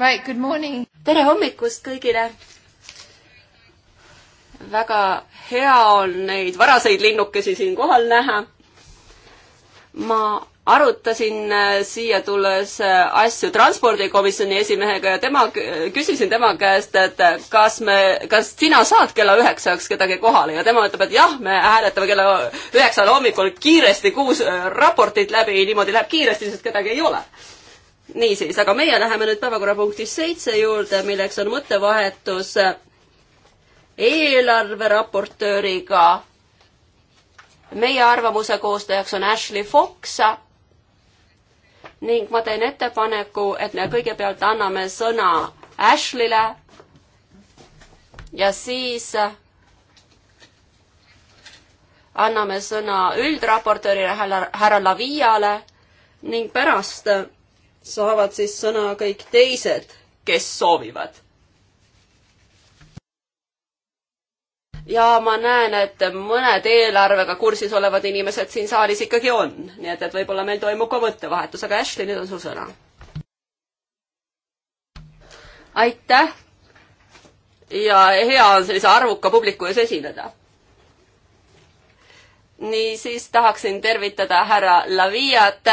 Right, good morning! tere hommikust kõigile! väga hea on neid varaseid linnukesi siin kohal näha. ma arutasin äh, siia tulles äh, asju transpordikomisjoni esimehega ja tema, küsisin tema käest, et äh, kas me, kas sina saad kella üheksaks kedagi kohale ja tema ütleb, et jah, me hääletame kella üheksal hommikul kiiresti kuus raportit läbi, niimoodi läheb kiiresti, sest kedagi ei ole niisiis, aga meie läheme nüüd päevakorrapunkti seitse juurde, milleks on mõttevahetus eelarveraportööriga. meie arvamuse koostajaks on Ashley Fox ning ma teen ettepaneku, et me kõigepealt anname sõna Ashley'le ja siis anname sõna üldraportöörile härra Laviale ning pärast saavad siis sõna kõik teised, kes soovivad. ja ma näen, et mõned eelarvega kursis olevad inimesed siin saalis ikkagi on, nii et, et võib-olla meil toimub ka mõttevahetus, aga Ashley, nüüd on su sõna. aitäh ja hea on sellise arvuka publiku ees esineda. niisiis tahaksin tervitada härra Laviat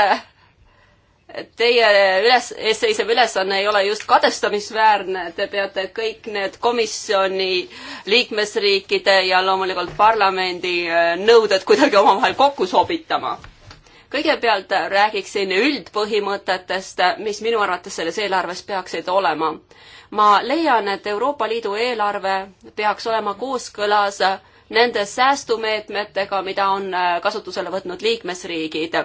teie üles, ees seisev ülesanne ei ole just kadestamisväärne, te peate kõik need komisjoni liikmesriikide ja loomulikult parlamendi äh, nõuded kuidagi omavahel kokku sobitama. kõigepealt räägiksin üldpõhimõtetest, mis minu arvates selles eelarves peaksid olema. ma leian, et Euroopa Liidu eelarve peaks olema kooskõlas nende säästumeetmetega, mida on äh, kasutusele võtnud liikmesriigid.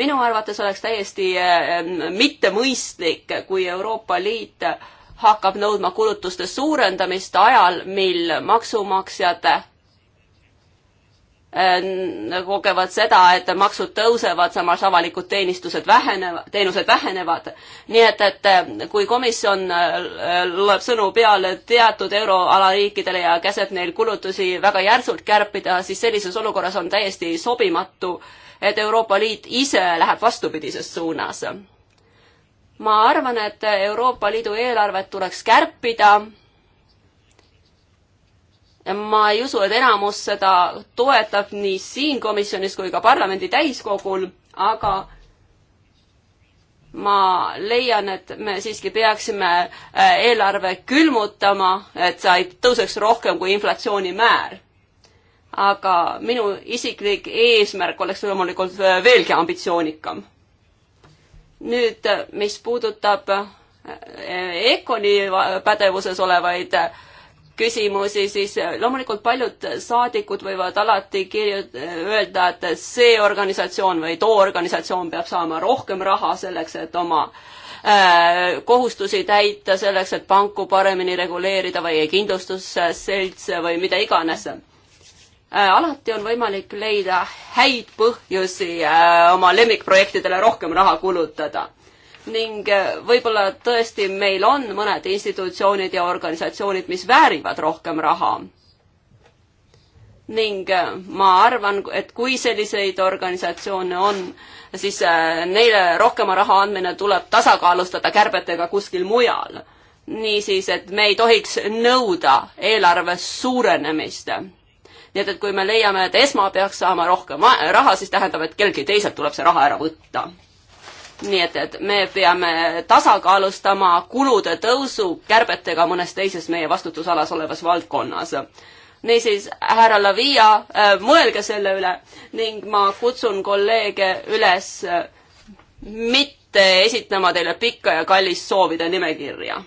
minu arvates oleks täiesti äh, mittemõistlik, kui Euroopa Liit hakkab nõudma kulutuste suurendamist ajal, mil maksumaksjad Äh, kogevad seda, et maksud tõusevad, samas avalikud teenistused vähenevad, teenused vähenevad. nii et, et äh, kui komisjon äh, loeb sõnu peale teatud euroala riikidele ja käseb neil kulutusi väga järsult kärpida, siis sellises olukorras on täiesti sobimatu, et Euroopa Liit ise läheb vastupidises suunas. ma arvan, et Euroopa Liidu eelarvet tuleks kärpida ma ei usu, et enamus seda toetab nii siin komisjonis kui ka parlamendi täiskogul, aga ma leian, et me siiski peaksime äh, eelarve külmutama, et sa ei tõuseks rohkem kui inflatsioonimäär. aga minu isiklik eesmärk oleks loomulikult äh, veelgi ambitsioonikam. nüüd, mis puudutab äh, EKONi pädevuses olevaid äh, küsimusi, siis loomulikult paljud saadikud võivad alati kirjut-, öelda, et see organisatsioon või too organisatsioon peab saama rohkem raha selleks, et oma äh, kohustusi täita selleks, et panku paremini reguleerida või kindlustusseltse või mida iganes äh,. alati on võimalik leida häid põhjusi äh, oma lemmikprojektidele rohkem raha kulutada ning eh, võib-olla tõesti meil on mõned institutsioonid ja organisatsioonid, mis väärivad rohkem raha. ning eh, ma arvan, et kui selliseid organisatsioone on, siis eh, neile rohkema raha andmine tuleb tasakaalustada kärbetega kuskil mujal. niisiis, et me ei tohiks nõuda eelarve suurenemist nii et, et kui me leiame, et ESMA peaks saama rohkem raha, siis tähendab, et kellelgi teisel tuleb see raha ära võtta nii et, et me peame tasakaalustama kulude tõusu kärbetega mõnes teises meie vastutusalas olevas valdkonnas. niisiis, härra Lavia, äh, mõelge selle üle ning ma kutsun kolleege üles äh, mitte esitama teile pikka ja kallist soovide nimekirja.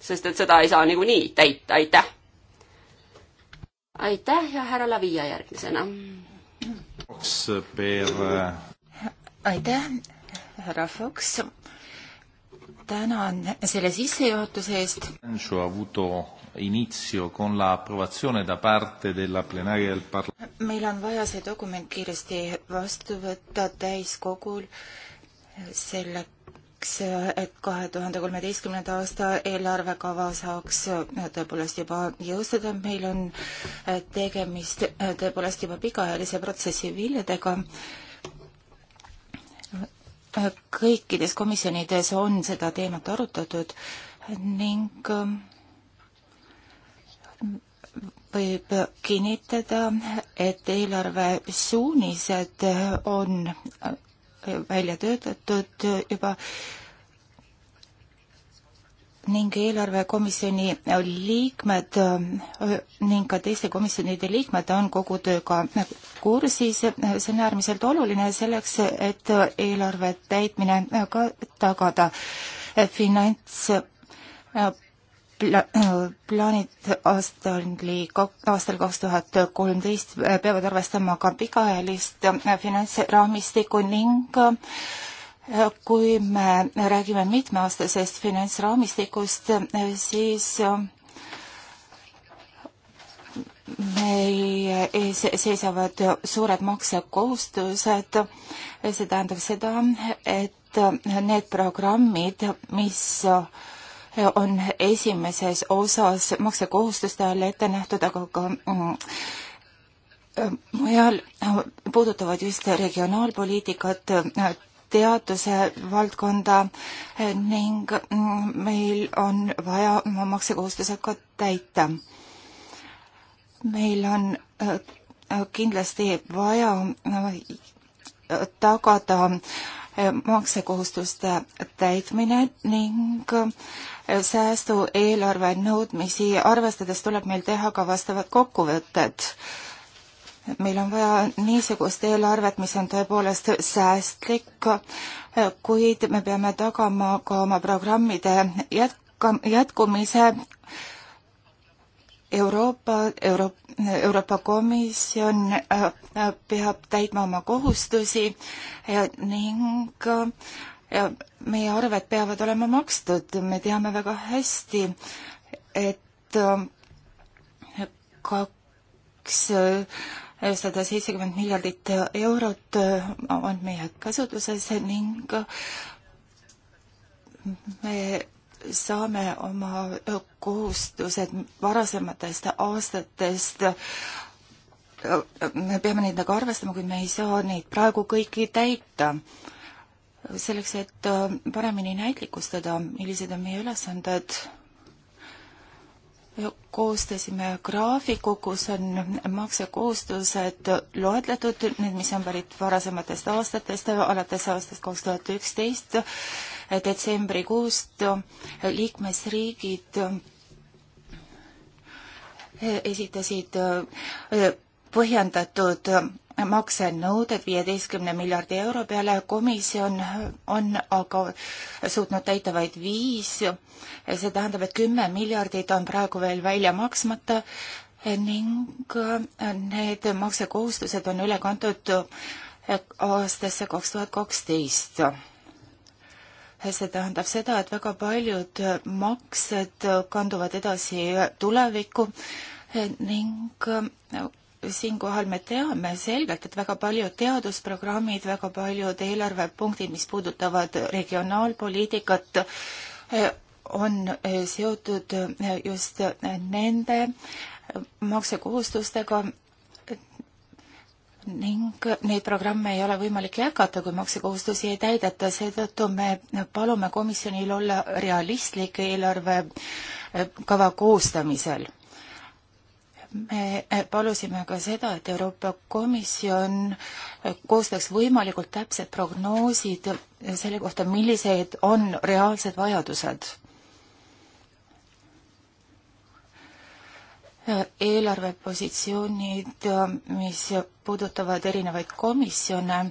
sest et seda ei saa niikuinii täita, aitäh! aitäh ja härra Lavia järgmisena. aitäh härra Fox. tänan selle sissejuhatuse eest. meil on vaja see dokument kiiresti vastu võtta täiskogul selleks, et kahe tuhande kolmeteistkümnenda aasta eelarvekava saaks tõepoolest juba jõustada, meil on tegemist tõepoolest juba pikaajalise protsessi viljadega kõikides komisjonides on seda teemat arutatud ning ähm, võib kinnitada, et eelarvesuunised on välja töötatud juba ning eelarvekomisjoni liikmed äh, ning ka teiste komisjonide liikmed on kogu tööga kursis. see on äärmiselt oluline selleks, et eelarve täitmine ka tagada. finants äh, äh, plaanid aastani, aastal kaks tuhat kolmteist peavad arvestama ka pikaajalist finantsraamistikku ning kui me räägime mitmeaastasest finantsraamistikust, siis meil ees seisavad suured maksekohustused, see tähendab seda, et need programmid, mis on esimeses osas maksekohustuste all ette nähtud, aga ka mm, mujal puudutavad just regionaalpoliitikat, teaduse valdkonda ning meil on vaja oma maksekohustused ka täita. meil on äh, kindlasti vaja äh, tagada äh, maksekohustuste täitmine ning säästueelarve nõudmisi arvestades tuleb meil teha ka vastavad kokkuvõtted meil on vaja niisugust eelarvet, mis on tõepoolest säästlik, kuid me peame tagama ka oma programmide jätka, jätkumise Euroopa Euro,, Euroopa Komisjon äh, äh, peab täitma oma kohustusi ning äh, meie arved peavad olema makstud, me teame väga hästi, et kaks sada seitsekümmend miljardit eurot äh, on meie käsutuses ning me saame oma kohustused varasematest aastatest me peame nendega nagu arvestama, kuid me ei saa neid praegu kõiki täita. selleks, et äh, paremini näitlikustada, millised on meie ülesanded koostasime graafiku, kus on maksekohustused loetletud, need, mis on pärit varasematest aastatest, alates aastast kaks tuhat üksteist detsembrikuust liikmesriigid esitasid põhjendatud maksenõuded viieteistkümne miljardi euro peale, komisjon on aga suutnud täita vaid viis, see tähendab, et kümme miljardit on praegu veel välja maksmata ning need maksekohustused on üle kantud aastasse kaks tuhat kaksteist. see tähendab seda, et väga paljud maksed kanduvad edasi tulevikku ning siinkohal me teame selgelt, et väga paljud teadusprogrammid, väga paljud eelarvepunktid, mis puudutavad regionaalpoliitikat, on eh, seotud eh, just eh, nende maksekohustustega ning neid programme ei ole võimalik jätkata, kui maksekohustusi ei täideta, seetõttu me palume komisjonil olla realistlik eelarvekava koostamisel me äh, palusime ka seda, et Euroopa Komisjon äh, koostaks võimalikult täpsed prognoosid äh, selle kohta, millised on reaalsed vajadused. eelarvepositsioonid, mis puudutavad erinevaid komisjone,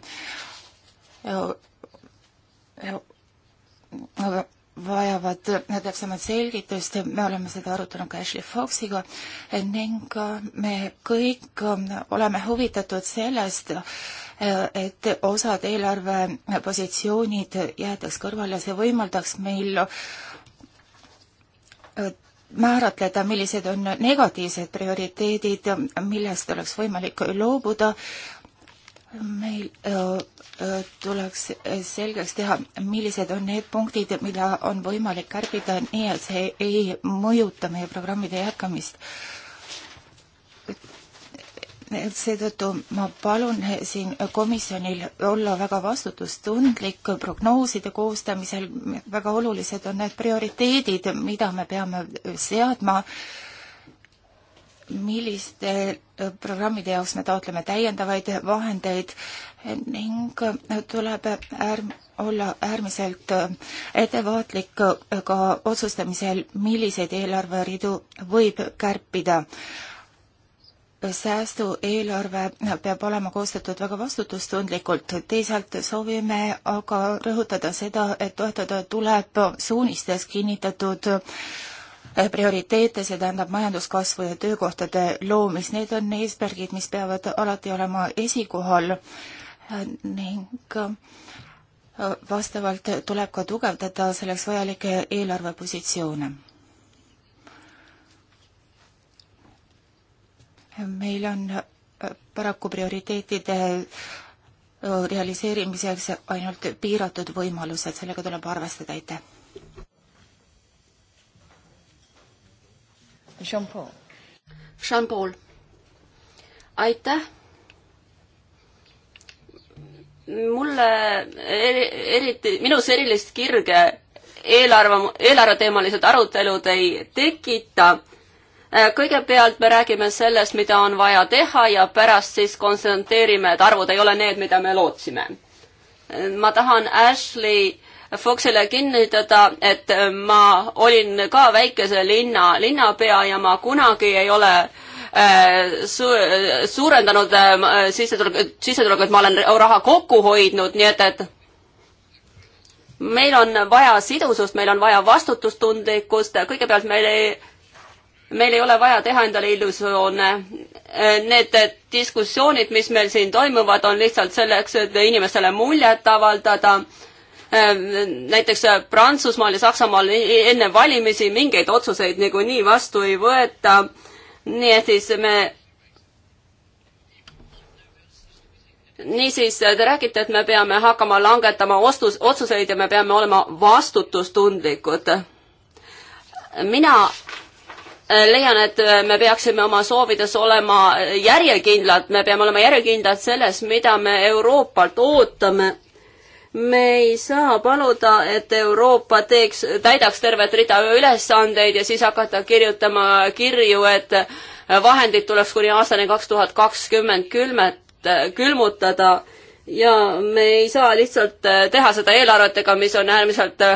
vajavad täpsemat selgitust, me oleme seda arutanud ka Ashley Foxiga ning äh, me kõik äh, oleme huvitatud sellest, äh, et osad eelarvepositsioonid jäetaks kõrvale, see võimaldaks meil määratleda, millised on negatiivsed prioriteedid, millest oleks võimalik loobuda meil äh, äh, tuleks äh, selgeks teha, millised on need punktid, mida on võimalik kärbida, nii et see ei mõjuta meie programmide jätkamist. seetõttu ma palun siin komisjonil olla väga vastutustundlik prognooside koostamisel, väga olulised on need prioriteedid, mida me peame seadma äh, milliste äh, programmide jaoks me taotleme täiendavaid vahendeid ning äh, tuleb äärm, olla äärmiselt äh, ettevaatlik ka otsustamisel, milliseid eelarveridu võib kärpida. säästueelarve peab olema koostatud väga vastutustundlikult, teisalt soovime aga rõhutada seda, et toetada tuleb suunistes kinnitatud Eh, prioriteete, see tähendab majanduskasvu ja töökohtade loomist. Need on eesmärgid, mis peavad alati olema esikohal eh, ning eh, vastavalt tuleb ka tugevdada selleks vajalikke eelarvepositsioone. meil on paraku prioriteetide realiseerimiseks ainult piiratud võimalused, sellega tuleb arvestada, aitäh! Jean-Paul. Jean-Paul, aitäh mulle eri, eriti, minus erilist kirge eelarve, eelarveteemalised arutelud ei tekita. Äh, kõigepealt me räägime sellest, mida on vaja teha ja pärast siis konstateerime, et arvud ei ole need, mida me lootsime. Äh, ma tahan Ashley Foxile kinnitada, et ma olin ka väikese linna linnapea ja ma kunagi ei ole äh, su-, suurendanud äh, sissetulekut, sissetulekut, ma olen raha kokku hoidnud, nii et, et meil on vaja sidusust, meil on vaja vastutustundlikkust, kõigepealt meil ei, meil ei ole vaja teha endale illusioone. Need diskussioonid, mis meil siin toimuvad, on lihtsalt selleks, et inimestele muljet avaldada Äh, näiteks äh, Prantsusmaal ja Saksamaal enne valimisi mingeid otsuseid niikuinii vastu ei võeta. nii et siis me niisiis, äh, te räägite, et me peame hakkama langetama ostus, otsuseid ja me peame olema vastutustundlikud. mina leian, et me peaksime oma soovides olema järjekindlad, me peame olema järjekindlad selles, mida me Euroopalt ootame me ei saa paluda, et Euroopa teeks, täidaks tervet rida ülesandeid ja siis hakata kirjutama kirju, et vahendid tuleks kuni aastani kaks tuhat kakskümmend külmet, külmutada ja me ei saa lihtsalt äh, teha seda eelarvetega, mis on äärmiselt äh,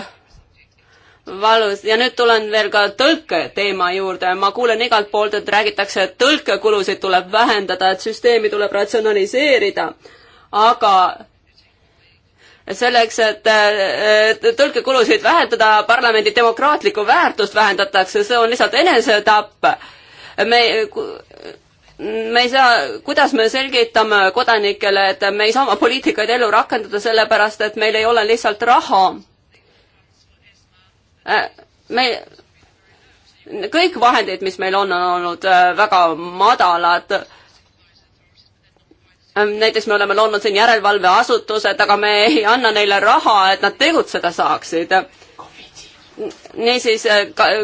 valus ja nüüd tulen veel ka tõlke teema juurde, ma kuulen igalt poolt, et räägitakse, et tõlkekulusid tuleb vähendada, et süsteemi tuleb ratsionaliseerida, aga selleks, et tõlkekulusid vähendada, parlamendi demokraatlikku väärtust vähendatakse, see on lihtsalt enesetapp. me, me ei saa, kuidas me selgitame kodanikele, et me ei saa oma poliitikaid ellu rakendada, sellepärast et meil ei ole lihtsalt raha. me, kõik vahendid, mis meil on, on olnud äh, väga madalad Ähm, näiteks me oleme loonud siin järelevalveasutused, aga me ei anna neile raha, et nad tegutseda saaksid. niisiis, äh,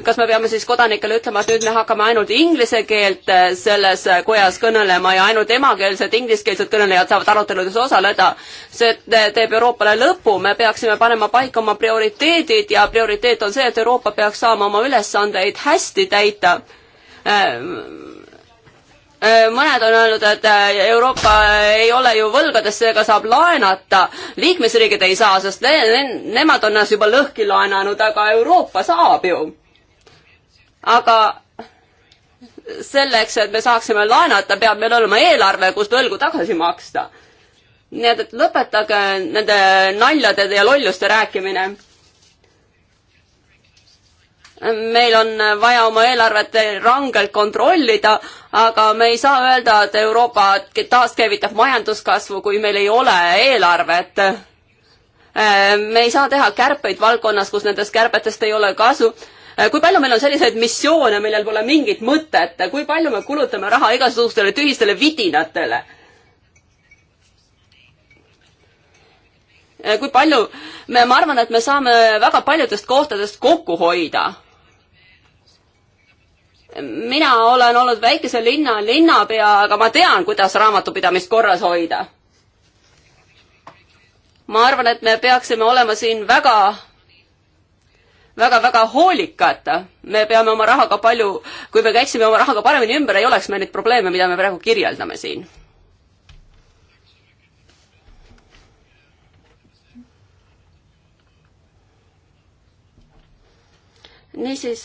kas me peame siis kodanikele ütlema, et nüüd me hakkame ainult inglise keelt äh, selles äh, kojas kõnelema ja ainult emakeelsed ingliskeelsed kõnelejad saavad aruteludes osaleda? see teeb Euroopale lõpu, me peaksime panema paika oma prioriteedid ja prioriteet on see, et Euroopa peaks saama oma ülesandeid hästi täita Äh, mõned on öelnud, et äh, Euroopa ei ole ju võlgades, seega saab laenata. liikmesriigid ei saa, sest ne, ne, nemad on ennast juba lõhki laenanud, aga Euroopa saab ju. aga selleks, et me saaksime laenata, peab meil olema eelarve, kust võlgu tagasi maksta. nii et, et lõpetage nende naljade ja lolluste rääkimine meil on vaja oma eelarvet rangelt kontrollida, aga me ei saa öelda, et Euroopa taaskäivitab majanduskasvu, kui meil ei ole eelarvet. Äh, me ei saa teha kärpeid valdkonnas, kus nendest kärbetest ei ole kasu. Äh, kui palju meil on selliseid missioone, millel pole mingit mõtet, kui palju me kulutame raha igasugustele tühistele vidinatele äh, kui palju, me, ma arvan, et me saame väga paljudest kohtadest kokku hoida mina olen olnud väikese linna linnapea, aga ma tean, kuidas raamatupidamist korras hoida. ma arvan, et me peaksime olema siin väga väga-väga hoolikad, me peame oma rahaga palju, kui me käiksime oma rahaga paremini ümber, ei oleks meil neid probleeme, mida me praegu kirjeldame siin. niisiis,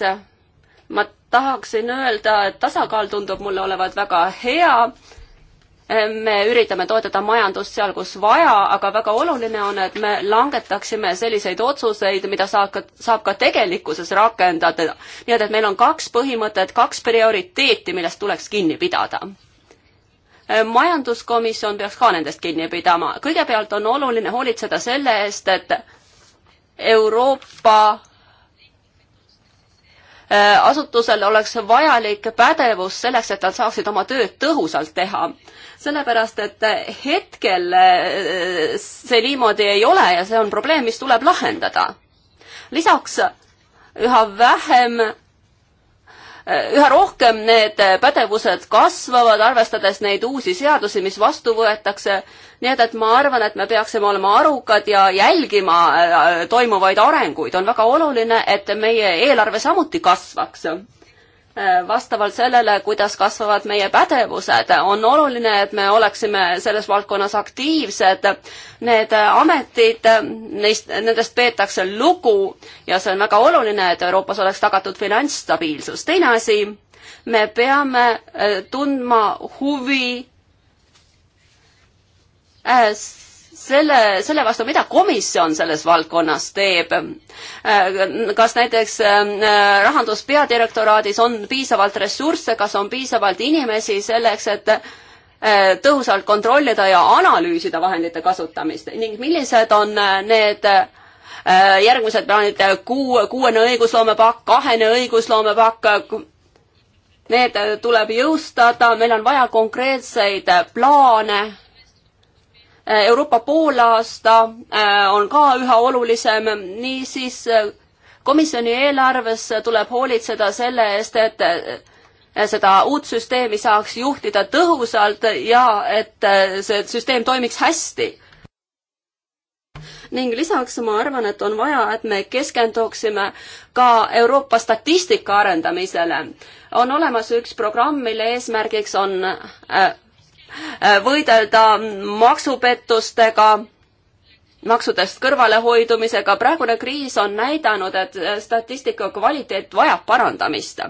ma tahaksin öelda, et tasakaal tundub mulle olevat väga hea. me üritame toetada majandust seal, kus vaja, aga väga oluline on, et me langetaksime selliseid otsuseid, mida saab ka, saab ka tegelikkuses rakendada. nii et, et meil on kaks põhimõtet, kaks prioriteeti, millest tuleks kinni pidada majanduskomisjon peaks ka nendest kinni pidama. kõigepealt on oluline hoolitseda selle eest, et Euroopa Äh, asutusel oleks vajalik pädevus selleks, et nad saaksid oma tööd tõhusalt teha. sellepärast, et hetkel äh, see niimoodi ei ole ja see on probleem, mis tuleb lahendada. lisaks üha vähem Äh, üha rohkem need äh, pädevused kasvavad, arvestades neid uusi seadusi, mis vastu võetakse. nii et, et ma arvan, et me peaksime olema arukad ja jälgima äh, toimuvaid arenguid. on väga oluline, et meie eelarve samuti kasvaks Äh, vastavalt sellele, kuidas kasvavad meie pädevused. on oluline, et me oleksime selles valdkonnas aktiivsed. Need ametid, neist, nendest peetakse lugu ja see on väga oluline, et Euroopas oleks tagatud finantsstabiilsus. teine asi, me peame äh, tundma huvi äh, selle, selle vastu, mida komisjon selles valdkonnas teeb. Äh, kas näiteks äh, rahanduspeadirektoraadis on piisavalt ressursse, kas on piisavalt inimesi selleks, et äh, tõhusalt kontrollida ja analüüsida vahendite kasutamist ning millised on need järgmised plaanid, kuu, kuuene õigusloomepakk, kahene õigusloomepakk, need tuleb jõustada, meil on vaja konkreetseid plaane Eh, Euroopa poolaasta eh, on ka üha olulisem, niisiis eh, komisjoni eelarves tuleb hoolitseda selle eest, et seda uut süsteemi saaks juhtida tõhusalt ja et see süsteem toimiks hästi. ning lisaks ma arvan, et on vaja, et me keskenduksime ka Euroopa statistika arendamisele. on olemas üks programm, mille eesmärgiks on Äh, võidelda maksupettustega maksudest kõrvalehoidumisega. praegune kriis on näidanud, et äh, statistika kvaliteet vajab parandamist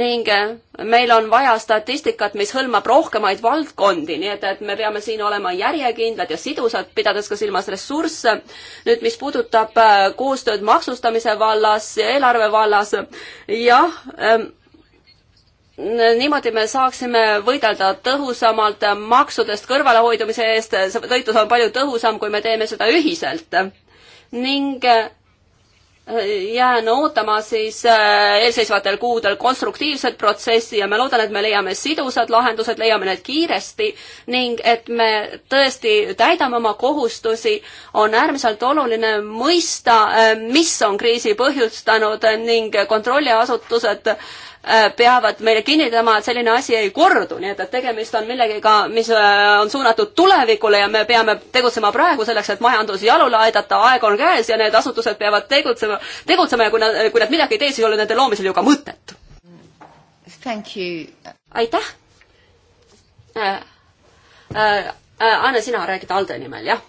ning äh, meil on vaja statistikat, mis hõlmab rohkemaid valdkondi, nii et, et me peame siin olema järjekindlad ja sidusad, pidades ka silmas ressursse. nüüd, mis puudutab koostööd maksustamise vallas, eelarve vallas, jah ähm, niimoodi me saaksime võidelda tõhusamalt maksudest kõrvalehoidumise eest, see võitlus on palju tõhusam, kui me teeme seda ühiselt. ning äh, jään ootama siis äh, eelseisvatel kuudel konstruktiivset protsessi ja ma loodan, et me leiame sidusad lahendused, leiame need kiiresti ning et me tõesti täidame oma kohustusi. on äärmiselt oluline mõista, äh, mis on kriisi põhjustanud ning kontrolliasutused äh, Äh, peavad meile kinnitama, et selline asi ei kordu, nii et, et tegemist on millegagi, mis äh, on suunatud tulevikule ja me peame tegutsema praegu selleks, et majandus jalule aidata, aeg on käes ja need asutused peavad tegutsema, tegutsema ja kui nad, kui nad midagi ei tee, siis ei ole nende loomisel ju ka mõtet. aitäh äh, äh,. Äh, Anne, sina räägid Alde nimel, jah?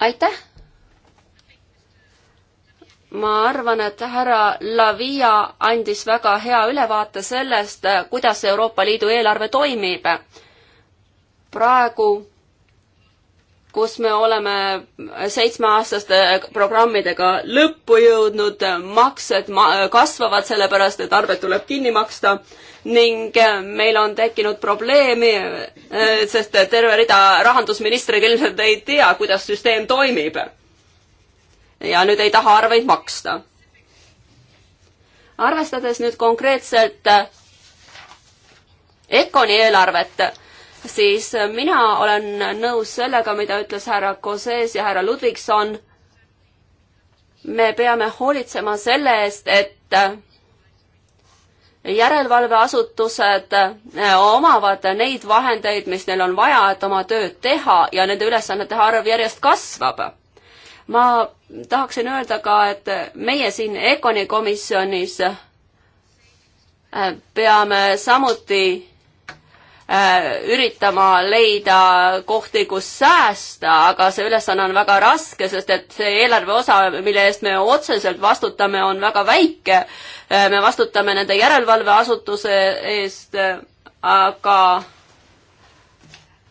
aitäh ma arvan, et härra Lavia andis väga hea ülevaate sellest, kuidas Euroopa Liidu eelarve toimib. praegu, kus me oleme seitsmeaastaste programmidega lõppu jõudnud, maksed ma-, kasvavad, sellepärast et arved tuleb kinni maksta ning meil on tekkinud probleemi, sest terve rida rahandusministreid ilmselt ei tea, kuidas süsteem toimib ja nüüd ei taha arveid maksta. arvestades nüüd konkreetselt äh, ECONi eelarvet, siis mina olen nõus sellega, mida ütles härra Koses ja härra Ludvigson. me peame hoolitsema selle eest, et äh, järelevalveasutused äh, omavad neid vahendeid, mis neil on vaja, et oma tööd teha ja nende ülesannete arv järjest kasvab ma tahaksin öelda ka, et meie siin Econi komisjonis äh, peame samuti äh, üritama leida kohti, kus säästa, aga see ülesanne on väga raske, sest et see eelarve osa, mille eest me otseselt vastutame, on väga väike. Äh, me vastutame nende järelevalveasutuse eest, aga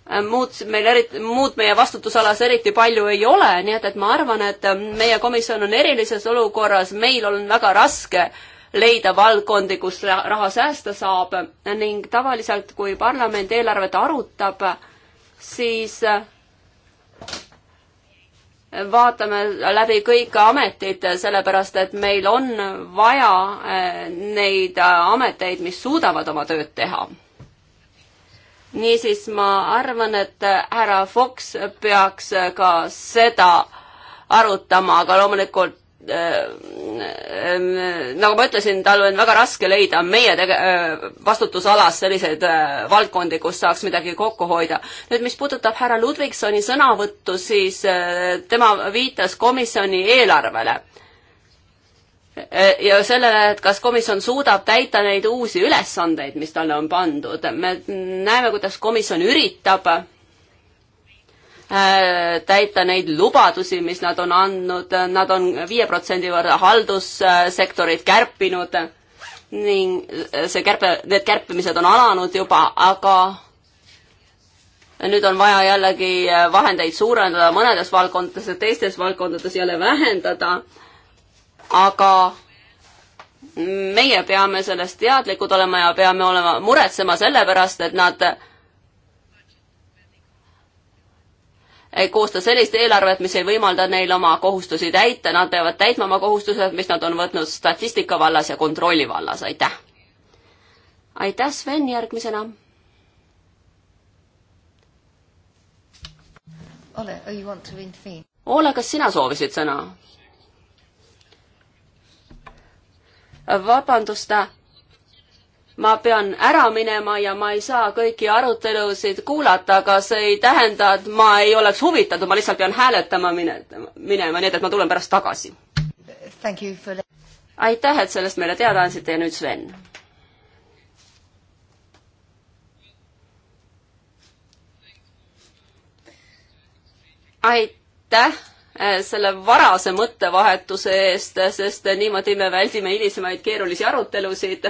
Äh, muud meil eriti, muud meie vastutusalas eriti palju ei ole, nii et, et ma arvan, et äh, meie komisjon on erilises olukorras, meil on väga raske leida valdkondi, kus raha säästa saab ning tavaliselt, kui parlament eelarvet arutab, siis äh, vaatame läbi kõik ametid, sellepärast et meil on vaja neid ameteid, mis suudavad oma tööd teha niisiis ma arvan, et härra Fox peaks ka seda arutama, aga loomulikult äh, nagu ma ütlesin, tal on väga raske leida meie tege-, äh, vastutusalas selliseid äh, valdkondi, kus saaks midagi kokku hoida. nüüd, mis puudutab härra Ludvigsoni sõnavõttu, siis tema viitas komisjoni eelarvele Äh, ja sellele, et kas komisjon suudab täita neid uusi ülesandeid, mis talle on pandud. me näeme, kuidas komisjon üritab äh, täita neid lubadusi, mis nad on andnud, nad on viie protsendi võrra haldussektorit kärpinud ning äh, see kärpe, need kärpimised on alanud juba, aga nüüd on vaja jällegi vahendeid suurendada mõnedes valdkondades ja teistes valdkondades jälle vähendada aga meie peame sellest teadlikud olema ja peame olema, muretsema selle pärast, et nad ei koosta sellist eelarvet, mis ei võimalda neil oma kohustusi täita, nad peavad täitma oma kohustused, mis nad on võtnud statistika vallas ja kontrolli vallas, aitäh. aitäh, Sven, järgmisena. ole, kas sina soovisid sõna? vabandust, ma pean ära minema ja ma ei saa kõiki arutelusid kuulata, aga see ei tähenda, et ma ei oleks huvitatud, ma lihtsalt pean hääletama mine-, minema, nii et, et ma tulen pärast tagasi. For... aitäh, et sellest meile teada andsite ja nüüd Sven. aitäh Äh, selle varase mõttevahetuse eest, sest niimoodi me väldime hilisemaid keerulisi arutelusid.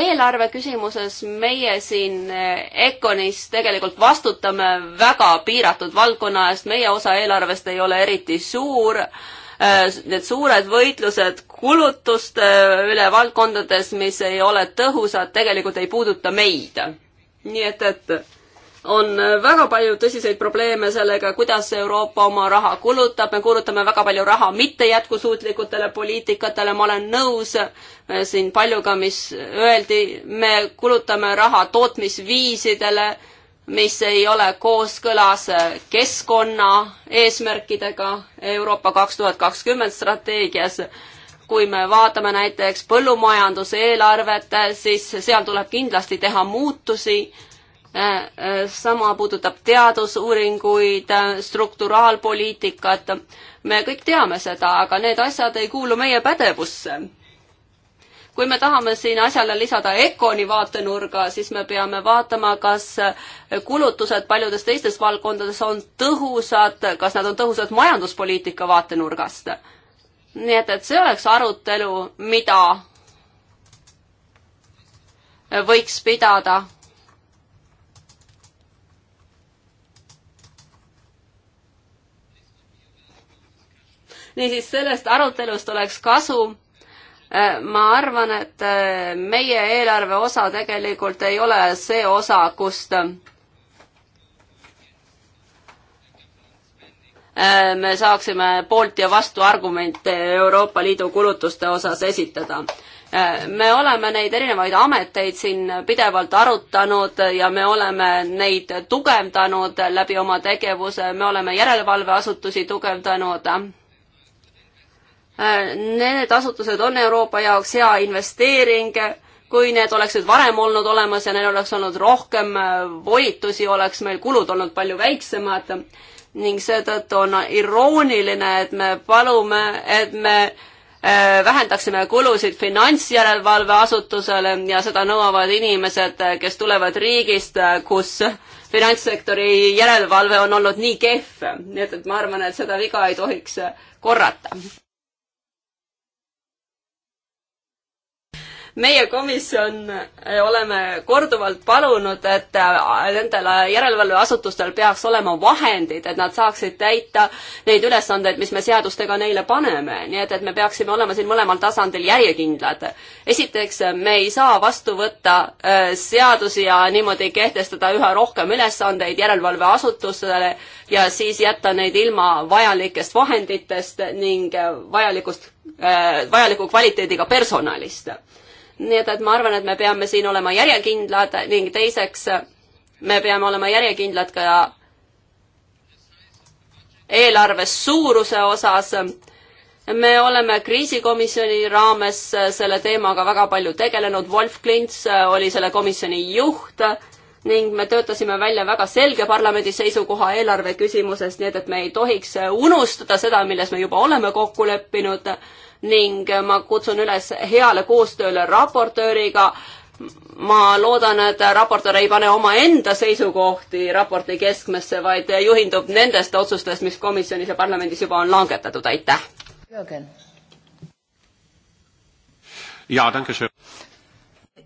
eelarve küsimuses meie siin äh, Econis tegelikult vastutame väga piiratud valdkonna eest, meie osa eelarvest ei ole eriti suur. Äh, need suured võitlused kulutuste üle valdkondades, mis ei ole tõhusad, tegelikult ei puuduta meid. nii et, et on väga palju tõsiseid probleeme sellega, kuidas Euroopa oma raha kulutab, me kulutame väga palju raha mitte jätkusuutlikutele poliitikatele, ma olen nõus eh, siin paljuga, mis öeldi, me kulutame raha tootmisviisidele, mis ei ole kooskõlas keskkonna eesmärkidega Euroopa kaks tuhat kakskümmend strateegias kui me vaatame näiteks põllumajanduse eelarvet, siis seal tuleb kindlasti teha muutusi sama puudutab teadusuuringuid, strukturaalpoliitikat, me kõik teame seda, aga need asjad ei kuulu meie pädevusse. kui me tahame siin asjale lisada Econi vaatenurga, siis me peame vaatama, kas kulutused paljudes teistes valdkondades on tõhusad, kas nad on tõhusad majanduspoliitika vaatenurgast. nii et, et see oleks arutelu, mida võiks pidada niisiis, sellest arutelust oleks kasu äh, ma arvan, et äh, meie eelarve osa tegelikult ei ole see osa, kust äh, me saaksime poolt ja vastu argumente Euroopa Liidu kulutuste osas esitada. me oleme neid erinevaid ameteid siin pidevalt arutanud ja me oleme neid tugevdanud läbi oma tegevuse, me oleme järelevalveasutusi tugevdanud Need asutused on Euroopa jaoks hea investeering, kui need oleksid varem olnud olemas ja neil oleks olnud rohkem äh, volitusi, oleks meil kulud olnud palju väiksemad ning seetõttu on irooniline, et me palume, et me äh, vähendaksime kulusid finantsjärelevalveasutusele ja seda nõuavad inimesed, äh, kes tulevad riigist, kus finantssektori järelevalve on olnud nii kehv, nii et, et ma arvan, et seda viga ei tohiks korrata. meie komisjon eh, oleme korduvalt palunud, et äh, nendel äh, järelevalveasutustel peaks olema vahendid, et nad saaksid täita neid ülesandeid, mis me seadustega neile paneme, nii et, et me peaksime olema siin mõlemal tasandil järjekindlad. esiteks, me ei saa vastu võtta äh, seadusi ja niimoodi kehtestada üha rohkem ülesandeid järelevalveasutusele ja siis jätta neid ilma vajalikest vahenditest ning vajalikust, vajaliku kvaliteediga personalist nii et, et ma arvan, et me peame siin olema järjekindlad ning teiseks me peame olema järjekindlad ka eelarve suuruse osas. me oleme kriisikomisjoni raames selle teemaga väga palju tegelenud, Wolf Klints oli selle komisjoni juht ning me töötasime välja väga selge parlamendi seisukoha eelarve küsimuses, nii et, et me ei tohiks unustada seda, milles me juba oleme kokku leppinud ning ma kutsun üles heale koostööle raportööriga. ma loodan, et raportöör ei pane omaenda seisukohti raporti keskmesse, vaid juhindub nendest otsustest, mis komisjonis ja parlamendis juba on langetatud, aitäh. Jürgen. jaa, tänke schön.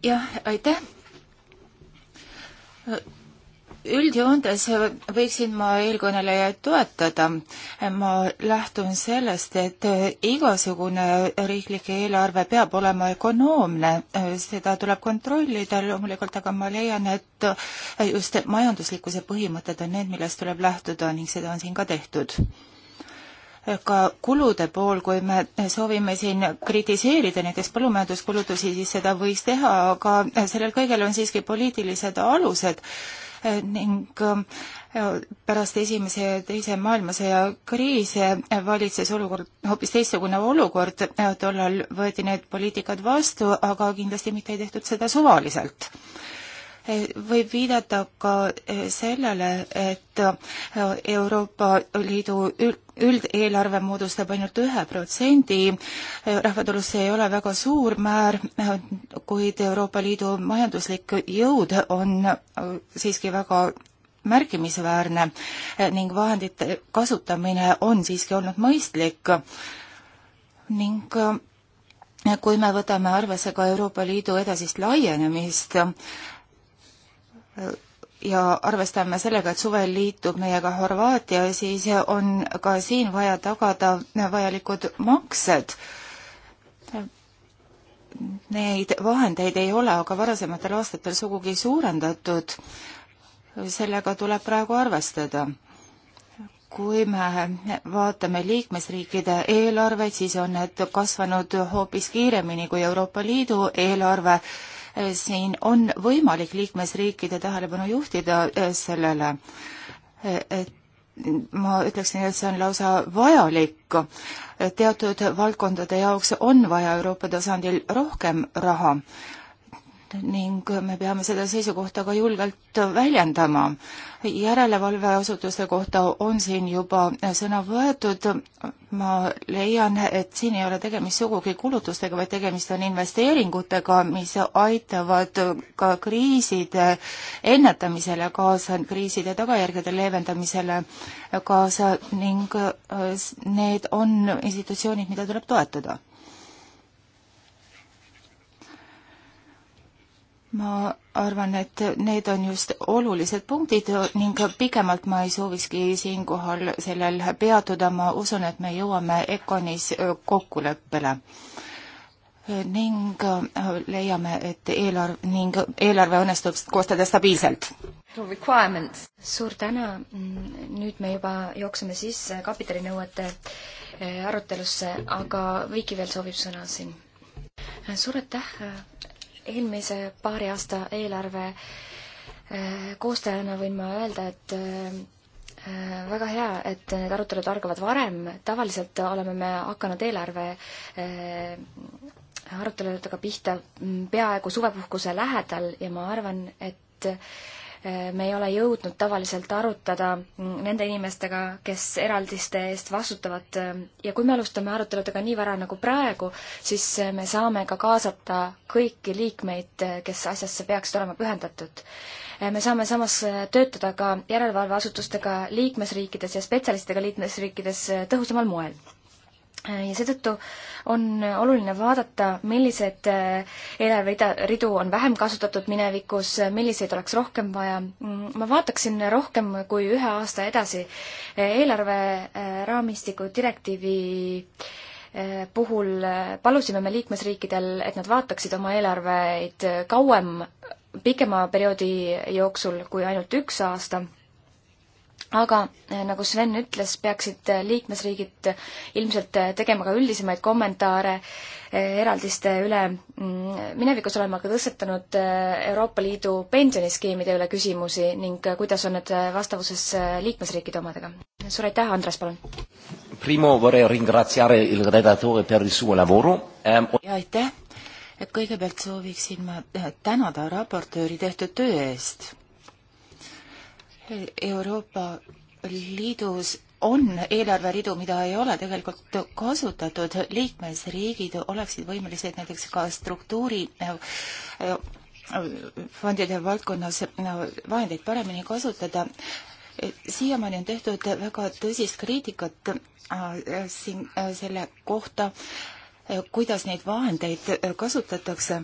jah, aitäh üldjoontes võiksin ma eelkõnelejaid toetada. ma lähtun sellest, et igasugune riiklik eelarve peab olema ökonoomne, seda tuleb kontrollida loomulikult, aga ma leian, et just majanduslikkuse põhimõtted on need, millest tuleb lähtuda ning seda on siin ka tehtud ka kulude pool, kui me soovime siin kritiseerida näiteks põllumajanduskulutusi, siis seda võiks teha, aga sellel kõigel on siiski poliitilised alused ning äh, pärast esimese ja teise maailmasõja kriise valitses olukord, hoopis teistsugune olukord, tollal võeti need poliitikad vastu, aga kindlasti mitte ei tehtud seda suvaliselt võib viidata ka e, sellele, et e, Euroopa Liidu üldeelarve moodustab ainult ühe protsendi, e, rahvatulus see ei ole väga suur määr, kuid Euroopa Liidu majanduslik jõud on siiski väga märkimisväärne ning vahendite kasutamine on siiski olnud mõistlik ning kui me võtame arvesse ka Euroopa Liidu edasist laienemist, ja arvestame sellega, et suvel liitub meiega Horvaatia, siis on ka siin vaja tagada vajalikud maksed. Neid vahendeid ei ole aga varasematel aastatel sugugi suurendatud. sellega tuleb praegu arvestada kui me vaatame liikmesriikide eelarveid, siis on need kasvanud hoopis kiiremini kui Euroopa Liidu eelarve siin on võimalik liikmesriikide tähelepanu juhtida eh, sellele, eh, et ma ütleksin, et see on lausa vajalik. Eh, teatud valdkondade jaoks on vaja Euroopa tasandil rohkem raha ning me peame seda seisukohta ka julgelt väljendama. järelevalveasutuste kohta on siin juba sõna võetud, ma leian, et siin ei ole tegemist sugugi kulutustega, vaid tegemist on investeeringutega, mis aitavad ka kriiside ennetamisele kaasa, kriiside tagajärgede leevendamisele kaasa ning need on institutsioonid, mida tuleb toetada ma arvan, et need on just olulised punktid ning pikemalt ma ei soovikski siinkohal sellel peatuda, ma usun, et me jõuame EKONis kokkuleppele. ning äh, leiame, et eelarv ning eelarve õnnestub koostada stabiilselt. suur tänu, nüüd me juba jookseme sisse kapitalinõuete äh, arutelusse, aga Viki veel soovib sõna siin. suur aitäh eelmise paari aasta eelarve äh, koostajana võin ma öelda, et äh, äh, väga hea, et need arutelud algavad varem, tavaliselt oleme me hakanud eelarve aruteludega pihta mm, peaaegu suvepuhkuse lähedal ja ma arvan, et me ei ole jõudnud tavaliselt arutada nende inimestega, kes eraldiste eest vastutavad ja kui me alustame aruteludega nii vara nagu praegu, siis me saame ka kaasata kõiki liikmeid, kes asjasse peaksid olema pühendatud. me saame samas töötada ka järelevalveasutustega liikmesriikides ja spetsialistidega liikmesriikides tõhusamal moel ja seetõttu on oluline vaadata, millised eelarverida, eh, ridu on vähem kasutatud minevikus, milliseid oleks rohkem vaja. Mm, ma vaataksin rohkem kui ühe aasta edasi eh, eelarveraamistiku eh, direktiivi puhul palusime me liikmesriikidel, et nad vaataksid oma eelarveid kauem, pikema perioodi jooksul kui ainult üks aasta aga eh, nagu Sven ütles, peaksid eh, liikmesriigid eh, ilmselt tegema ka üldisemaid kommentaare eraldiste üle. Mm, minevikus olen ma ka tõstatanud Euroopa Liidu pensioniskeemide üle küsimusi ning kuidas on need vastavuses liikmesriikide omadega. suur aitäh, Andres, palun! Primo vorrei ringraziare il redattore per il suo lavoro ehm.... aitäh! kõigepealt sooviksin ma tänada raportööri tehtud töö eest Euroopa Liidus on eelarveridu, mida ei ole tegelikult kasutatud, liikmesriigid oleksid võimelised näiteks ka struktuuri äh, äh, fondide valdkonnas äh, vahendeid paremini kasutada. siiamaani on tehtud väga tõsist kriitikat siin selle kohta, kuidas neid vahendeid kasutatakse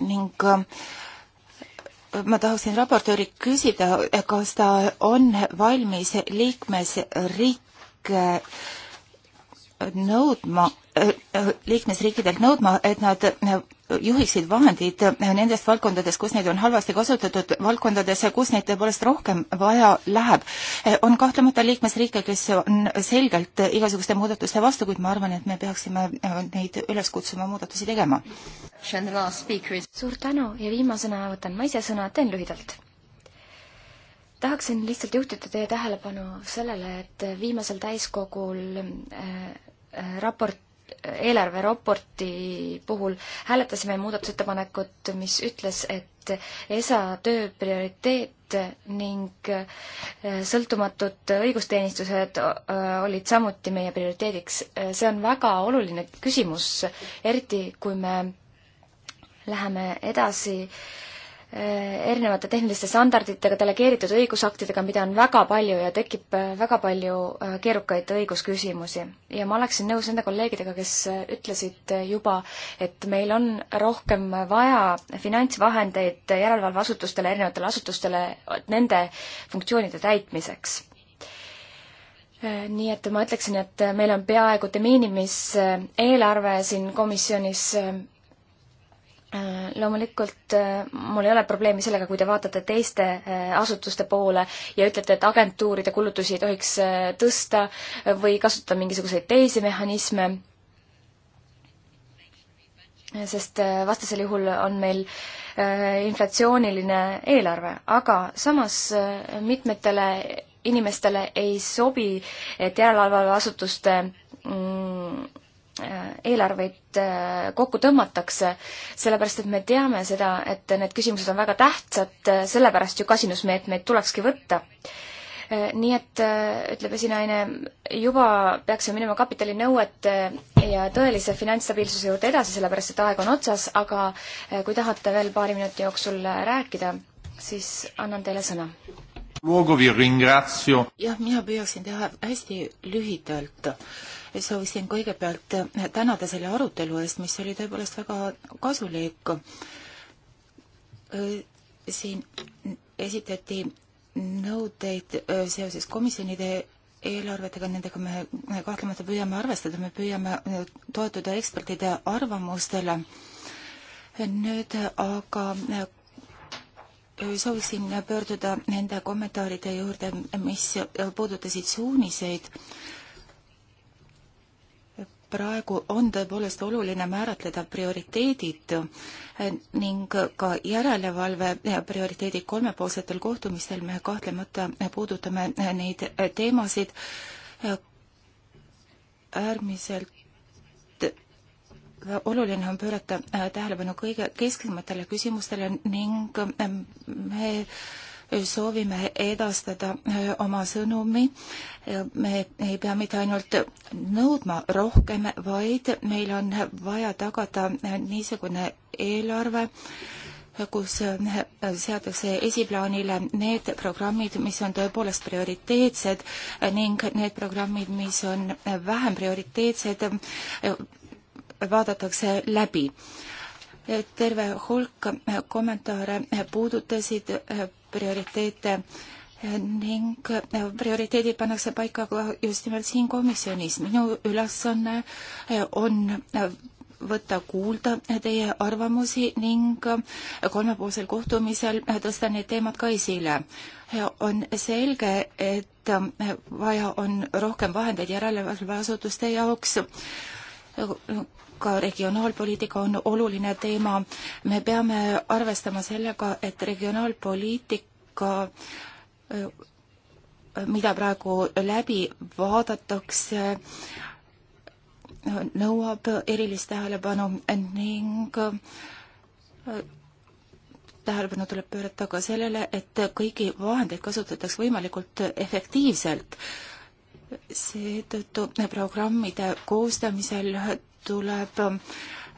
ning äh, ma tahaksin raportööri küsida, kas ta on valmis liikmesriike äh, nõudma, äh, äh, liikmesriikidelt nõudma, et nad juhiksid vahendid nendest valdkondades, kus neid on halvasti kasutatud, valdkondadesse, kus neid tõepoolest rohkem vaja läheb. on kahtlemata liikmesriike, kes on selgelt igasuguste muudatuste vastu, kuid ma arvan, et me peaksime neid üles kutsuma muudatusi tegema suur tänu ja viimasena võtan ma ise sõna, teen lühidalt. tahaksin lihtsalt juhtida teie tähelepanu sellele, et viimasel täiskogul äh, äh raport eelarveraporti puhul hääletasime muudatusettepanekut, mis ütles, et ESA töö prioriteet ning äh, sõltumatud õigusteenistused äh, olid samuti meie prioriteediks. see on väga oluline küsimus, eriti kui me läheme edasi äh, erinevate tehniliste standarditega, delegeeritud õigusaktidega, mida on väga palju ja tekib äh, väga palju äh, keerukaid õigusküsimusi. ja ma oleksin nõus nende kolleegidega, kes ütlesid juba, et meil on rohkem vaja finantsvahendeid järelevalveasutustele, erinevatele asutustele nende funktsioonide täitmiseks nii et ma ütleksin, et meil on peaaegu de minimis eelarve siin komisjonis Äh, loomulikult äh, mul ei ole probleemi sellega, kui te vaatate teiste äh, asutuste poole ja ütlete, et agentuuride kulutusi ei tohiks tõsta või kasutada mingisuguseid teisi mehhanisme, sest vastasel juhul on meil inflatsiooniline eelarve, aga samas mitmetele inimestele ei sobi, et järelevalveasutuste mm, eelarveid äh, kokku tõmmatakse, sellepärast et me teame seda, et need küsimused on väga tähtsad, äh, sellepärast ju kasinusmeetmeid tulekski võtta. Äh, nii et, ütleb esinaine, juba peaksime minema kapitalinõuete ja tõelise finantsstabiilsuse juurde edasi, sellepärast et aeg on otsas, aga kui tahate veel paari minuti jooksul rääkida, siis annan teile sõna jah, mina püüaksin teha hästi lühidalt sooviksin kõigepealt tänada selle arutelu eest, mis oli tõepoolest väga kasulik. siin esitati nõudeid seoses komisjonide eelarvetega, nendega me kahtlemata püüame arvestada, me püüame toetuda ekspertide arvamustele. nüüd aga sooviksin pöörduda nende kommentaaride juurde, mis puudutasid suuniseid praegu on tõepoolest oluline määratleda prioriteedid eh, ning ka järelevalve eh, prioriteedid kolmepoolsetel kohtumistel me kahtlemata eh, puudutame neid teemasid äärmiselt oluline on pöörata tähelepanu kõige kesksematele küsimustele ning me soovime edastada äh, oma sõnumi. Äh, me ei pea mitte ainult nõudma rohkem, vaid meil on vaja tagada äh, niisugune eelarve, kus seatakse esiplaanile need programmid, mis on tõepoolest prioriteetsed ning need programmid, mis on vähem prioriteetsed, vaadatakse läbi terve hulk kommentaare puudutasid prioriteete ning prioriteedid pannakse paika just nimelt siin komisjonis. minu ülesanne eh, on eh, võtta kuulda teie arvamusi ning eh, kolmepoolsel kohtumisel tõsta need teemad ka esile. on selge, et vaja on rohkem vahendeid järelevalveasutuste jaoks ka regionaalpoliitika on oluline teema. me peame arvestama sellega, et regionaalpoliitika, äh, mida praegu läbi vaadatakse, nõuab erilist tähelepanu ning äh, tähelepanu tuleb pöörata ka sellele, et kõiki vahendeid kasutataks võimalikult efektiivselt. seetõttu programmide koostamisel tuleb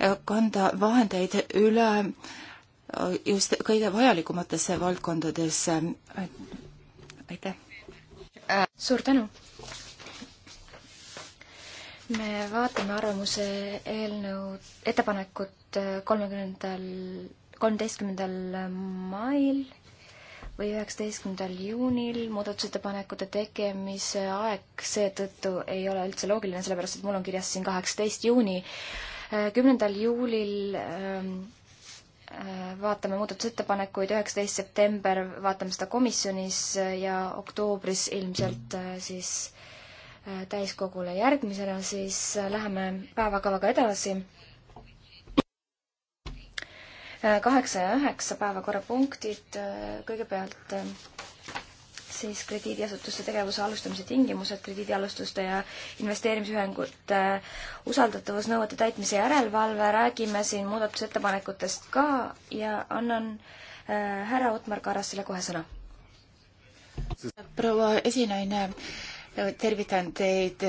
äh, kanda vahendeid üle äh, just kõige vajalikumatesse valdkondadesse. aitäh! suur tänu! me vaatame arvamuse eelnõu ettepanekut äh, kolmekümnendal, kolmeteistkümnendal mail või üheksateistkümnendal juunil muudatusettepanekute tegemise aeg seetõttu ei ole üldse loogiline, sellepärast et mul on kirjas siin kaheksateist juuni. Äh, kümnendal juulil ähm, äh, vaatame muudatusettepanekuid, üheksateist september vaatame seda komisjonis äh, ja oktoobris ilmselt siis täiskogule. järgmisena siis läheme päevakavaga edasi kaheksa ja üheksa päevakorrapunktid, äh, kõigepealt äh, siis krediidiasutuste tegevuse alustamise tingimused, krediidialustuste ja investeerimisühingute äh, usaldatavusnõuete täitmise järelevalve, räägime siin muudatusettepanekutest ka ja annan härra Otmar Karasele kohe sõna. proua esinaine, tervitan teid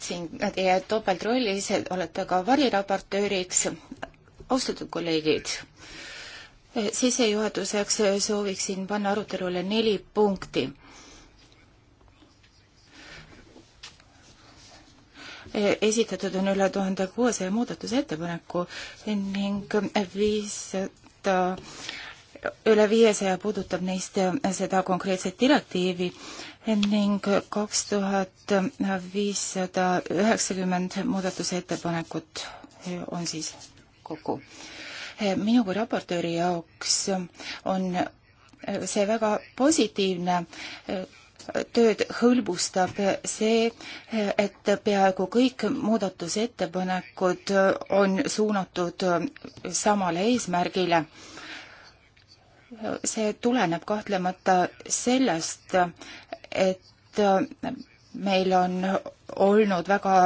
siin teie topeltrollis, olete ka variraportööriks austatud kolleegid, eh, sissejuhatuseks eh, sooviksin panna arutelule neli punkti. Eh, esitatud on üle tuhande kuuesaja muudatusettepaneku ning viissada, üle viiesaja puudutab neist seda konkreetset direktiivi ning kaks tuhat viissada üheksakümmend muudatusettepanekut on siis Nõukogu. Eh, minu kui raportööri jaoks on eh, see väga positiivne eh, tööd hõlbustab see, et peaaegu kõik muudatusettepanekud on suunatud samale eesmärgile. see tuleneb kahtlemata sellest, et meil on olnud väga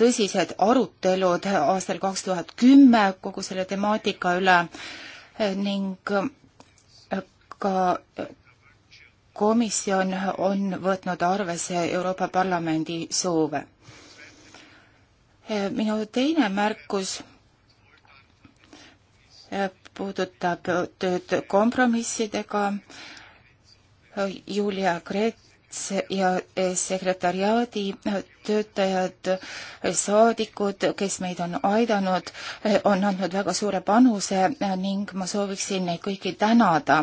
tõsised arutelud aastal kaks tuhat kümme kogu selle temaatika üle ning ka komisjon on võtnud arvesse Euroopa Parlamendi soove. minu teine märkus puudutab tööd kompromissidega. Julia Kreet ja eh, sekretariaadi eh, töötajad, eh, saadikud, kes meid on aidanud, on andnud väga suure panuse ning ma sooviksin neid kõiki tänada.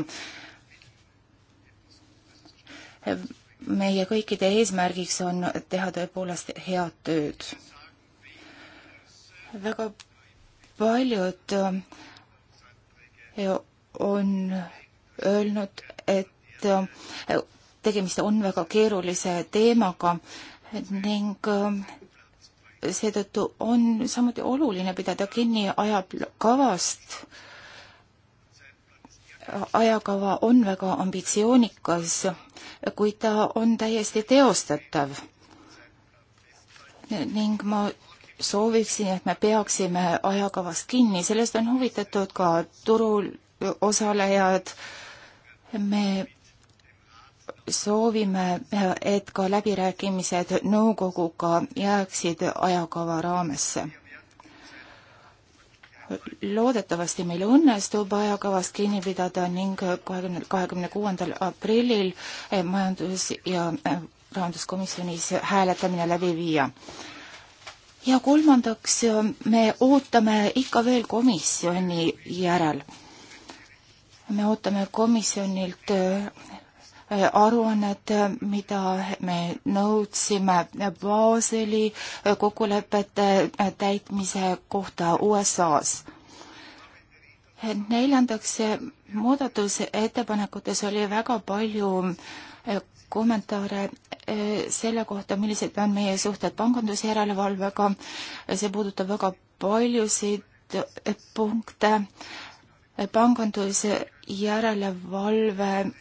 meie kõikide eesmärgiks on teha tõepoolest head tööd. väga paljud on öelnud, et tegemist on väga keerulise teemaga ning ähm, seetõttu on samuti oluline pidada kinni ajakavast. ajakava on väga ambitsioonikas, kuid ta on täiesti teostatav. ning ma sooviksin, et me peaksime ajakavast kinni, sellest on huvitatud ka turul osalejad. me soovime, et ka läbirääkimised nõukoguga jääksid ajakava raamesse. loodetavasti meil õnnestub ajakavast kinni pidada ning kahekümne, kahekümne kuuendal aprillil eh, majandus- ja eh, rahanduskomisjonis hääletamine läbi viia. ja kolmandaks, eh, me ootame ikka veel komisjoni järel me ootame komisjonilt aruannet, mida me nõudsime Baseli kokkulepete täitmise kohta USA-s. neljandaks, muudatusettepanekutes oli väga palju kommentaare eh, selle kohta, millised on meie suhted pangandusjärelevalvega, see puudutab väga paljusid eh, punkte, pangandus järelevalve äh,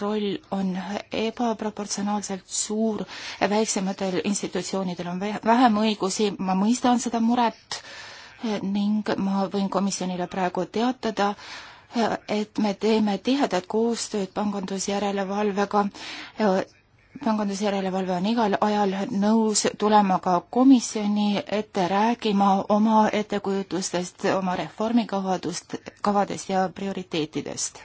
roll on ebaproportsionaalselt suur, väiksematel institutsioonidel on vähem õigusi, ma mõistan seda muret äh, ning ma võin komisjonile praegu teatada, äh, et me teeme tihedat koostööd pangandusjärelevalvega pangandusjärelevalve on igal ajal nõus tulema ka komisjoni ette rääkima oma ettekujutustest, oma reformikavadust, kavadest ja prioriteetidest.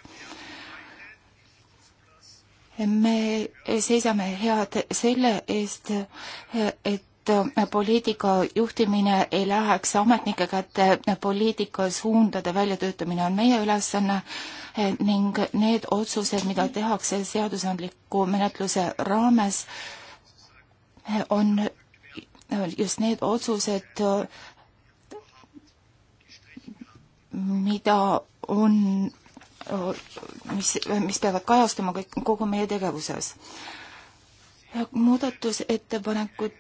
me seisame head selle eest, et et äh, poliitika juhtimine ei läheks ametnike kätte, äh, poliitikasuundade väljatöötamine on meie ülesanne äh, ning need otsused, mida tehakse seadusandliku menetluse raames, on just need otsused, mida on, mis, mis peavad kajastuma kõik, kogu meie tegevuses. muudatusettepanekud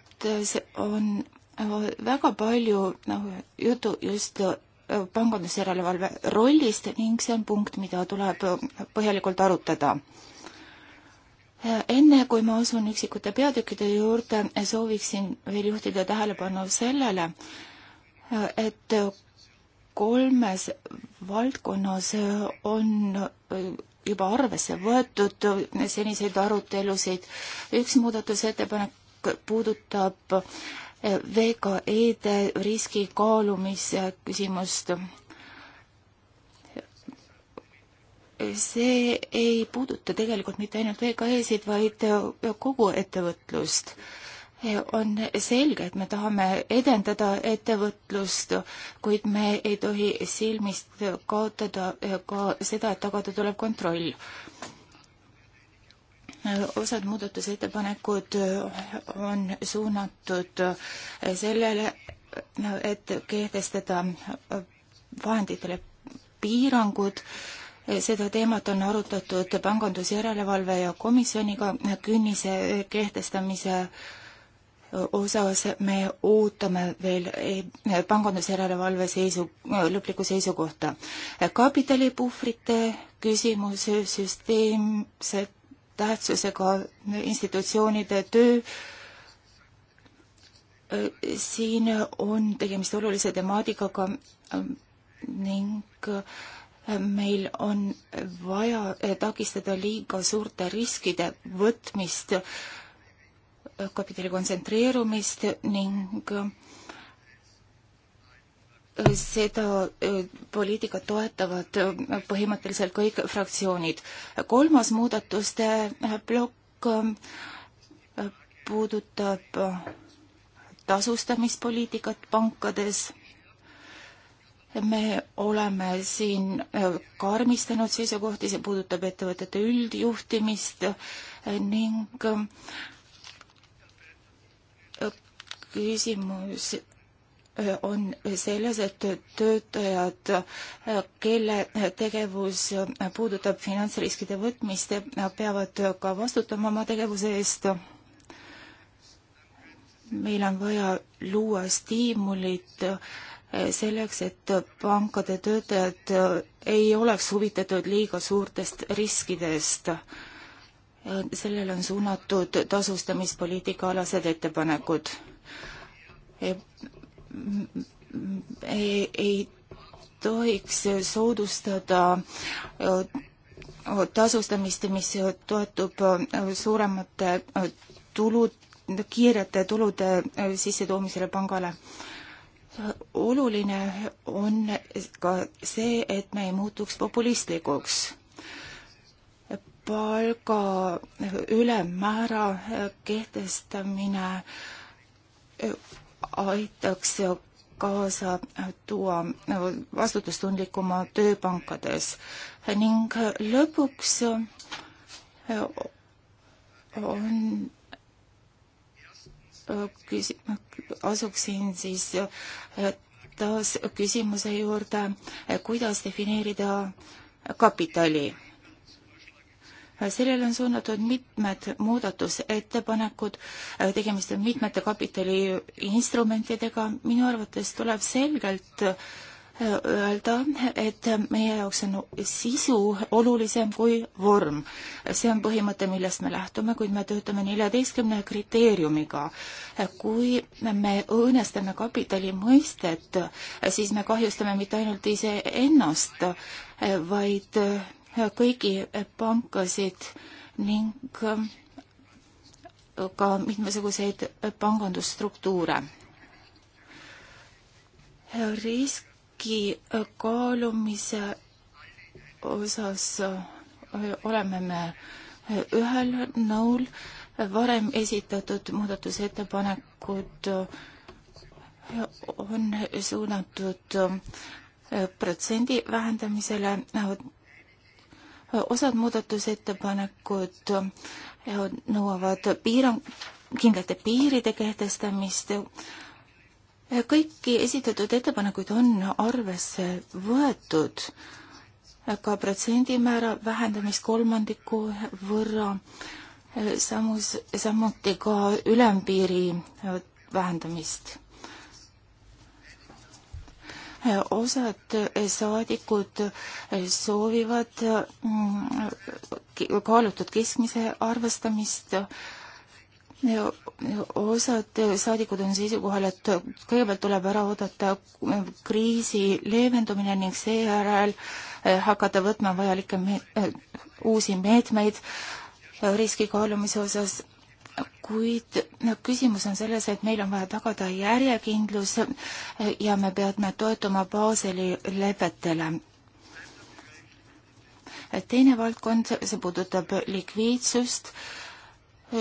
on äh, väga palju nagu juttu just äh, pangandusjärelevalve rollist ning see on punkt, mida tuleb äh, põhjalikult arutada. enne kui ma asun üksikute peatükkide juurde, sooviksin veel juhtida tähelepanu sellele, et kolmes valdkonnas on juba arvesse võetud seniseid arutelusid. üks muudatusettepanek ettepanek puudutab eh, VKE-de riski kaalumise küsimust. see ei puuduta tegelikult mitte ainult VKE-sid, vaid eh, kogu ettevõtlust eh, on selge, et me tahame edendada ettevõtlust, kuid me ei tohi silmist kaotada ka seda, et tagada tuleb kontroll osad muudatusettepanekud on suunatud sellele, et kehtestada vahenditele piirangud. seda teemat on arutatud pangandusjärelevalve ja komisjoniga künnise kehtestamise osas me ootame veel pangandusjärelevalve seisu, lõplikku seisukohta. kapitalipuhvrite küsimus, süsteemsed tähtsusega institutsioonide töö. siin on tegemist olulise temaatikaga ning meil on vaja takistada liiga suurte riskide võtmist, kapitali kontsentreerumist ning äh, seda äh, poliitikat toetavad äh, põhimõtteliselt kõik fraktsioonid. kolmas muudatuste äh, plokk puudutab tasustamispoliitikat pankades. me oleme siin karmistanud seisukohti, see puudutab ettevõtete üldjuhtimist ning küsimus on selles, et töötajad, kelle tegevus puudutab finantsriskide võtmist, peavad ka vastutama oma tegevuse eest. meil on vaja luua stiimulit selleks, et pankade töötajad ei oleks huvitatud liiga suurtest riskidest. sellele on suunatud tasustamispoliitika alased ettepanekud ei, ei tohiks soodustada äh, tasustamist, mis toetub äh, suuremate äh, tulu, kiirete tulude sissetoomisele pangale. oluline on ka see, et me ei muutuks populistlikuks. palga ülemmäära kehtestamine aitaks kaasa tuua vastutustundlikuma tööpankades ning lõpuks äh, on küsi-, asuksin siis äh, taas küsimuse juurde, kuidas defineerida kapitali sellele on suunatud mitmed muudatusettepanekud, äh, tegemist on mitmete kapitaliinstrumentidega, minu arvates tuleb selgelt äh, öelda, et meie jaoks on sisu olulisem kui vorm. see on põhimõte, millest me lähtume, kuid me töötame neljateistkümne kriteeriumiga. kui me õõnestame kapitali mõistet, siis me kahjustame mitte ainult iseennast, vaid kõigi pankasid ning äh, ka mitmesuguseid pangandusstruktuure. riski äh, kaalumise osas äh, oleme me ühel nõul, varem esitatud muudatusettepanekud on suunatud protsendi vähendamisele osad muudatusettepanekud nõuavad piirang, kindlate piiride kehtestamist. kõiki esitatud ettepanekuid on arvesse võetud, ka protsendimäära vähendamist kolmandiku võrra, samus, samuti ka ülempiiri vähendamist osad saadikud soovivad mm, kaalutud keskmise arvestamist osad saadikud on seisukohal, et kõigepealt tuleb ära oodata kriisi leevendumine ning seejärel hakata võtma vajalikke me uusi meetmeid riski kaalumise osas kuid küsimus on selles, et meil on vaja tagada järjekindlus ja me peame toetuma Baseli lepetele. teine valdkond, see puudutab likviidsust.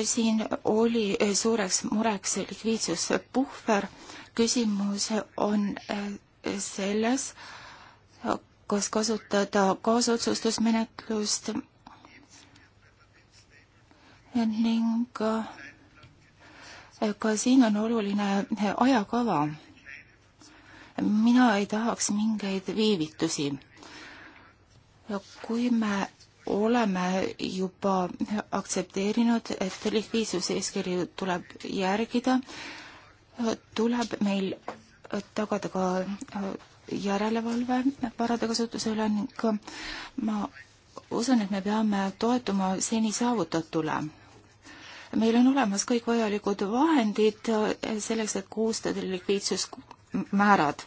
siin oli suureks mureks likviidsuspuhver. küsimus on selles, kas kasutada kaasotsustusmenetlust ning äh, ka siin on oluline äh, ajakava. mina ei tahaks mingeid viivitusi. kui me oleme juba aktsepteerinud, et likviidsuseeskirju tuleb järgida, tuleb meil tagada ka äh, järelevalve varade kasutuse üle ning ma usun, et me peame toetuma seni saavutatule meil on olemas kõik vajalikud vahendid eh, selleks, et koostada likviidsusmäärad.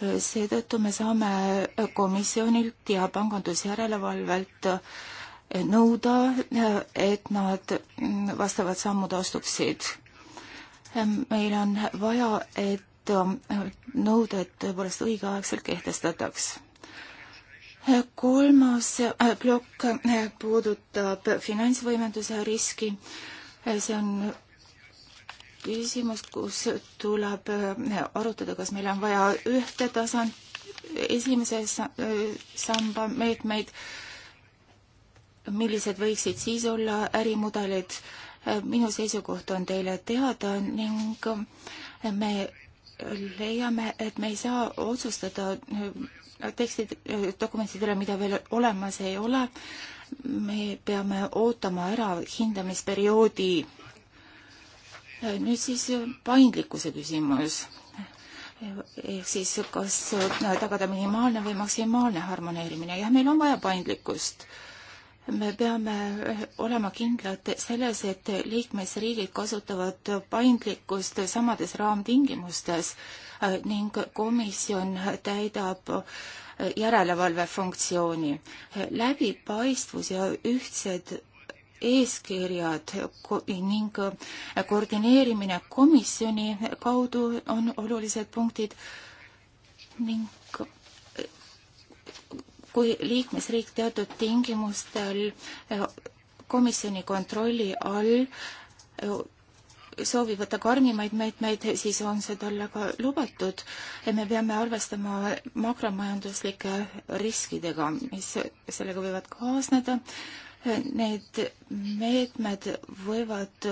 Eh, seetõttu me saame eh, komisjonilt ja pangandusjärelevalvelt nõuda, et nad mm, vastavad sammud astuksid. meil on vaja, et nõuded tõepoolest õigeaegselt kehtestataks kolmas äh, plokk äh, puudutab finantsvõimenduse riski. Äh, see on küsimus, kus tuleb arutada, kas meil on vaja ühte tasand, esimese samba meetmeid, millised võiksid siis olla ärimudelid. minu seisukoht on teile teada ning me leiame, et me ei saa otsustada tekstid, dokumentidele, mida veel olemas ei ole. me peame ootama ära hindamisperioodi. nüüd siis paindlikkuse küsimus. ehk siis, kas tagada minimaalne või maksimaalne harmoneerimine. jah, meil on vaja paindlikkust me peame eh, olema kindlad selles, et liikmesriigid kasutavad paindlikkust samades raamtingimustes eh, ning komisjon täidab eh, järelevalve funktsiooni. läbipaistvus ja ühtsed eeskirjad ning koordineerimine komisjoni kaudu on olulised punktid ning kui liikmesriik teatud tingimustel eh, komisjoni kontrolli all eh, soovib võtta karmimaid meetmeid, siis on see talle ka lubatud. me peame arvestama makromajanduslike riskidega, mis sellega võivad kaasneda. Eh, need meetmed võivad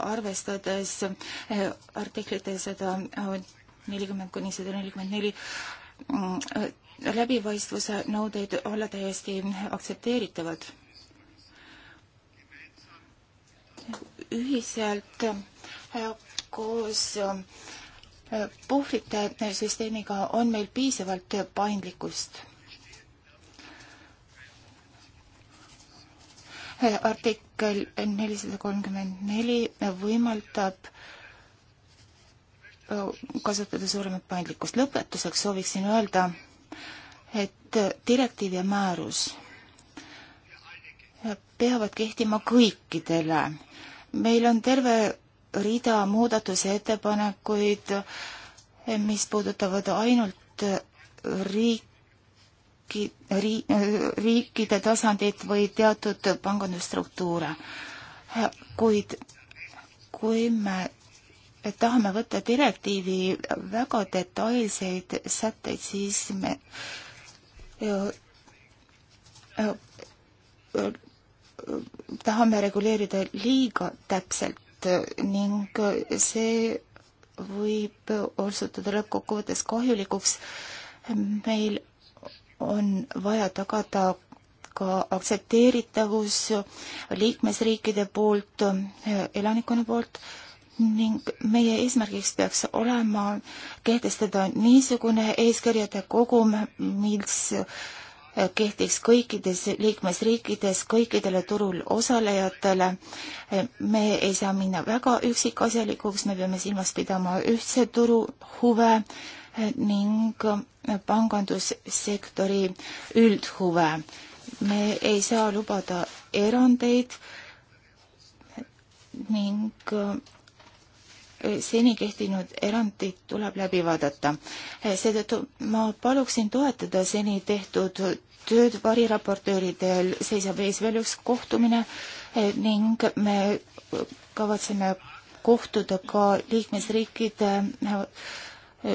arvestades artiklite sada nelikümmend kuni sada nelikümmend neli mm, läbipaistvuse nõudeid olla täiesti aktsepteeritavad. ühiselt äh, koos äh, puhvrite äh, süsteemiga on meil piisavalt paindlikkust. artikkel nelisada kolmkümmend neli võimaldab kasutada suuremat paindlikkust. lõpetuseks sooviksin öelda, et direktiiv ja määrus peavad kehtima kõikidele. meil on terve rida muudatusettepanekuid, mis puudutavad ainult riiki, riik, riikide tasandit või teatud pangandusstruktuure. kuid kui me tahame võtta direktiivi väga detailseid sätteid, siis me Äh, äh, äh, tahame reguleerida liiga täpselt ning see võib osutuda lõppkokkuvõttes kahjulikuks. meil on vaja tagada ka aktsepteeritavus liikmesriikide poolt, elanikkonna poolt ning meie eesmärgiks peaks olema kehtestada niisugune eeskirjade kogum, mis kehtiks kõikides liikmesriikides kõikidele turul osalejatele. me ei saa minna väga üksikasjalikuks, me peame silmas pidama ühtse turu huve ning pangandussektori üldhuve. me ei saa lubada erandeid ning seni kehtinud erandid tuleb läbi vaadata. seetõttu ma paluksin toetada seni tehtud tööd variraportööridel seisab ees veel üks kohtumine ning me kavatseme kohtuda ka liikmesriikide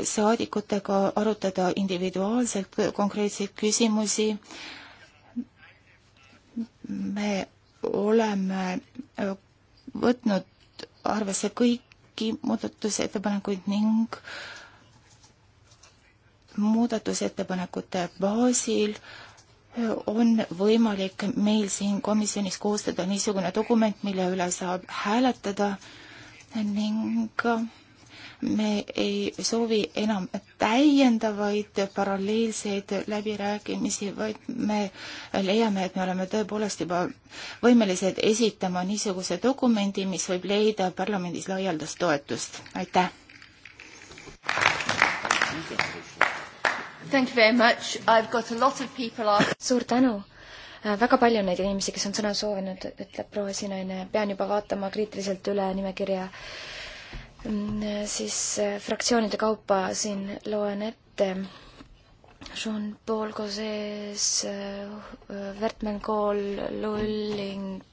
saadikutega, arutada individuaalselt konkreetseid küsimusi. me oleme võtnud arvesse kõik kõiki muudatusettepanekuid ning muudatusettepanekute baasil on võimalik meil siin komisjonis koostada niisugune dokument, mille üle saab hääletada ning me ei soovi enam täiendavaid paralleelseid läbirääkimisi, vaid me leiame, et me oleme tõepoolest juba võimelised esitama niisuguse dokumendi, mis võib leida parlamendis laialdast toetust. aitäh! Thank you very much, I have got a lot of people are... suur tänu! Äh, väga palju on neid inimesi, kes on sõna soovinud, ütleb proua Sinaine, pean juba vaatama kriitiliselt üle nimekirja äh, Mm, siis äh, fraktsioonide kaupa siin loen ette Jean-Paul Gauzes, äh, Wertmann Kool, Lulling,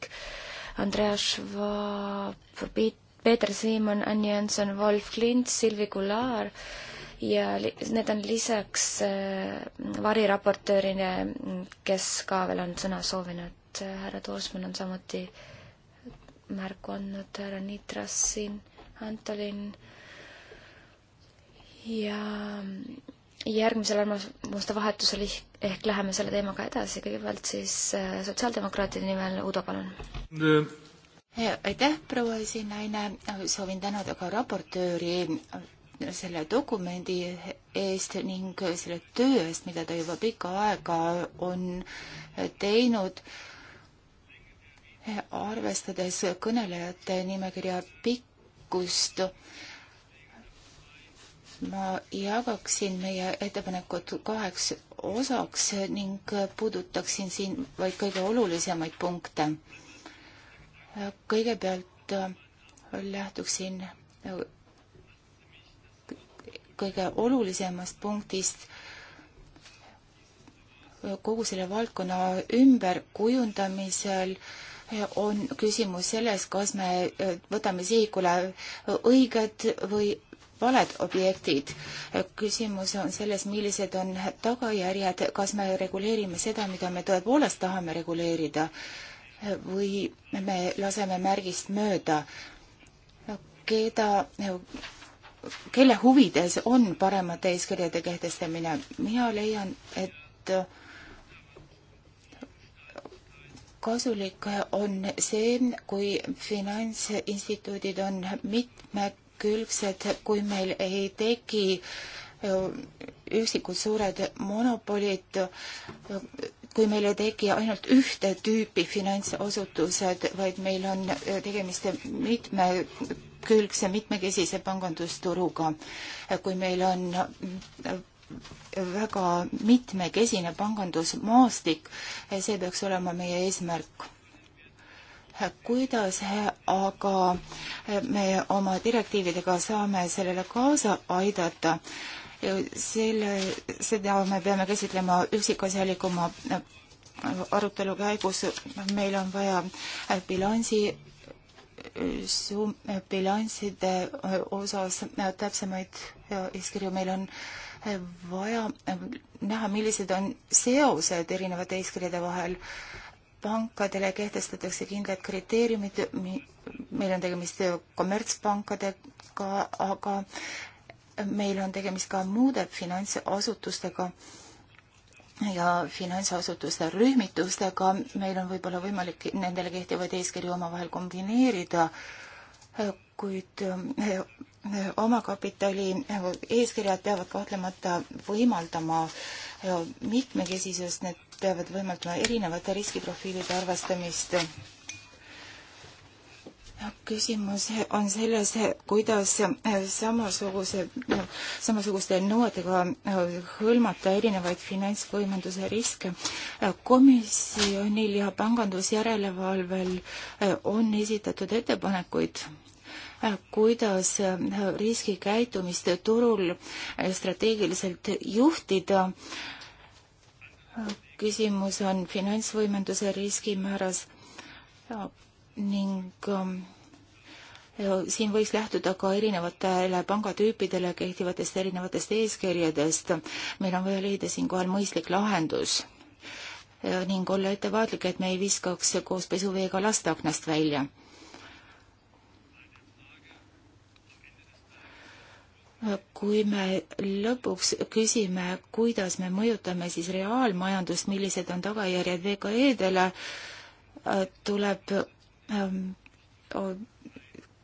Andreas Schwab, Peeter Siimann, Ann Jönson, Wolf Klint, Silvi Kular ja need on lisaks äh, variraportöörile, kes ka veel on sõna soovinud. härra Toorsmann on samuti märku andnud, härra Nitras siin Antolin ja järgmisel arvamuste vahetusel ehk läheme selle teemaga edasi, kõigepealt siis äh, sotsiaaldemokraatide nimel Udo, palun. Äh, aitäh, proua esinaine, soovin tänada ka raportööri selle dokumendi eest ning selle töö eest, mida ta juba pikka aega on teinud arvestades kõnelejate nimekirja pikk võimekust. ma jagaksin meie ettepanekut kaheks osaks ning puudutaksin siin vaid kõige olulisemaid punkte. kõigepealt lähtuksin kõige olulisemast punktist kogu selle valdkonna ümberkujundamisel äh, on küsimus selles, kas me äh, võtame sihikule õiged või valed objektid. küsimus on selles, millised on tagajärjed, kas me reguleerime seda, mida me tõepoolest tahame reguleerida või me laseme märgist mööda, keda, kelle huvides on paremate eeskirjade kehtestamine. mina leian, et kasulik on see, kui finantsinstituudid on mitmekülgsed, kui meil ei teki äh, üksikud suured monopolid, kui meil ei teki ainult ühte tüüpi finantsasutused, vaid meil on äh, tegemist mitmekülgse, mitmekesise pangandusturuga. kui meil on äh, väga mitmekesine pangandusmaastik, see peaks olema meie eesmärk. kuidas aga me oma direktiividega saame sellele kaasa aidata? selle, seda me peame käsitlema üksikasjalikuma arutelu käigus, meil on vaja bilansi bilansside osas täpsemaid eeskirju, meil on äh, vaja eh, näha, millised on seosed erinevate eeskirjade vahel. pankadele kehtestatakse kindlad kriteeriumid, meil on tegemist kommertspankadega, aga meil on tegemist ka muude finantsasutustega ja finantsasutuste rühmitustega, meil on võib-olla võimalik nendele kehtivaid eeskirju omavahel kombineerida, eh, kuid eh, omakapitali nagu eeskirjad peavad kahtlemata võimaldama mitmekesisust, need peavad võimaldama erinevate riskiprofiilide arvestamist. küsimus on selles, kuidas samasuguse, samasuguste nõuetega hõlmata erinevaid finantsvõimenduse riske. komisjonil ja pangandusjärelevalvel on esitatud ettepanekuid kuidas äh, riskikäitumist turul äh, strateegiliselt juhtida. Äh, küsimus on finantsvõimenduse riskimääras ning siin võiks lähtuda ka erinevatele pangatüüpidele kehtivatest erinevatest eeskirjadest. meil on vaja leida siinkohal mõistlik lahendus ning olla ettevaatlik, et me ei viskaks koos pesuveega last aknast välja kui me lõpuks küsime, kuidas me mõjutame siis reaalmajandust, millised on tagajärjed VKE-dele, tuleb ähm,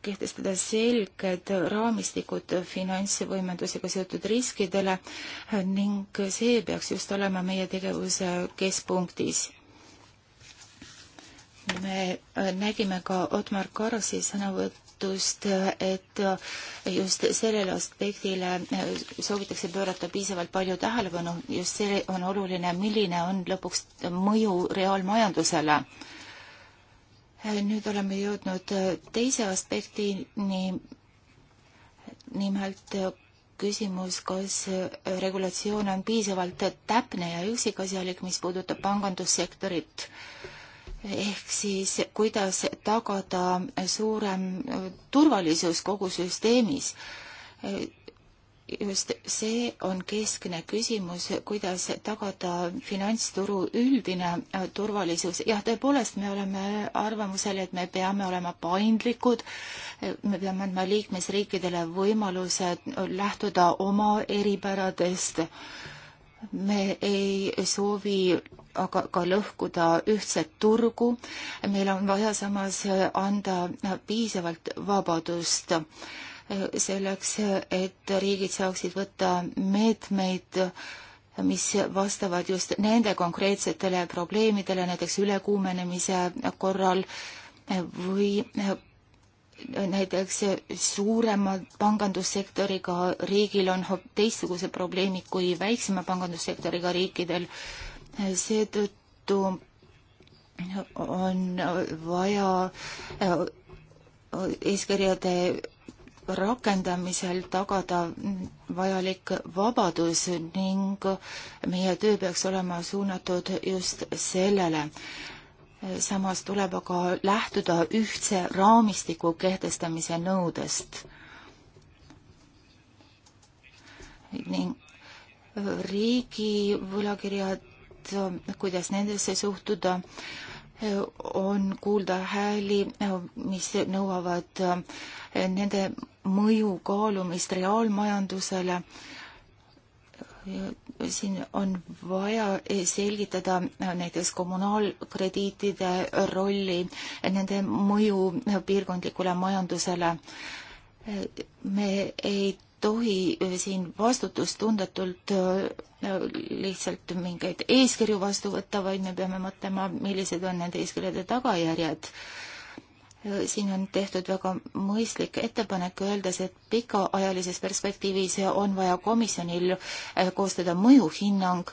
kehtestada selged raamistikud finantsvõimendusega seotud riskidele äh, ning see peaks just olema meie tegevuse keskpunktis. me äh, nägime ka Otmar Karasi sõnavõttu, lootust, et just sellele aspektile soovitakse pöörata piisavalt palju tähelepanu, just see on oluline, milline on lõpuks mõju reaalmajandusele. nüüd oleme jõudnud teise aspektini, nimelt küsimus, kas regulatsioon on piisavalt täpne ja üksikasjalik, mis puudutab pangandussektorit ehk siis kuidas tagada suurem äh, turvalisus kogu süsteemis. just see on keskne küsimus, kuidas tagada finantsturu üldine äh, turvalisus. jah, tõepoolest, me oleme arvamusel, et me peame olema paindlikud, äh, me peame andma liikmesriikidele võimaluse lähtuda oma eripäradest me ei soovi aga ka lõhkuda ühtset turgu. meil on vaja samas anda piisavalt vabadust selleks, et riigid saaksid võtta meetmeid, mis vastavad just nende konkreetsetele probleemidele, näiteks ülekuumenemise korral või näiteks suurema pangandussektoriga riigil on teistsugused probleemid kui väiksema pangandussektoriga riikidel seetõttu on vaja äh, eeskirjade rakendamisel tagada vajalik vabadus ning meie töö peaks olema suunatud just sellele. samas tuleb aga lähtuda ühtse raamistiku kehtestamise nõudest. ning riigi võlakirjad et äh, kuidas nendesse suhtuda, äh, on kuulda hääli, äh, mis nõuavad nende mõju kaalumist reaalmajandusele. siin on vaja selgitada näiteks kommunaalkrediitide rolli, nende mõju piirkondlikule majandusele. me ei tohi äh, siin vastutustundetult äh, lihtsalt mingeid eeskirju vastu võtta, vaid me peame mõtlema, millised on nende eeskirjade tagajärjed. Äh, siin on tehtud väga mõistlik ettepanek, öeldes, et pikaajalises perspektiivis on vaja komisjonil koostada mõjuhinnang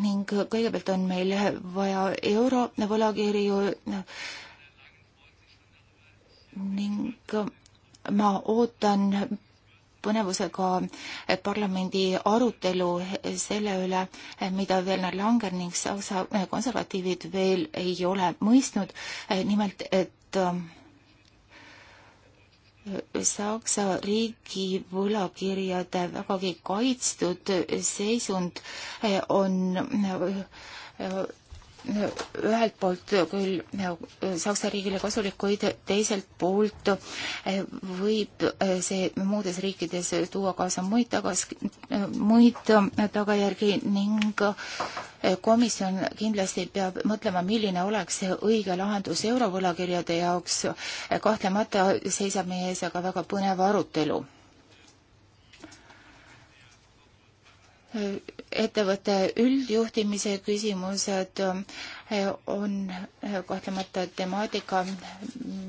ning kõigepealt on meil vaja euro võlakirju ning ma ootan põnevusega parlamendi arutelu selle üle, mida Werner Langer ning Saksa konservatiivid veel ei ole mõistnud, nimelt et ähm, Saksa riigi võlakirjade vägagi kaitstud seisund on äh, ühelt poolt küll äh, Saksa riigile kasulik, kuid teiselt poolt äh, võib äh, see muudes riikides tuua kaasa muid tagas, muid tagajärgi ning komisjon kindlasti peab mõtlema, milline oleks see õige lahendus eurovõlakirjade jaoks. kahtlemata seisab meie ees aga väga põnev arutelu ettevõtte üldjuhtimise küsimused eh, on eh, kahtlemata temaatika,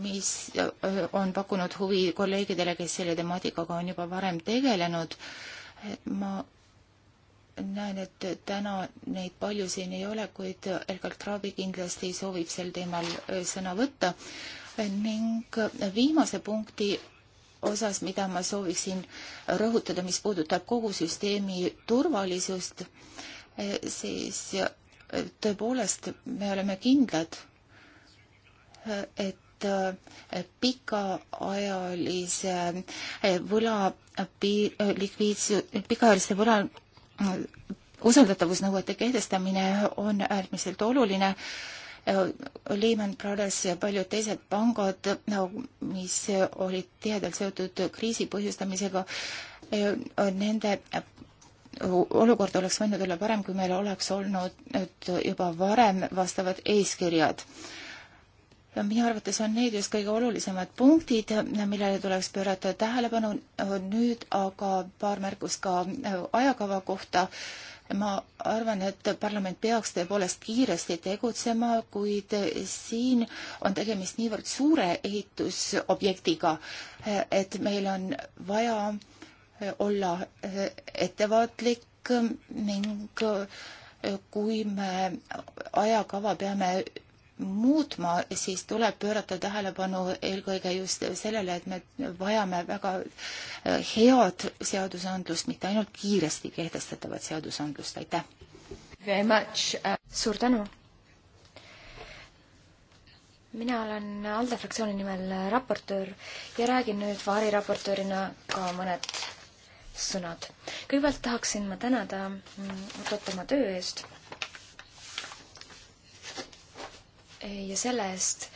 mis eh, on pakkunud huvi kolleegidele, kes selle temaatikaga on juba varem tegelenud. ma näen, et täna neid palju siin ei ole, kuid Elgar Traabi kindlasti soovib sel teemal sõna võtta ning viimase punkti osas, mida ma sooviksin rõhutada, mis puudutab kogu süsteemi turvalisust, eh, siis eh, tõepoolest me oleme kindlad, eh, et pikaajalise võla likviidsus, pikaajaliste võla usaldatavusnõuete kehtestamine on äärmiselt oluline Lehman Brothers ja paljud teised pangad, mis olid tihedalt seotud kriisi põhjustamisega, eh, nende eh, olukord oleks võinud olla parem, kui meil oleks olnud juba varem vastavad eeskirjad minu arvates on need just kõige olulisemad punktid, millele tuleks pöörata tähelepanu. nüüd aga paar märkust ka ajakava kohta. ma arvan, et parlament peaks tõepoolest kiiresti tegutsema, kuid siin on tegemist niivõrd suure ehitusobjektiga, et meil on vaja olla ettevaatlik ning kui me ajakava peame muutma, siis tuleb pöörata tähelepanu eelkõige just sellele, et me vajame väga äh, head seadusandlust, mitte ainult kiiresti kehtestatavat seadusandlust, aitäh! Uh, suur tänu! mina olen ALDE fraktsiooni nimel raportöör ja räägin nüüd vaariraportöörina ka mõned sõnad. kõigepealt tahaksin ma tänada mm, Ottot oma töö eest ja selle eest,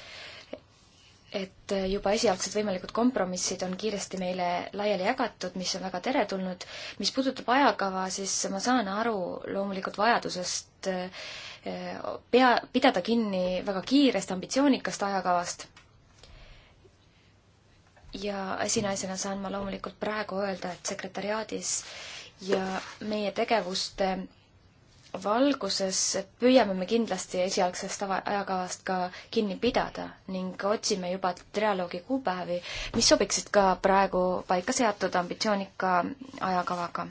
et juba esialgsed võimalikud kompromissid on kiiresti meile laiali jagatud, mis on väga teretulnud. mis puudutab ajakava, siis ma saan aru loomulikult vajadusest eh, pea, pidada kinni väga kiirest ambitsioonikast ajakavast. ja esinaisena saan ma loomulikult praegu öelda, et sekretäriaadis ja meie tegevuste valguses püüame me kindlasti esialgsest ajakavast ka kinni pidada ning otsime juba trialoogi kuupäevi, mis sobiksid ka praegu paika seatud ambitsioonika ajakavaga.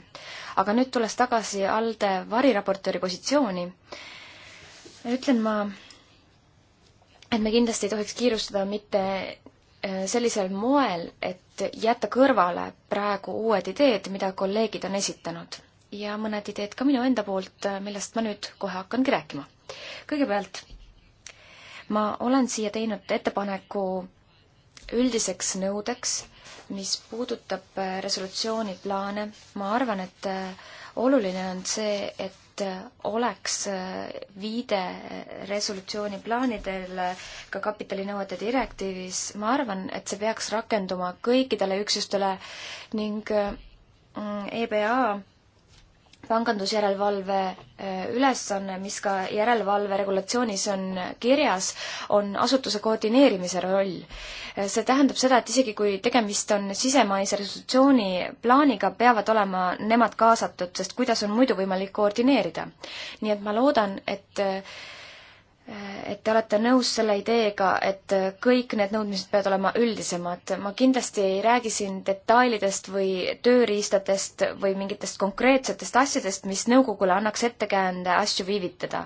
aga nüüd tulles tagasi ALDE variraportööri positsiooni, ütlen ma, et me kindlasti ei tohiks kiirustada mitte äh, sellisel moel, et jätta kõrvale praegu uued ideed, mida kolleegid on esitanud ja mõned ideed ka minu enda poolt, millest ma nüüd kohe hakkangi rääkima. kõigepealt ma olen siia teinud ettepaneku üldiseks nõudeks, mis puudutab äh, resolutsiooni plaane. ma arvan, et äh, oluline on see, et äh, oleks viide resolutsiooni plaanidel ka kapitalinõuete direktiivis. ma arvan, et see peaks rakenduma kõikidele üksustele ning mm, EBA pangandusjärelevalve äh, ülesanne, mis ka järelevalve regulatsioonis on kirjas, on asutuse koordineerimise roll. Äh, see tähendab seda, et isegi kui tegemist on sisemaise resolutsiooni plaaniga, peavad olema nemad kaasatud, sest kuidas on muidu võimalik koordineerida. nii et ma loodan, et äh, et te olete nõus selle ideega, et kõik need nõudmised peavad olema üldisemad. ma kindlasti ei räägi siin detailidest või tööriistadest või mingitest konkreetsetest asjadest, mis nõukogule annaks ettekäände asju viivitada.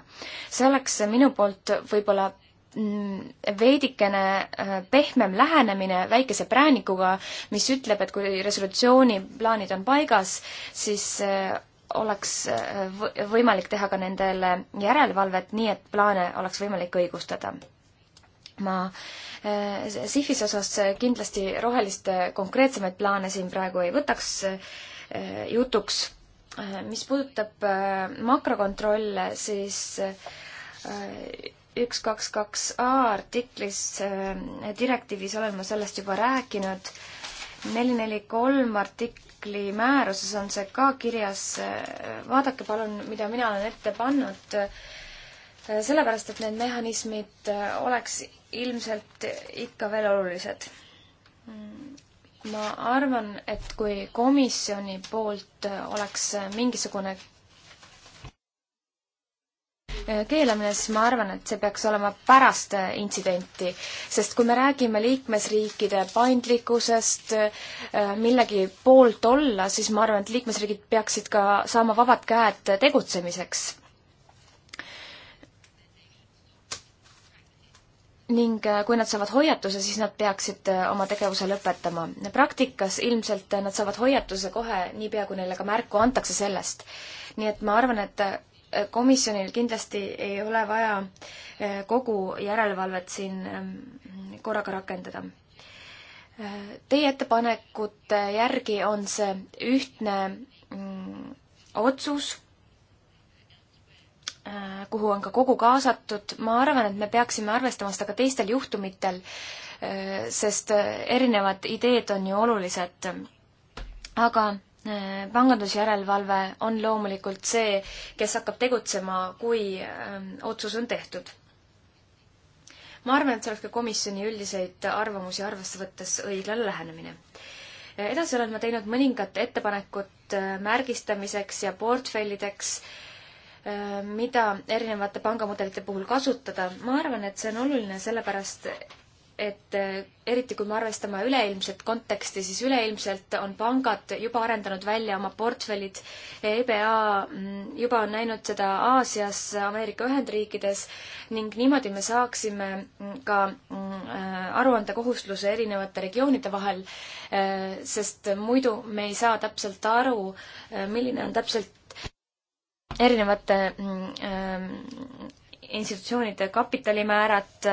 see oleks minu poolt võib-olla mm, veidikene äh, pehmem lähenemine väikese präänikuga, mis ütleb, et kui resolutsiooni plaanid on paigas, siis äh, oleks äh, võimalik teha ka nendele järelevalvet, nii et plaane oleks võimalik õigustada. ma äh, SIFis osas äh, kindlasti roheliste konkreetsemaid plaane siin praegu ei võtaks jutuks. mis puudutab makrokontrolle, siis üks, kaks, kaks A artiklis direktiivis olen ma sellest juba rääkinud neli, neli, kolm artik-, artikli määruses on see ka kirjas. vaadake palun, mida mina olen ette pannud. sellepärast, et need mehhanismid oleks ilmselt ikka veel olulised. ma arvan, et kui komisjoni poolt oleks mingisugune Äh, keelamine, siis ma arvan, et see peaks olema pärast äh, intsidenti. sest kui me räägime liikmesriikide paindlikkusest, äh, millegi poolt olla, siis ma arvan, et liikmesriigid peaksid ka saama vabad käed tegutsemiseks ning kui nad saavad hoiatuse, siis nad peaksid oma tegevuse lõpetama. praktikas ilmselt nad saavad hoiatuse kohe, niipea kui neile ka märku antakse sellest. nii et ma arvan, et komisjonil kindlasti ei ole vaja eh, kogu järelevalvet siin ehm, korraga rakendada. Eh, teie ettepanekute järgi on see ühtne mm, otsus, eh, kuhu on ka kogu kaasatud, ma arvan, et me peaksime arvestama seda ka teistel juhtumitel, sest erinevad ideed on ju olulised. aga Äh, pangandusjärelevalve on loomulikult see, kes hakkab tegutsema, kui ähm, otsus on tehtud. ma arvan, et see oleks ka komisjoni üldiseid arvamusi arvesse võttes õiglane lähenemine äh, edasi olen ma teinud mõningat ettepanekut äh, märgistamiseks ja portfellideks, mida erinevate pangamudelite puhul kasutada. ma arvan, et see on oluline sellepärast, et eh, eriti kui me arvestame üleilmset konteksti, siis üleilmselt on pangad juba arendanud välja oma portfellid. EBA mm, juba on näinud seda Aasias, Ameerika Ühendriikides ning niimoodi me saaksime mm, ka mm, äh, aruandekohustuse erinevate regioonide vahel, äh, sest muidu me ei saa täpselt aru, äh, milline on täpselt erinevate institutsioonide kapitalimäärad,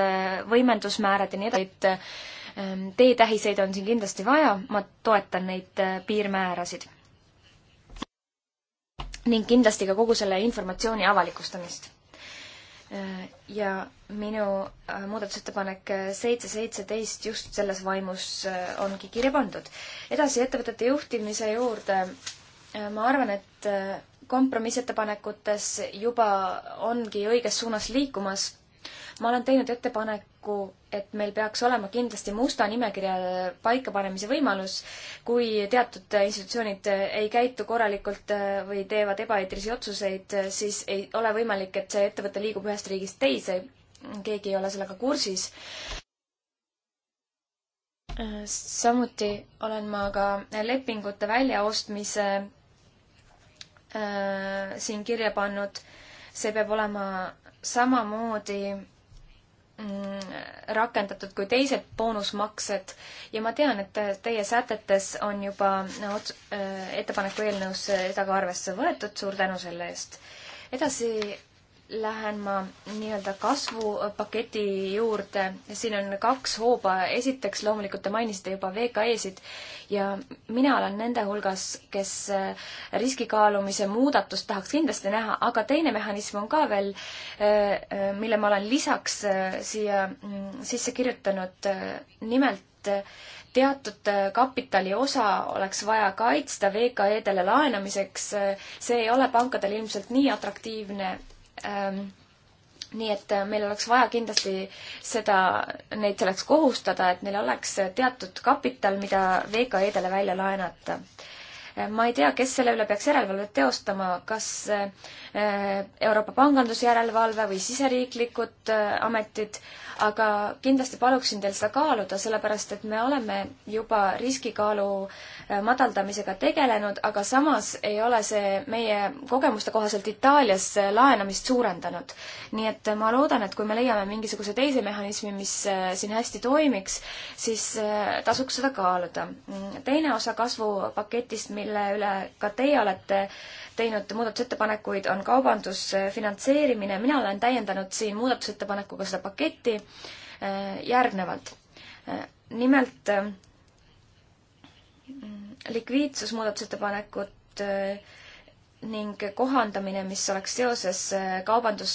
võimendusmäärad ja nii edasi, ähm, teetähiseid on siin kindlasti vaja, ma toetan neid äh, piirmäärasid. ning kindlasti ka kogu selle informatsiooni avalikustamist. Äh, ja minu äh, muudatusettepanek seitse seitseteist just selles vaimus ongi kirja pandud. edasi ettevõtete juhtimise juurde, ma arvan, et kompromissettepanekutes juba ongi õiges suunas liikumas. ma olen teinud ettepaneku, et meil peaks olema kindlasti musta nimekirja paikapanemise võimalus, kui teatud institutsioonid ei käitu korralikult või teevad ebaeetilisi otsuseid, siis ei ole võimalik, et see ettevõte liigub ühest riigist teise. keegi ei ole sellega kursis. samuti olen ma ka lepingute väljaostmise äh, siin kirja pannud, see peab olema samamoodi mm, rakendatud kui teised boonusmaksed ja ma tean, et teie sätetes on juba no, äh, ettepaneku eelnõus seda ka arvesse võetud, suur tänu selle eest. edasi lähen ma nii-öelda kasvupaketi juurde. siin on kaks hooba. esiteks loomulikult te mainisite juba VKE-sid ja mina olen nende hulgas, kes äh, riskikaalumise muudatust tahaks kindlasti näha, aga teine mehhanism on ka veel, äh, äh, mille ma olen lisaks siia mm, sisse kirjutanud, nimelt teatud kapitali osa oleks vaja kaitsta VKE-dele laenamiseks, see ei ole pankadele ilmselt nii atraktiivne ähm, nii et äh, meil oleks vaja kindlasti seda, neid selleks kohustada, et neil oleks äh, teatud kapital, mida VKE-dele välja laenata. Äh, ma ei tea, kes selle üle peaks järelevalvet teostama, kas Äh, Euroopa pangandusjärelevalve või siseriiklikud äh, ametid, aga kindlasti paluksin teil seda kaaluda, sellepärast et me oleme juba riskikaalu äh, madaldamisega tegelenud, aga samas ei ole see meie kogemuste kohaselt Itaalias laenamist suurendanud. nii et ma loodan, et kui me leiame mingisuguse teise mehhanismi, mis siin hästi toimiks, siis tasuks seda kaaluda. Mm, teine osa kasvupaketist, mille üle ka teie olete äh, teinud muudatusettepanekuid, on kaubandusfinantseerimine, mina olen täiendanud siin muudatusettepanekuga seda paketti äh, järgnevalt. Äh, nimelt äh, likviidsusmuudatusettepanekut ning kohandamine, mis oleks seoses kaubandus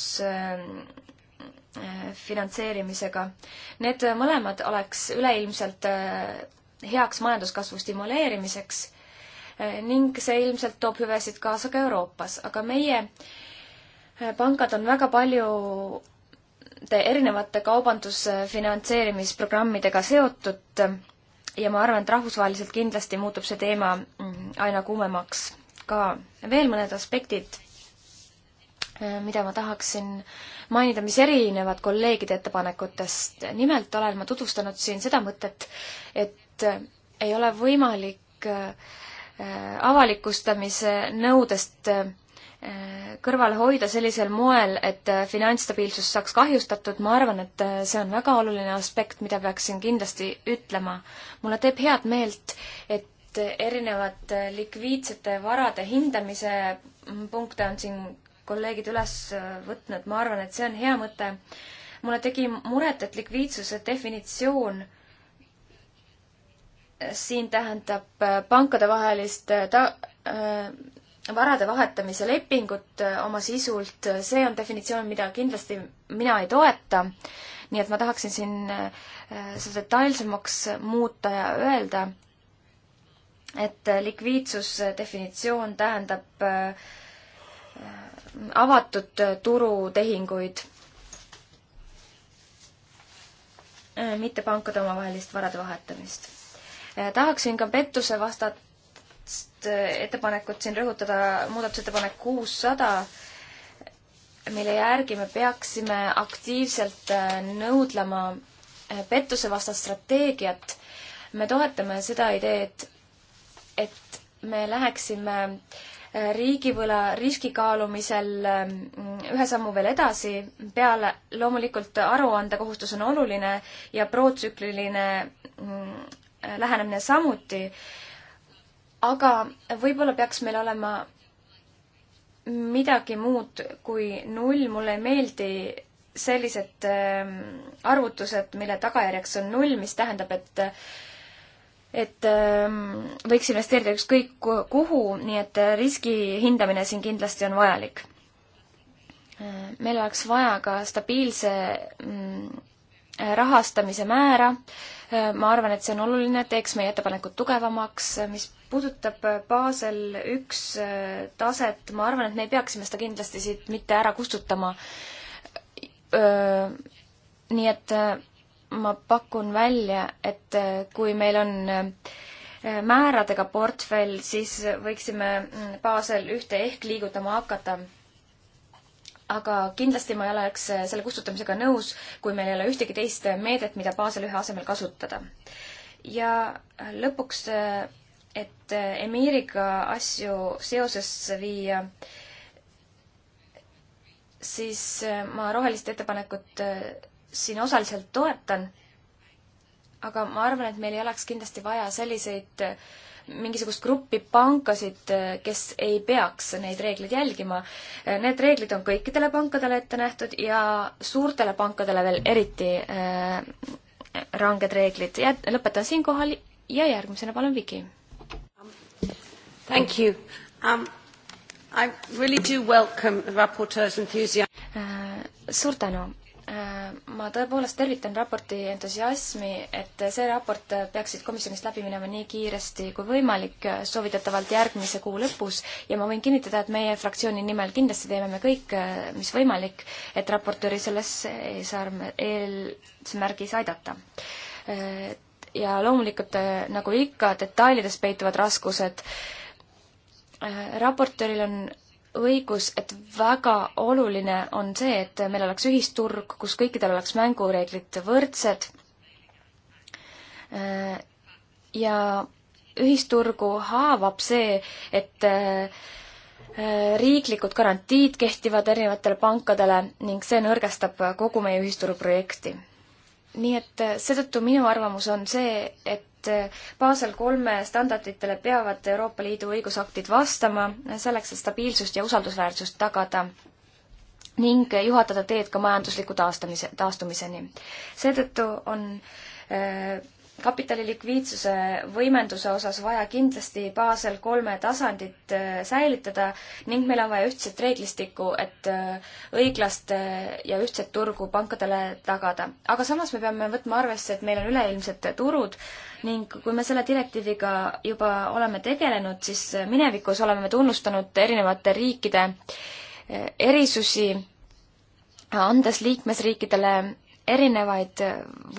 finantseerimisega. Need mõlemad oleks üleilmselt heaks majanduskasvu stimuleerimiseks Eh, ning see ilmselt toob hüvesid kaasa ka Euroopas, aga meie eh, pangad on väga palju erinevate kaubandusfinantseerimisprogrammidega seotud ja ma arvan, et rahvusvaheliselt kindlasti muutub see teema mm, aina kuumemaks ka. veel mõned aspektid, eh, mida ma tahaksin mainida, mis erinevad kolleegide ettepanekutest. nimelt olen ma tutvustanud siin seda mõtet, et ei ole võimalik äh, avalikustamise nõudest äh, kõrvale hoida sellisel moel, et äh, finantsstabiilsus saaks kahjustatud, ma arvan, et äh, see on väga oluline aspekt, mida peaksin kindlasti ütlema. mulle teeb head meelt, et erinevad likviidsete varade hindamise punkte on siin kolleegid üles võtnud, ma arvan, et see on hea mõte. mulle tegi muret, et likviidsuse definitsioon äh, siin tähendab äh, pankadevahelist äh, ta-, äh, varade vahetamise lepingut oma sisult, see on definitsioon, mida kindlasti mina ei toeta, nii et ma tahaksin siin seda detailsemaks muuta ja öelda, et likviidsusdefinitsioon tähendab avatud turutehinguid, mitte pankade omavahelist varade vahetamist Äh, tahaksin ka pettuse vastast äh, ettepanekut siin rõhutada, muudatusettepanek kuussada, mille järgi me peaksime aktiivselt äh, nõudlema pettusevastast strateegiat. me toetame seda ideed, et me läheksime riigivõla riski kaalumisel ühe sammu veel edasi, peale loomulikult aruandekohustus on oluline ja protsükliline mm, lähenemine samuti, aga võib-olla peaks meil olema midagi muud kui null, mulle ei meeldi sellised ähm, arvutused, mille tagajärjeks on null, mis tähendab, et et ähm, võiks investeerida ükskõik kuhu, nii et riski hindamine siin kindlasti on vajalik. Äh, meil oleks vaja ka stabiilse mm, rahastamise määra. ma arvan, et see on oluline, teeks meie ettepanekud tugevamaks, mis puudutab Basel üks äh, taset, ma arvan, et me peaksime seda kindlasti siit mitte ära kustutama. Äh, nii et äh, ma pakun välja, et kui meil on määradega portfell, siis võiksime mm, Basel ühte ehk liigutama hakata aga kindlasti ma ei oleks eh, selle kustutamisega nõus, kui meil ei ole ühtegi teist meedet, mida baasel ühe asemel kasutada. ja lõpuks, eh, et eh, emiiriga asju seosesse viia, siis ma rohelist ettepanekut siin osaliselt toetan, aga ma arvan, et meil ei oleks kindlasti vaja selliseid äh, mingisugust gruppi pankasid, kes ei peaks neid reegleid jälgima. Need reeglid on kõikidele pankadele ette nähtud ja suurtele pankadele veel eriti äh, ranged reeglid. lõpetan siinkohal ja järgmisena palun Viki. Thank you um,. I really do welcome the raportöör's enthusiasm. Äh, suur tänu ma tõepoolest tervitan raporti entusiasmi, et see raport peaksid komisjonist läbi minema nii kiiresti kui võimalik, soovitatavalt järgmise kuu lõpus, ja ma võin kinnitada, et meie fraktsiooni nimel kindlasti teeme me kõik, mis võimalik, et raportööri selles eesmärgis aidata. ja loomulikult, nagu ikka, detailides peituvad raskused, raportööril on õigus, et väga oluline on see, et meil oleks ühisturg, kus kõikidel oleks mängureeglid võrdsed äh, ja ühisturgu haavab see, et äh, riiklikud garantiid kehtivad erinevatele pankadele ning see nõrgestab kogu meie ühisturu projekti. nii et äh, seetõttu minu arvamus on see, et et Basel kolme standarditele peavad Euroopa Liidu õigusaktid vastama, selleks et stabiilsust ja usaldusväärsust tagada ning juhatada teed ka majandusliku taastamise, taastumiseni. seetõttu on äh, kapitali likviidsuse võimenduse osas vaja kindlasti baasel kolme tasandit äh, säilitada ning meil on vaja ühtset reeglistikku, et äh, õiglast äh, ja ühtset turgu pankadele tagada. aga samas me peame võtma arvesse, et meil on üleilmsed turud ning kui me selle direktiiviga juba oleme tegelenud, siis minevikus oleme me tunnustanud erinevate riikide erisusi, andes liikmesriikidele erinevaid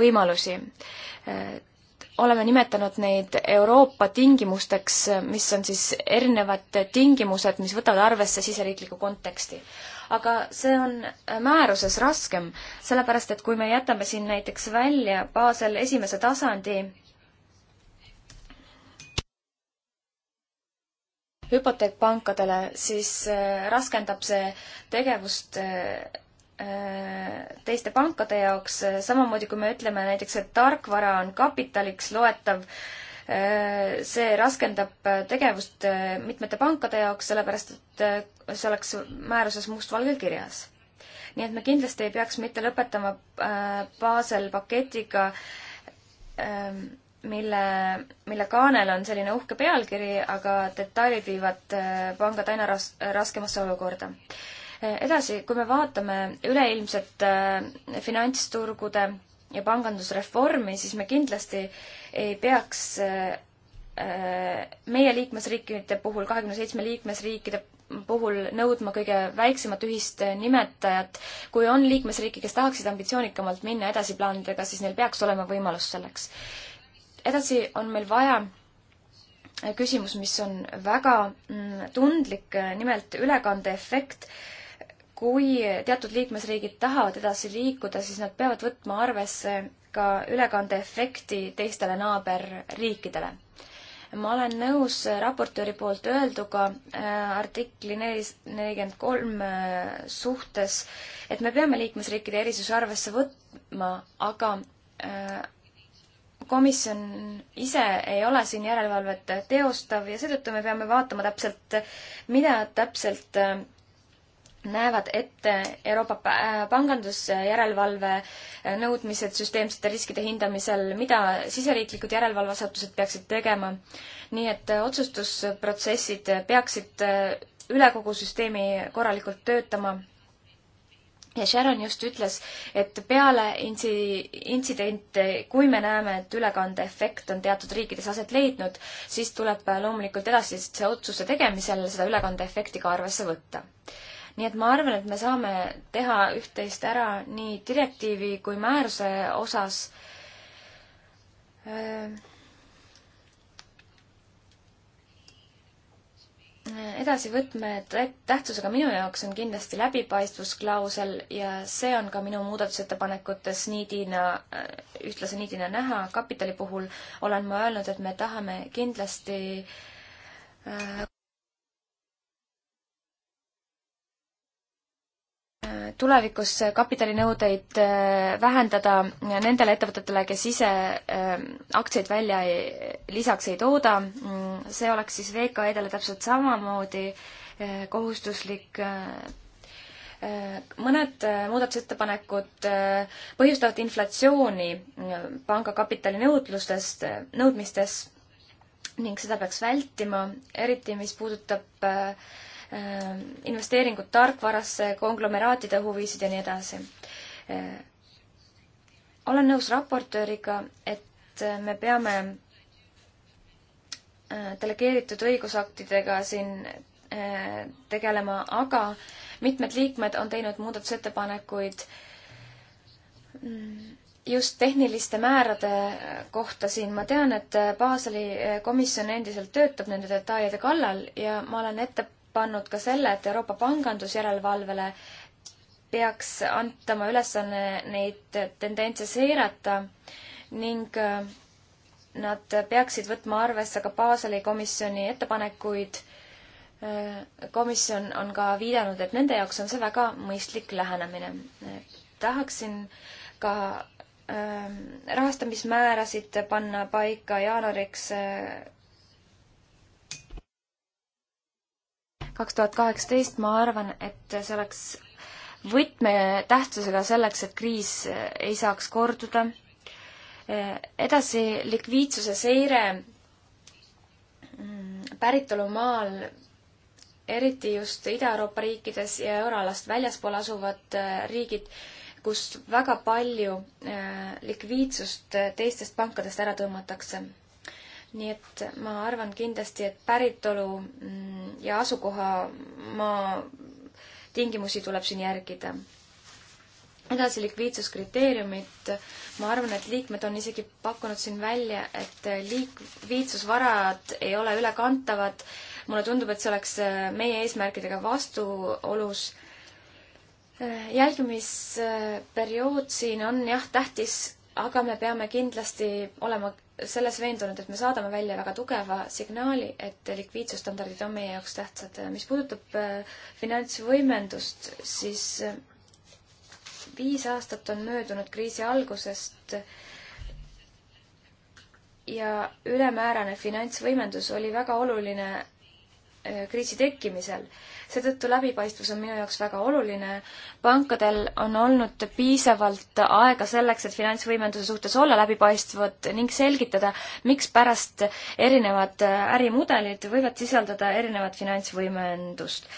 võimalusi oleme nimetanud neid Euroopa tingimusteks, mis on siis erinevad tingimused, mis võtavad arvesse siseriiklikku konteksti. aga see on määruses raskem, sellepärast et kui me jätame siin näiteks välja baasel esimese tasandi hüpoteekpankadele, siis äh, raskendab see tegevust äh, Äh, teiste pankade jaoks, äh, samamoodi kui me ütleme näiteks, et tarkvara on kapitaliks loetav, äh, see raskendab tegevust mitmete pankade jaoks, sellepärast et see oleks määruses mustvalgel kirjas. nii et me kindlasti ei peaks mitte lõpetama Basel paketiga, ähm, mille, mille kaanel on selline uhke pealkiri, aga detailid viivad pangad aina ras-, raskemasse olukorda Äh, edasi, kui me vaatame üleilmset äh, finantsturgude ja pangandusreformi, siis me kindlasti ei peaks äh, meie liikmesriikide puhul, kahekümne seitsme liikmesriikide puhul nõudma kõige väiksemat ühist nimetajat. kui on liikmesriike, kes tahaksid ambitsioonikamalt minna edasi plaanidega, siis neil peaks olema võimalus selleks. edasi on meil vaja küsimus, mis on väga mm, tundlik, nimelt ülekandeefekt kui teatud liikmesriigid tahavad edasi liikuda, siis nad peavad võtma arvesse ka ülekandeefekti teistele naaberriikidele. ma olen nõus raportööri poolt öelduga äh, artikli neli, nelikümmend kolm äh, suhtes, et me peame liikmesriikide erisuse arvesse võtma, aga äh, komisjon ise ei ole siin järelevalvet teostav ja seetõttu me peame vaatama täpselt, mida täpselt äh, näevad ette Euroopa äh, pangandusjärelevalve äh, nõudmised süsteemsete riskide hindamisel, mida siseriiklikud järelevalveasutused peaksid tegema. nii et äh, otsustusprotsessid peaksid üle kogu süsteemi korralikult töötama. ja Sharon just ütles, et peale intsi-, intsidente, kui me näeme, et ülekandeefekt on teatud riikides aset leidnud, siis tuleb loomulikult edasise otsuse tegemisel seda ülekandeefekti ka arvesse võtta nii et ma arvan, et me saame teha üht-teist ära nii direktiivi kui määruse osas. Äh, edasi võtmetähtsusega minu jaoks on kindlasti läbipaistvusklausel ja see on ka minu muudatusettepanekutes niidina, äh, ühtlase niidina näha. kapitali puhul olen ma öelnud, et me tahame kindlasti äh, tulevikus kapitalinõudeid äh, vähendada nendele ettevõtetele, kes ise äh, aktsiaid välja ei, lisaks ei tooda, mm, see oleks siis VKE-dele täpselt samamoodi äh, kohustuslik mõned muudatusettepanekud põhjustavad inflatsiooni panga kapitalinõudlustest, nõudmistes ning seda peaks vältima, eriti mis puudutab äh, Äh, investeeringud tarkvarasse, konglomeraatide huvisid ja nii edasi. Äh, olen nõus raportööriga, et me peame äh, delegeeritud õigusaktidega siin tegelema, aga mitmed liikmed on teinud muudatusettepanekuid mm, just tehniliste määrade kohta siin ma tean, et Baseli komisjon endiselt töötab nende detailide kallal ja ma olen ette pannud ka selle, et Euroopa pangandusjärelevalvele peaks antama ülesanne neid tendentse seirata ning äh, nad peaksid võtma arvesse ka Baseli komisjoni ettepanekuid. Äh, komisjon on ka viidanud, et nende jaoks on see väga mõistlik lähenemine. tahaksin ka äh, rahastamismäärasid panna paika jaanuariks kaks tuhat kaheksateist, ma arvan, et see oleks võtmetähtsusega selleks, et kriis ei saaks korduda. edasi, likviidsuse seire päritolumaal, eriti just Ida-Euroopa riikides ja euroalast väljaspool asuvad äh, riigid, kus väga palju äh, likviidsust äh, teistest pankadest ära tõmmatakse nii et ma arvan kindlasti, et päritolu mm, ja asukohamaa tingimusi tuleb siin järgida. edasi likviidsuskriteeriumid, ma arvan, et liikmed on isegi pakkunud siin välja, et likviidsusvarad ei ole ülekantavad, mulle tundub, et see oleks äh, meie eesmärkidega vastuolus. Äh, jälgimisperiood siin on jah, tähtis aga me peame kindlasti olema selles veendunud, et me saadame välja väga tugeva signaali, et likviidsusstandardid on meie jaoks tähtsad. mis puudutab äh, finantsvõimendust, siis äh, viis aastat on möödunud kriisi algusest ja ülemäärane finantsvõimendus oli väga oluline Äh, kriisi tekkimisel. seetõttu läbipaistvus on minu jaoks väga oluline. pankadel on olnud piisavalt aega selleks, et finantsvõimenduse suhtes olla läbipaistvad ning selgitada, mikspärast erinevad äh, ärimudelid võivad sisaldada erinevat finantsvõimendust.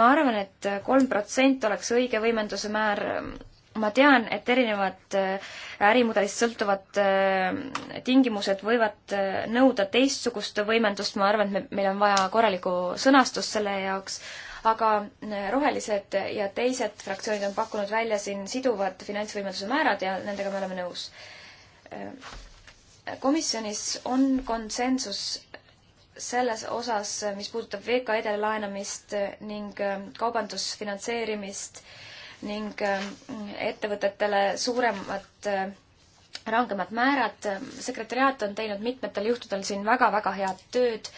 ma arvan et, et kolm protsenti oleks õige võimenduse määr ma tean, et erinevad äh, ärimudelist sõltuvad äh, tingimused võivad äh, nõuda teistsugust võimendust, ma arvan, et me, meil on vaja korralikku sõnastust selle jaoks, aga Rohelised ja teised fraktsioonid on pakkunud välja siin siduvad finantsvõimenduse määrad ja nendega me oleme nõus. komisjonis on konsensus selles osas, mis puudutab VKE-dele laenamist ning kaubandusfinantseerimist äh, ning äh, ettevõtetele suuremad äh, rangemad määrad. sekretäriaat on teinud mitmetel juhtudel siin väga-väga head tööd.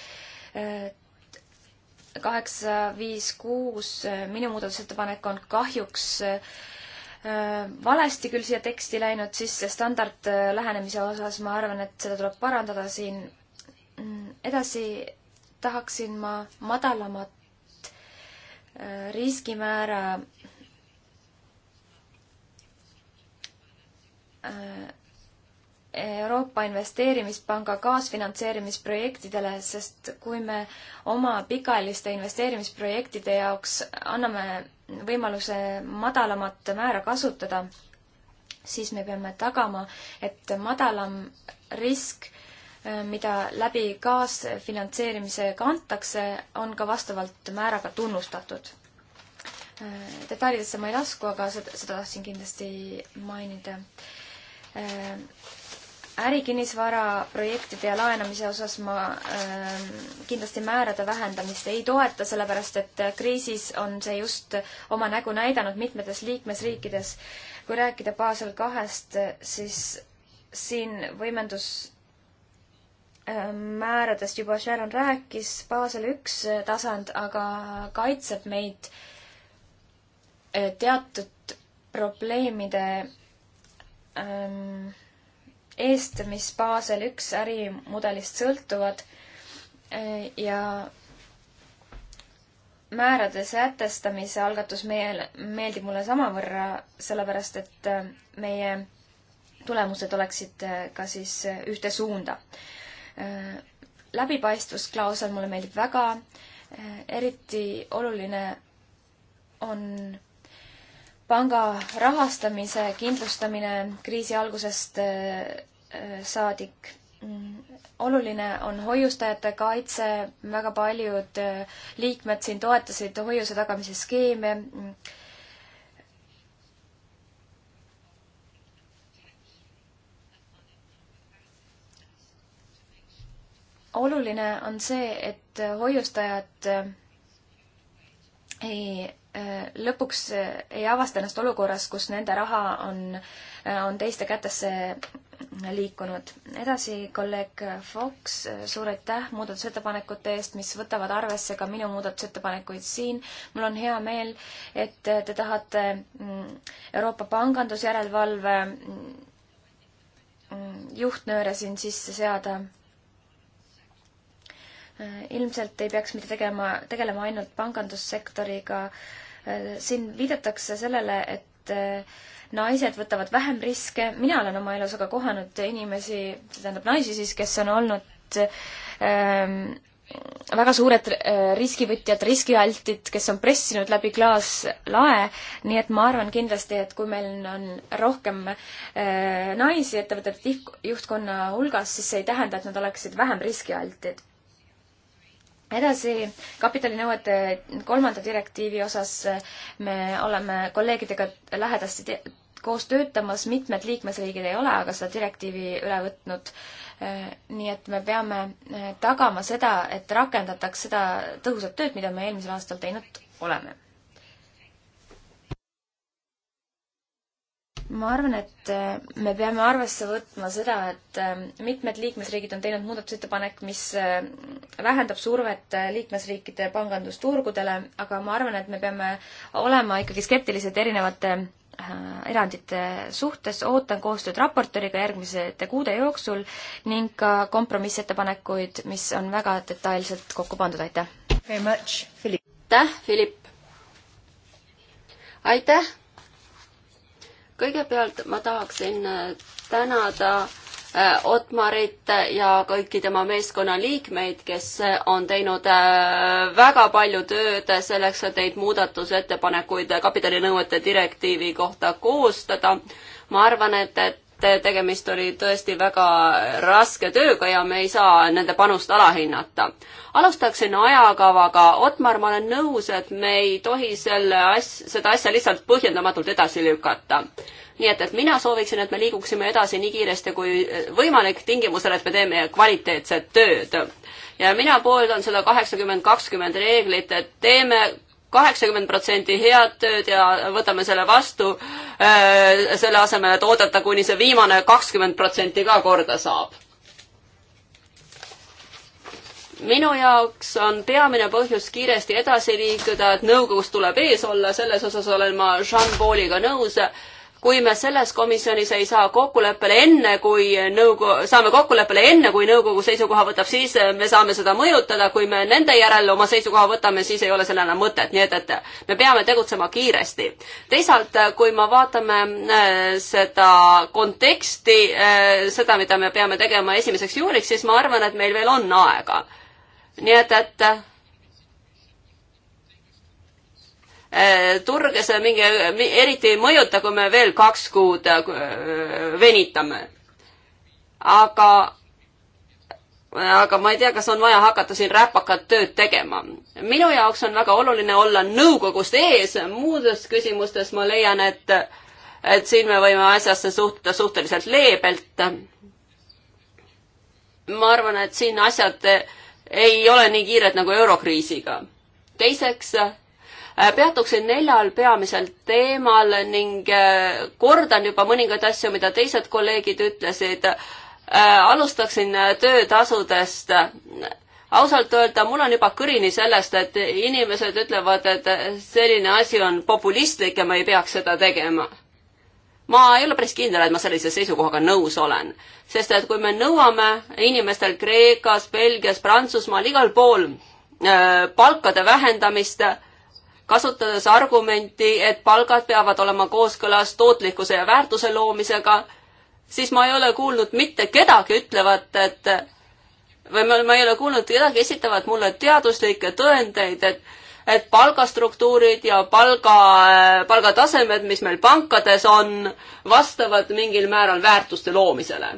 Äh, kaheksa, viis, kuus, minu muudatusettepanek on kahjuks valesti küll siia teksti läinud sisse, standardlähenemise osas ma arvan, et seda tuleb parandada siin. Mm, edasi tahaksin ma madalamat riskimäära Euroopa Investeerimispanga kaasfinantseerimisprojektidele, sest kui me oma pikaajaliste investeerimisprojektide jaoks anname võimaluse madalamat määra kasutada, siis me peame tagama, et madalam risk, mida läbi kaasfinantseerimise kantakse, on ka vastavalt määraga tunnustatud. detailidesse ma ei lasku, aga seda, seda tahtsin kindlasti mainida Äh, ärikinnisvara projektide ja laenamise osas ma äh, kindlasti määrade vähendamist ei toeta, sellepärast et kriisis on see just oma nägu näidanud mitmetes liikmesriikides. kui rääkida Basel kahest, siis siin võimendus äh, määradest juba Sharon rääkis, Basel üks äh, tasand aga kaitseb meid äh, teatud probleemide ähm, eest, mis Basel üks ärimudelist sõltuvad äh, ja määrade sätestamise algatus meel-, meeldib mulle samavõrra, sellepärast et äh, meie tulemused oleksid äh, ka siis äh, ühte suunda äh,. läbipaistvusklausel mulle meeldib väga äh,, eriti oluline on panga rahastamise kindlustamine kriisi algusest äh, saadik. Mm, oluline on hoiustajate kaitse, väga paljud äh, liikmed siin toetasid hoiuse tagamise skeeme. Mm. oluline on see, et hoiustajad äh, ei Äh, lõpuks äh, ei avasta ennast olukorras, kus nende raha on, äh, on teiste kätesse liikunud. edasi kolleeg Fox, suur aitäh muudatusettepanekute eest, mis võtavad arvesse ka minu muudatusettepanekuid siin. mul on hea meel, et te tahate mm, Euroopa pangandusjärelevalve mm, mm, juhtnööre siin sisse seada ilmselt ei peaks mitte tegema, tegelema ainult pangandussektoriga. Äh, siin viidatakse sellele, et äh, naised võtavad vähem riske, mina olen oma elus aga kohanud inimesi, tähendab naisi siis, kes on olnud ähm, väga suured äh, riskivõtjad, riskialtid, kes on pressinud läbi klaaslae, nii et ma arvan kindlasti, et kui meil on rohkem naisi ettevõtete juhtkonna hulgas, siis see ei tähenda, et nad oleksid vähem riskialtid edasi, kapitalinõuete kolmanda direktiivi osas eh, me oleme kolleegidega lähedasti koos töötamas, mitmed liikmesriigid ei ole aga seda direktiivi üle võtnud. Eh, nii et me peame eh, tagama seda, et rakendataks seda tõhusat tööd, mida me eelmisel aastal teinud oleme ma arvan, et äh, me peame arvesse võtma seda, et äh, mitmed liikmesriigid on teinud muudatusettepanek, mis äh, vähendab survet liikmesriikide pangandusturgudele, aga ma arvan, et me peame olema ikkagi skeptilised erinevate erandite suhtes, ootan koostööd raportööriga järgmisete kuude jooksul ning ka kompromissettepanekuid, mis on väga detailselt kokku pandud, aitäh! aitäh, Philipp! aitäh! kõigepealt ma tahaksin äh, tänada äh, Otmarit ja kõiki tema meeskonna liikmeid, kes äh, on teinud väga palju tööd selleks, et neid muudatusettepanekuid kapitalinõuete direktiivi kohta koostada. ma arvan, et, et et tegemist oli tõesti väga raske tööga ja me ei saa nende panust alahinnata. alustaksin ajakavaga. Otmar, ma olen nõus, et me ei tohi selle as-, seda asja lihtsalt põhjendamatult edasi lükata. nii et, et mina sooviksin, et me liiguksime edasi nii kiiresti kui võimalik, tingimusel, et me teeme kvaliteetset tööd ja mina pooldan seda kaheksakümmend kakskümmend reeglit, et teeme kaheksakümmend protsenti head tööd ja võtame selle vastu, äh, selle asemel, et oodata, kuni see viimane kakskümmend protsenti ka korda saab. minu jaoks on peamine põhjus kiiresti edasi liikuda, et nõukogus tuleb ees olla, selles osas olen ma Jean-Pauliga nõus kui me selles komisjonis ei saa kokkuleppele enne, kui nõukogu, saame kokkuleppele enne, kui nõukogu seisukoha võtab, siis eh, me saame seda mõjutada, kui me nende järel oma seisukoha võtame, siis ei ole sellel enam mõtet, nii et, et me peame tegutsema kiiresti. teisalt, eh, kui me vaatame eh, seda konteksti, seda, mida me peame tegema esimeseks juuniks, siis ma arvan, et meil veel on aega. nii et, et Äh, turge see mingi, eriti ei mõjuta, kui me veel kaks kuud äh, venitame. aga, aga ma ei tea, kas on vaja hakata siin räpakat tööd tegema. minu jaoks on väga oluline olla nõukogust ees, muudes küsimustes ma leian, et et siin me võime asjasse suhtuda suhteliselt leebelt. ma arvan, et siin asjad ei ole nii kiired nagu eurokriisiga. teiseks Äh, peatuksin neljal peamisel teemal ning äh, kordan juba mõningaid asju, mida teised kolleegid ütlesid. Äh, alustaksin töötasudest. ausalt öelda, mul on juba kõrini sellest, et inimesed ütlevad, et selline asi on populistlik ja ma ei peaks seda tegema ma ei ole päris kindel, et ma sellise seisukohaga nõus olen, sest et kui me nõuame inimestel Kreekas, Belgias, Prantsusmaal, igal pool palkade vähendamist äh,, kasutades argumenti, et palgad peavad olema kooskõlas tootlikkuse ja väärtuse loomisega, siis ma ei ole kuulnud mitte kedagi ütlevat, et või ma ei ole kuulnud kedagi esitavat mulle teaduslikke tõendeid, et et palgastruktuurid ja palga, palgatasemed, mis meil pankades on, vastavad mingil määral väärtuste loomisele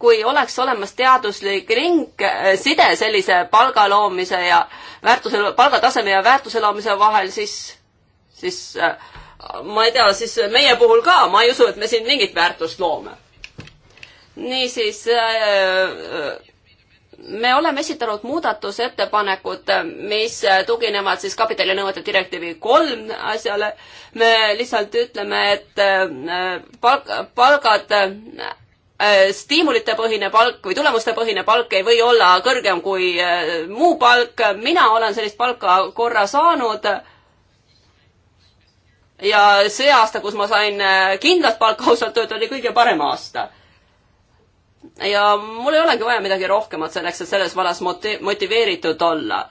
kui oleks olemas teaduslik ring, eh, side sellise palga loomise ja väärtuse, palgataseme ja väärtuse loomise vahel, siis, siis eh, ma ei tea, siis meie puhul ka, ma ei usu, et me siin mingit väärtust loome. niisiis eh, me oleme esitanud muudatusettepanekud, mis tuginevad siis kapitalinõuete direktiivi kolm asjale. me lihtsalt ütleme, et palk, palgad Äh, stiimulitepõhine palk või tulemustepõhine palk ei või olla kõrgem kui äh, muu palk. mina olen sellist palka korra saanud. ja see aasta, kus ma sain äh, kindlat palka, ausalt öelda oli kõige parem aasta. ja mul ei olegi vaja midagi rohkemat selleks, et selles vallas motiveeritud olla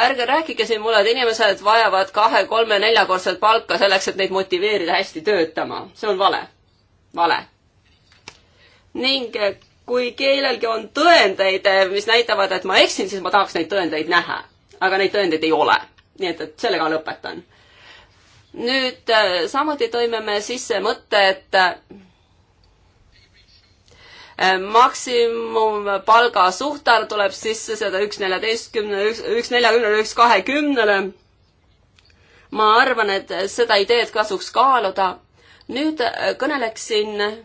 ärge rääkige siin mulle, et inimesed vajavad kahe, kolme, neljakordset palka selleks, et neid motiveerida hästi töötama. see on vale. vale ning eh, kui kellelgi on tõendeid, eh, mis näitavad, et ma eksin, siis ma tahaks neid tõendeid näha. aga neid tõendeid ei ole. nii et, et sellega lõpetan. nüüd eh, samuti tõime me sisse mõtte, et maksimumpalga suhtar tuleb sisse seda üks neljateistkümne, üks, üks neljakümnele, üks kahekümnele. ma arvan, et seda ideed tasuks kaaluda. nüüd kõneleksin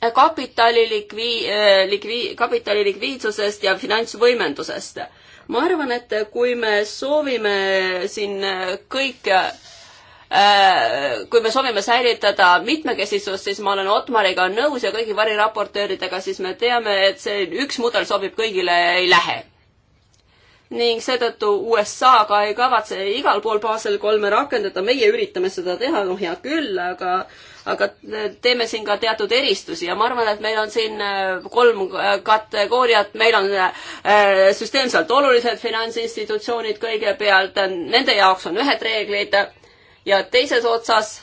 kapitali likvi-, äh, likvi-, kapitali likviidsusest ja finantsvõimendusest. ma arvan, et kui me soovime siin kõike äh, kui me soovime säilitada mitmekesisust, siis ma olen Otmariga nõus ja kõigi variraportööridega, siis me teame, et see üks mudel sobib kõigile, ei lähe ning seetõttu USA-ga ei kavatse igal pool Basel kolme rakendada, meie üritame seda teha, noh hea küll, aga aga teeme siin ka teatud eristusi ja ma arvan, et meil on siin äh, kolm äh, kategooriat, meil on äh, süsteemselt olulised finantsinstitutsioonid kõigepealt, nende jaoks on ühed reeglid ja teises otsas,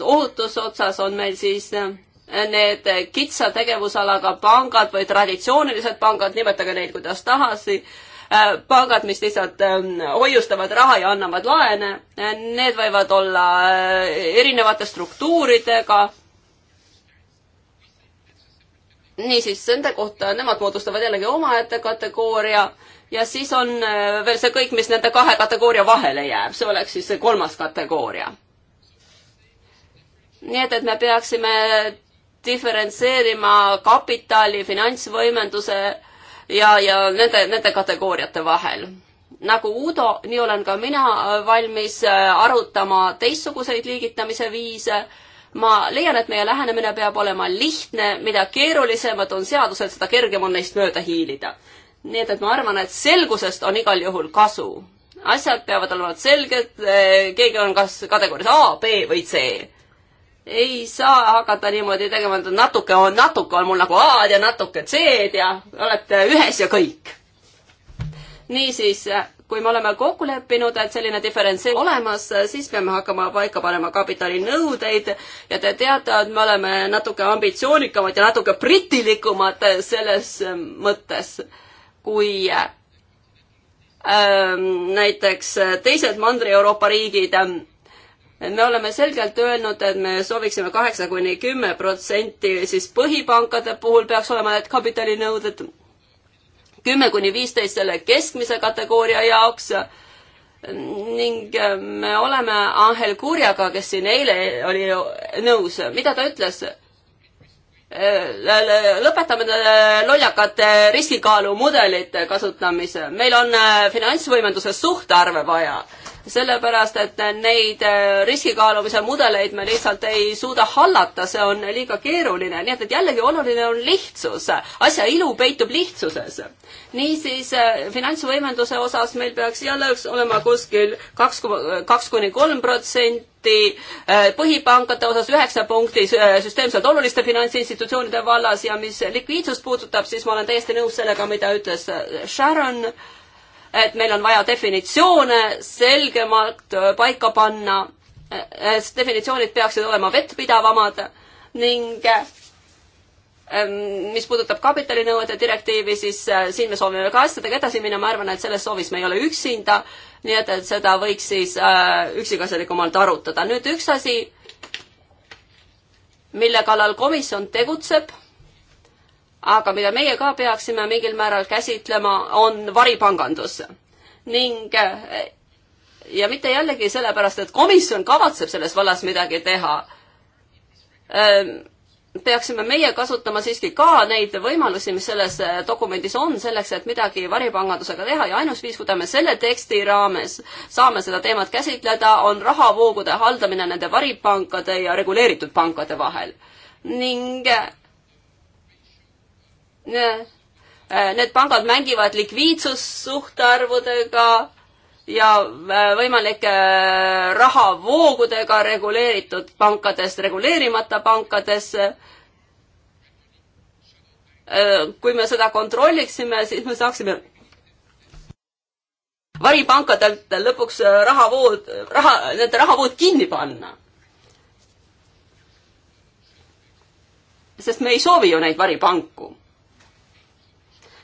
ootuse otsas on meil siis äh, need kitsa tegevusalaga pangad või traditsioonilised pangad, nimetage neid kuidas tahasi, äh, pangad, mis lihtsalt ähm, hoiustavad raha ja annavad laene, äh, need võivad olla äh, erinevate struktuuridega. niisiis, nende kohta, nemad moodustavad jällegi omaette kategooria ja siis on veel see kõik, mis nende kahe kategooria vahele jääb, see oleks siis see kolmas kategooria. nii et, et me peaksime diferentseerima kapitali, finantsvõimenduse ja, ja nende, nende kategooriate vahel. nagu Udo, nii olen ka mina valmis äh, arutama teistsuguseid liigitamise viise. ma leian, et meie lähenemine peab olema lihtne, mida keerulisemad on seadused, seda kergem on neist mööda hiilida. nii et, et ma arvan, et selgusest on igal juhul kasu. asjad peavad olema selged, äh, keegi on kas kategoorias A, B või C ei saa hakata niimoodi tegema, et natuke on, natuke on mul nagu A-d ja natuke C-d ja olete ühes ja kõik. niisiis, kui me oleme kokku leppinud, et selline diferentsi olemas, siis peame hakkama paika panema kapitalinõudeid ja te teate, et me oleme natuke ambitsioonikamad ja natuke britilikumad selles mõttes, kui ähm, näiteks teised Mandri-Euroopa riigid ähm, me oleme selgelt öelnud, et me sooviksime kaheksa kuni kümme protsenti, siis põhipankade puhul peaks olema need kapitalinõuded kümme kuni viisteist selle keskmise kategooria jaoks ning äh, me oleme Angel Kurjaga, kes siin eile oli nõus, mida ta ütles? Äh, lõpetame äh, lollakate riskikaalu mudelite kasutamise, meil on finantsvõimenduses suhtarve vaja sellepärast et neid äh, riskikaalumise mudeleid me lihtsalt ei suuda hallata, see on liiga keeruline, nii et, et jällegi oluline on lihtsus. asja ilu peitub lihtsuses. niisiis äh, finantsvõimenduse osas meil peaks jälle olema kuskil kaks, kaks kuni kolm protsenti, äh, põhipankade osas üheksa punkti süsteemselt oluliste finantsinstitutsioonide vallas ja mis likviidsust puudutab, siis ma olen täiesti nõus sellega, mida ütles Sharon et meil on vaja definitsioone selgemalt äh, paika panna, äh, äh, definitsioonid peaksid olema vettpidavamad ning ähm, mis puudutab kapitalinõuete direktiivi, siis siin me soovime ka asjadega edasi minna, ma arvan, et selles soovis me ei ole üksinda, nii et, et seda võiks siis üksikasjalikumalt arutada. nüüd üks asi, mille kallal komisjon tegutseb aga mida meie ka peaksime mingil määral käsitlema, on varipangandus. ning ja mitte jällegi sellepärast, et komisjon kavatseb selles vallas midagi teha. peaksime meie kasutama siiski ka neid võimalusi, mis selles dokumendis on, selleks, et midagi varipangandusega teha ja ainus viis, kuidas me selle teksti raames saame seda teemat käsitleda, on rahavoogude haldamine nende varipankade ja reguleeritud pankade vahel. ning Äh, äh, need pangad mängivad likviidsussuhtarvudega ja äh, võimalike rahavoogudega reguleeritud pankadest reguleerimata pankadesse kui me seda kontrolliksime, siis me saaksime varipankadelt lõpuks rahavood, raha, nende rahavood kinni panna. sest me ei soovi ju neid varipanku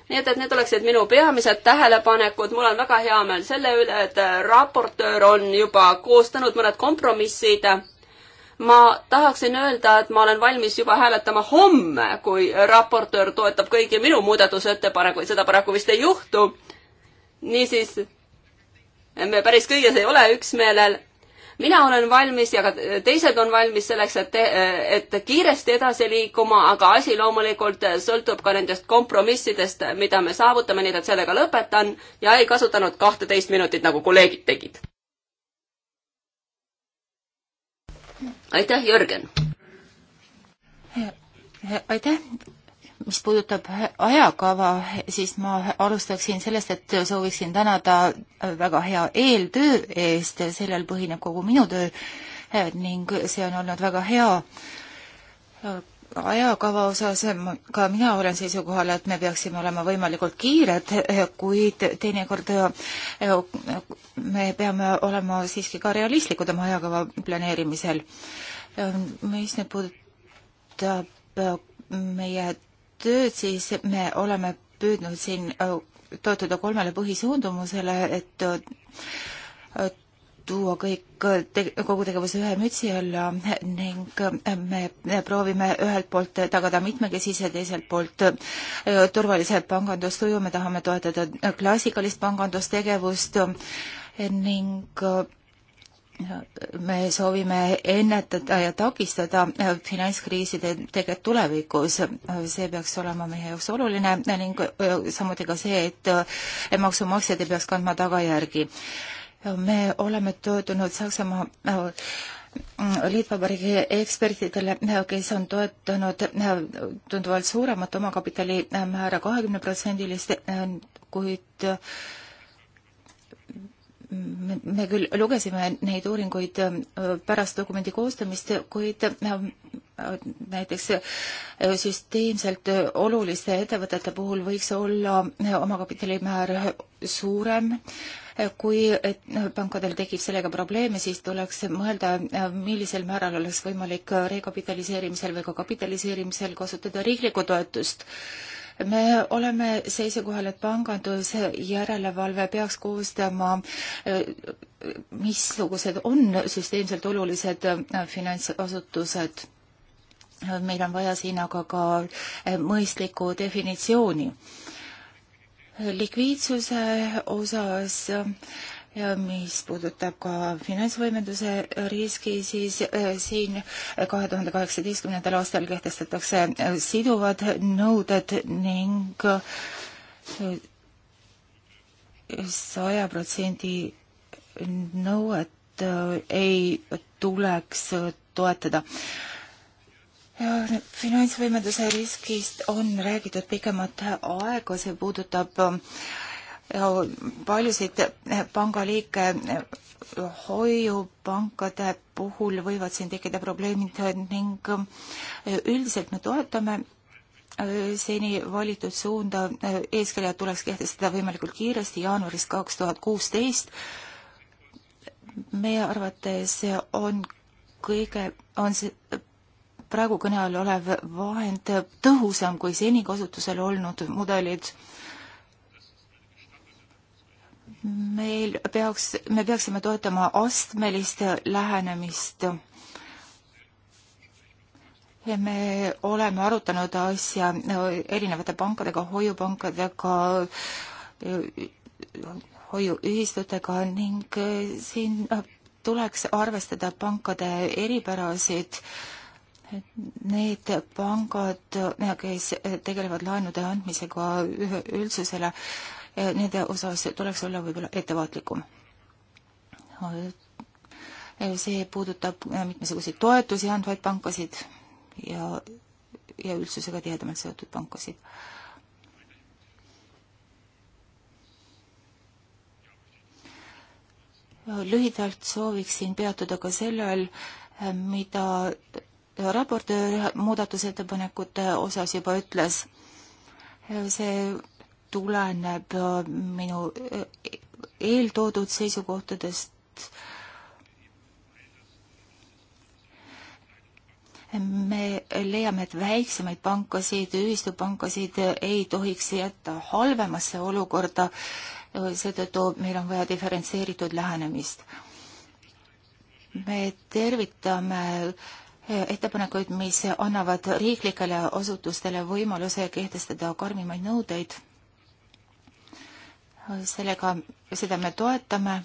nii et, et need oleksid minu peamised tähelepanekud, mul on väga hea meel selle üle, et äh, raportöör on juba koostanud mõned kompromissid. ma tahaksin öelda, et ma olen valmis juba hääletama homme, kui raportöör toetab kõiki minu muudatusettepanekuid, seda paraku vist ei juhtu. niisiis, me päris kõiges ei ole üksmeelel mina olen valmis ja ka teised on valmis selleks, et, et kiiresti edasi liikuma, aga asi loomulikult sõltub ka nendest kompromissidest, mida me saavutame, nii et sellega lõpetan ja ei kasutanud kahteteist minutit, nagu kolleegid tegid. aitäh, Jürgen! aitäh, mis puudutab ajakava, siis ma alustaksin sellest, et sooviksin tänada äh, väga hea eeltöö eest, sellel põhineb kogu minu töö äh, ning see on olnud väga hea. Äh, ajakava osas ka mina olen seisukohal, et me peaksime olema võimalikult kiired, kuid teinekord me peame olema siiski ka realistlikud oma ajakava planeerimisel. mis nüüd puudutab meie tööd, siis me oleme püüdnud siin äh, toetuda kolmele põhisuundumusele, et äh, tuua kõik äh, te kogu tegevuse ühe mütsi alla ning me proovime ühelt poolt tagada mitmekesise, teiselt poolt turvalise pangandustuju, me tahame toetada klassikalist pangandustegevust ning me soovime ennetada ja takistada äh, finantskriiside teket tulevikus. see peaks olema meie jaoks oluline ning äh, samuti ka see, et äh, maksumaksjad ei peaks kandma tagajärgi. me oleme töötanud Saksamaa liitvabariigi ekspertidele, kes on toetanud tunduvalt suuremat omakapitali määra kahekümne protsendilist, kuid me, me küll lugesime neid uuringuid ähm, pärast dokumendi koostamist, kuid ähm, näiteks äh, süsteemselt äh, oluliste ettevõtete puhul võiks olla äh, omakapitalimäär suurem. kui pankadel tekib sellega probleeme, siis tuleks mõelda, millisel määral oleks võimalik rekapitaliseerimisel või ka kapitaliseerimisel kasutada riiklikku toetust me oleme seisukohal, et pangandusjärelevalve peaks koostama eh, missugused on süsteemselt olulised eh, finantsasutused. meil on vaja siin aga ka eh, mõistlikku definitsiooni likviidsuse osas ja mis puudutab ka finantsvõimenduse riski, siis äh, siin kahe tuhande kaheksateistkümnendal aastal kehtestatakse äh, siduvad nõuded ning äh, saja protsendi nõuet ei tuleks toetada finantsvõimenduse riskist on räägitud pikemat aega, see puudutab paljusid pangaliike hoiupankade puhul võivad siin tekkida probleemid ning äh, üldiselt me toetame äh, seni valitud suunda, äh, eeskirjad tuleks kehtestada võimalikult kiiresti, jaanuaris kaks tuhat kuusteist. meie arvates on kõige, on see praegu kõne all olev vahend tõhusam kui seni kasutusel olnud mudelid meil peaks, me peaksime toetama astmelist lähenemist. me oleme arutanud asja erinevate pankadega, hoiupankadega, hoiuühistutega ning siin tuleks arvestada pankade eripärasid. Need pangad, kes tegelevad laenude andmisega üldsusele, Eh, nende osas tuleks olla võib-olla ettevaatlikum. Eh, see puudutab eh, mitmesuguseid toetusi andvaid pankasid ja, ja üldsusega tihedamalt seotud pankasid lühidalt sooviksin peatuda ka sellel, mida raportöör muudatusettepanekute osas juba ütles. see tuleneb äh, minu äh, eeltoodud seisukohtadest. me leiame, et väiksemaid pankasid, ühistupankasid ei tohiks jätta halvemasse olukorda, äh, seetõttu meil on vaja diferentseeritud lähenemist. me tervitame ettepanekuid, mis annavad riiklikele asutustele võimaluse kehtestada karmimaid nõudeid sellega, seda me toetame.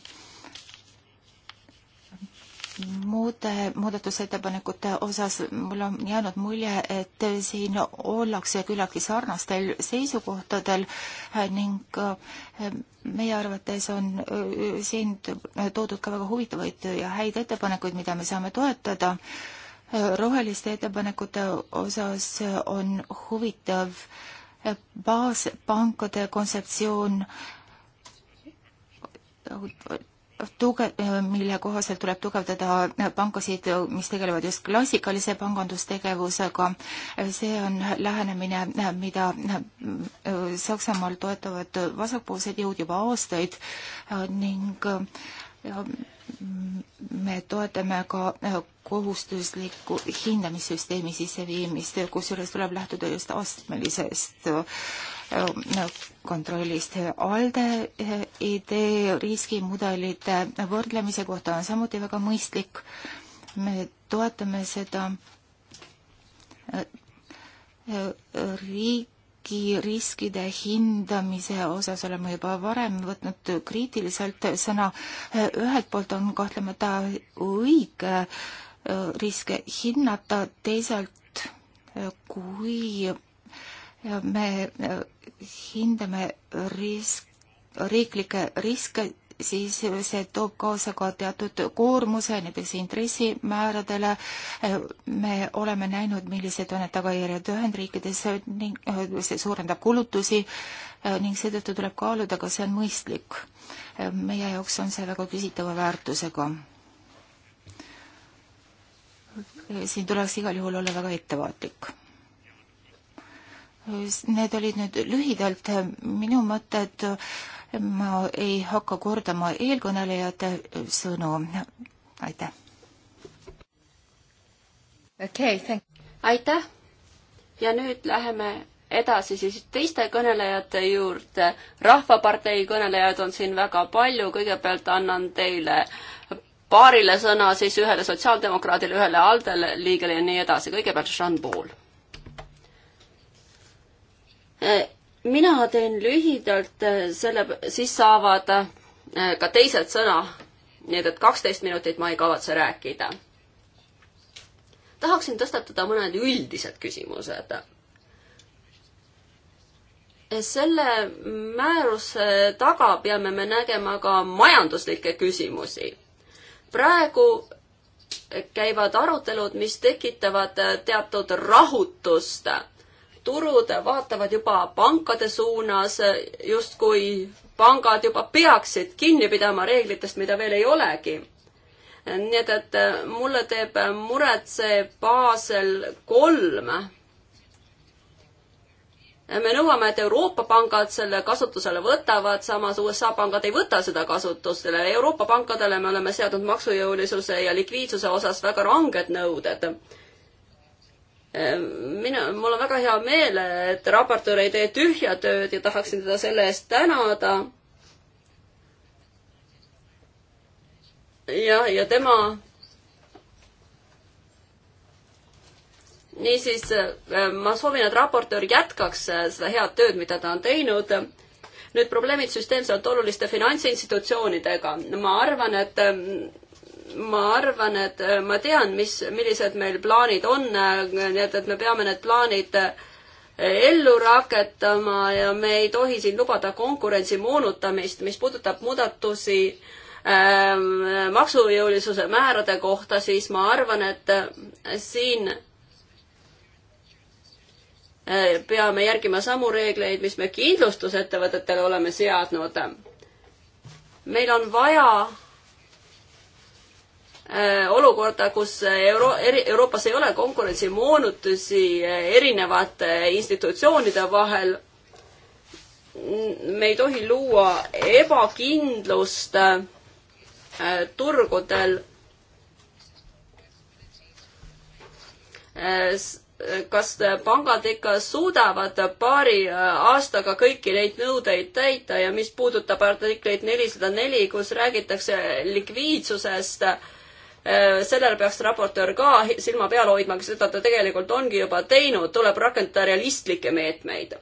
muude muudatusettepanekute osas mul on jäänud mulje, et siin ollakse küllaltki sarnastel seisukohtadel ning eh, meie arvates on eh, siin toodud ka väga huvitavaid ja häid ettepanekuid, mida me saame toetada. Eh, roheliste ettepanekute osas on huvitav baaspankade kontseptsioon äh, tuge-, mille kohaselt tuleb tugevdada pankasid, mis tegelevad just klassikalise pangandustegevusega. see on lähenemine, mida Saksamaal toetavad vasakpoolsed jõud juba aastaid ning me toetame ka kohustusliku hindamissüsteemi sisseviimist, kusjuures tuleb lähtuda just astmelisest äh, kontrollist. ALDE äh, idee riskimudelite võrdlemise kohta on samuti väga mõistlik. me toetame seda äh, riik riigi riskide hindamise osas oleme juba varem võtnud kriitiliselt sõna. ühelt poolt on kahtlemata õige äh, riske hinnata, teisalt äh, kui äh, me hindame risk, riiklikke riske, siis see toob kaasa ka teatud koormuse näiteks intressimääradele. me oleme näinud, millised on need tagajärjed Ühendriikides ning see suurendab kulutusi ning seetõttu tuleb kaaluda, kas see on mõistlik. meie jaoks on see väga küsitava väärtusega. siin tuleks igal juhul olla väga ettevaatlik Need olid nüüd lühidalt minu mõtted ma ei hakka kordama eelkõnelejate äh, sõnu. aitäh. okei okay,, aitäh. ja nüüd läheme edasi siis teiste kõnelejate juurde. rahvapartei kõnelejaid on siin väga palju, kõigepealt annan teile paarile sõna, siis ühele sotsiaaldemokraadile, ühele Aldele liigele ja nii edasi, kõigepealt Jean Paul mina teen lühidalt, äh, selle, siis saavad äh, ka teised sõna. nii et, et kaksteist minutit ma ei kavatse rääkida. tahaksin tõstatada mõned üldised küsimused. selle määruse taga peame me nägema ka majanduslikke küsimusi. praegu käivad arutelud, mis tekitavad äh, teatud rahutust turud vaatavad juba pankade suunas, justkui pangad juba peaksid kinni pidama reeglitest, mida veel ei olegi. nii et, et mulle teeb muret see Basel kolm. me nõuame, et Euroopa pangad selle kasutusele võtavad, samas USA pangad ei võta seda kasutusele. Euroopa pankadele me oleme seadnud maksujõulisuse ja likviidsuse osas väga ranged nõuded Ehm, mina, mul on väga hea meel, et raportöör ei tee tühja tööd ja tahaksin teda selle eest tänada. jah, ja tema. niisiis, ehm, ma soovin, et raportöör jätkaks eh, seda head tööd, mida ta on teinud. nüüd probleemid süsteemselt oluliste finantsinstitutsioonidega. ma arvan, et ehm, ma arvan, et äh, ma tean, mis, millised meil plaanid on, äh, nii et, et me peame need plaanid äh, ellu rakendama ja me ei tohi siin lubada konkurentsi moonutamist, mis puudutab muudatusi ähm, maksujõulisuse määrade kohta, siis ma arvan, et siin peame järgima samu reegleid, mis me kindlustusettevõtetele oleme seadnud. meil on vaja Äh, olukorda, kus äh, Euro-, Euroopas ei ole konkurentsimoonutusi äh, erinevate institutsioonide vahel. me ei tohi luua ebakindlust turgudel. kas pangad ikka suudavad paari aastaga kõiki neid nõudeid täita ja mis puudutab artikleid nelisada neli, kus räägitakse likviidsusest äh,, Äh, sellele peaks raportöör ka silma peal hoidma, seda ta tegelikult ongi juba teinud, tuleb rakendada realistlikke meetmeid.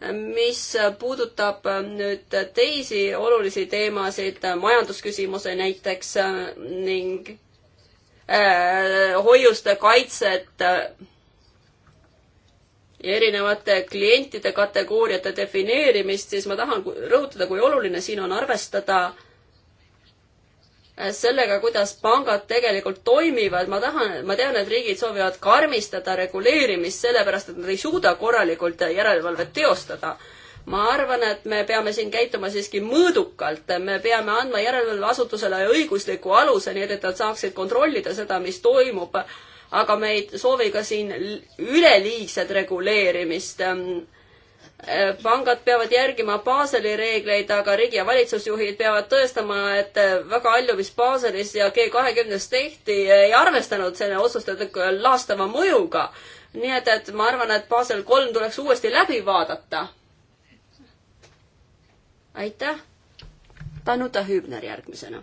Äh, mis puudutab äh, nüüd teisi olulisi teemasid, majandusküsimuse näiteks ning äh, hoiuste kaitset ja erinevate klientide kategooriate defineerimist, siis ma tahan rõhutada, kui oluline siin on arvestada äh, sellega, kuidas pangad tegelikult toimivad, ma tahan, ma tean, et riigid soovivad karmistada reguleerimist, sellepärast et nad ei suuda korralikult järelevalvet teostada. ma arvan, et me peame siin käituma siiski mõõdukalt, me peame andma järelevalveasutusele õigusliku aluse, nii et, et nad saaksid kontrollida seda, mis toimub, aga me ei soovi ka siin üleliigset reguleerimist pangad peavad järgima Baseli reegleid, aga riigi- ja valitsusjuhid peavad tõestama, et äh, väga palju, mis Baselis ja G20-s tehti, ei arvestanud selle otsuste laastava mõjuga. nii et, et ma arvan, et Basel kolm tuleks uuesti läbi vaadata. aitäh. Tanuta Hübner järgmisena.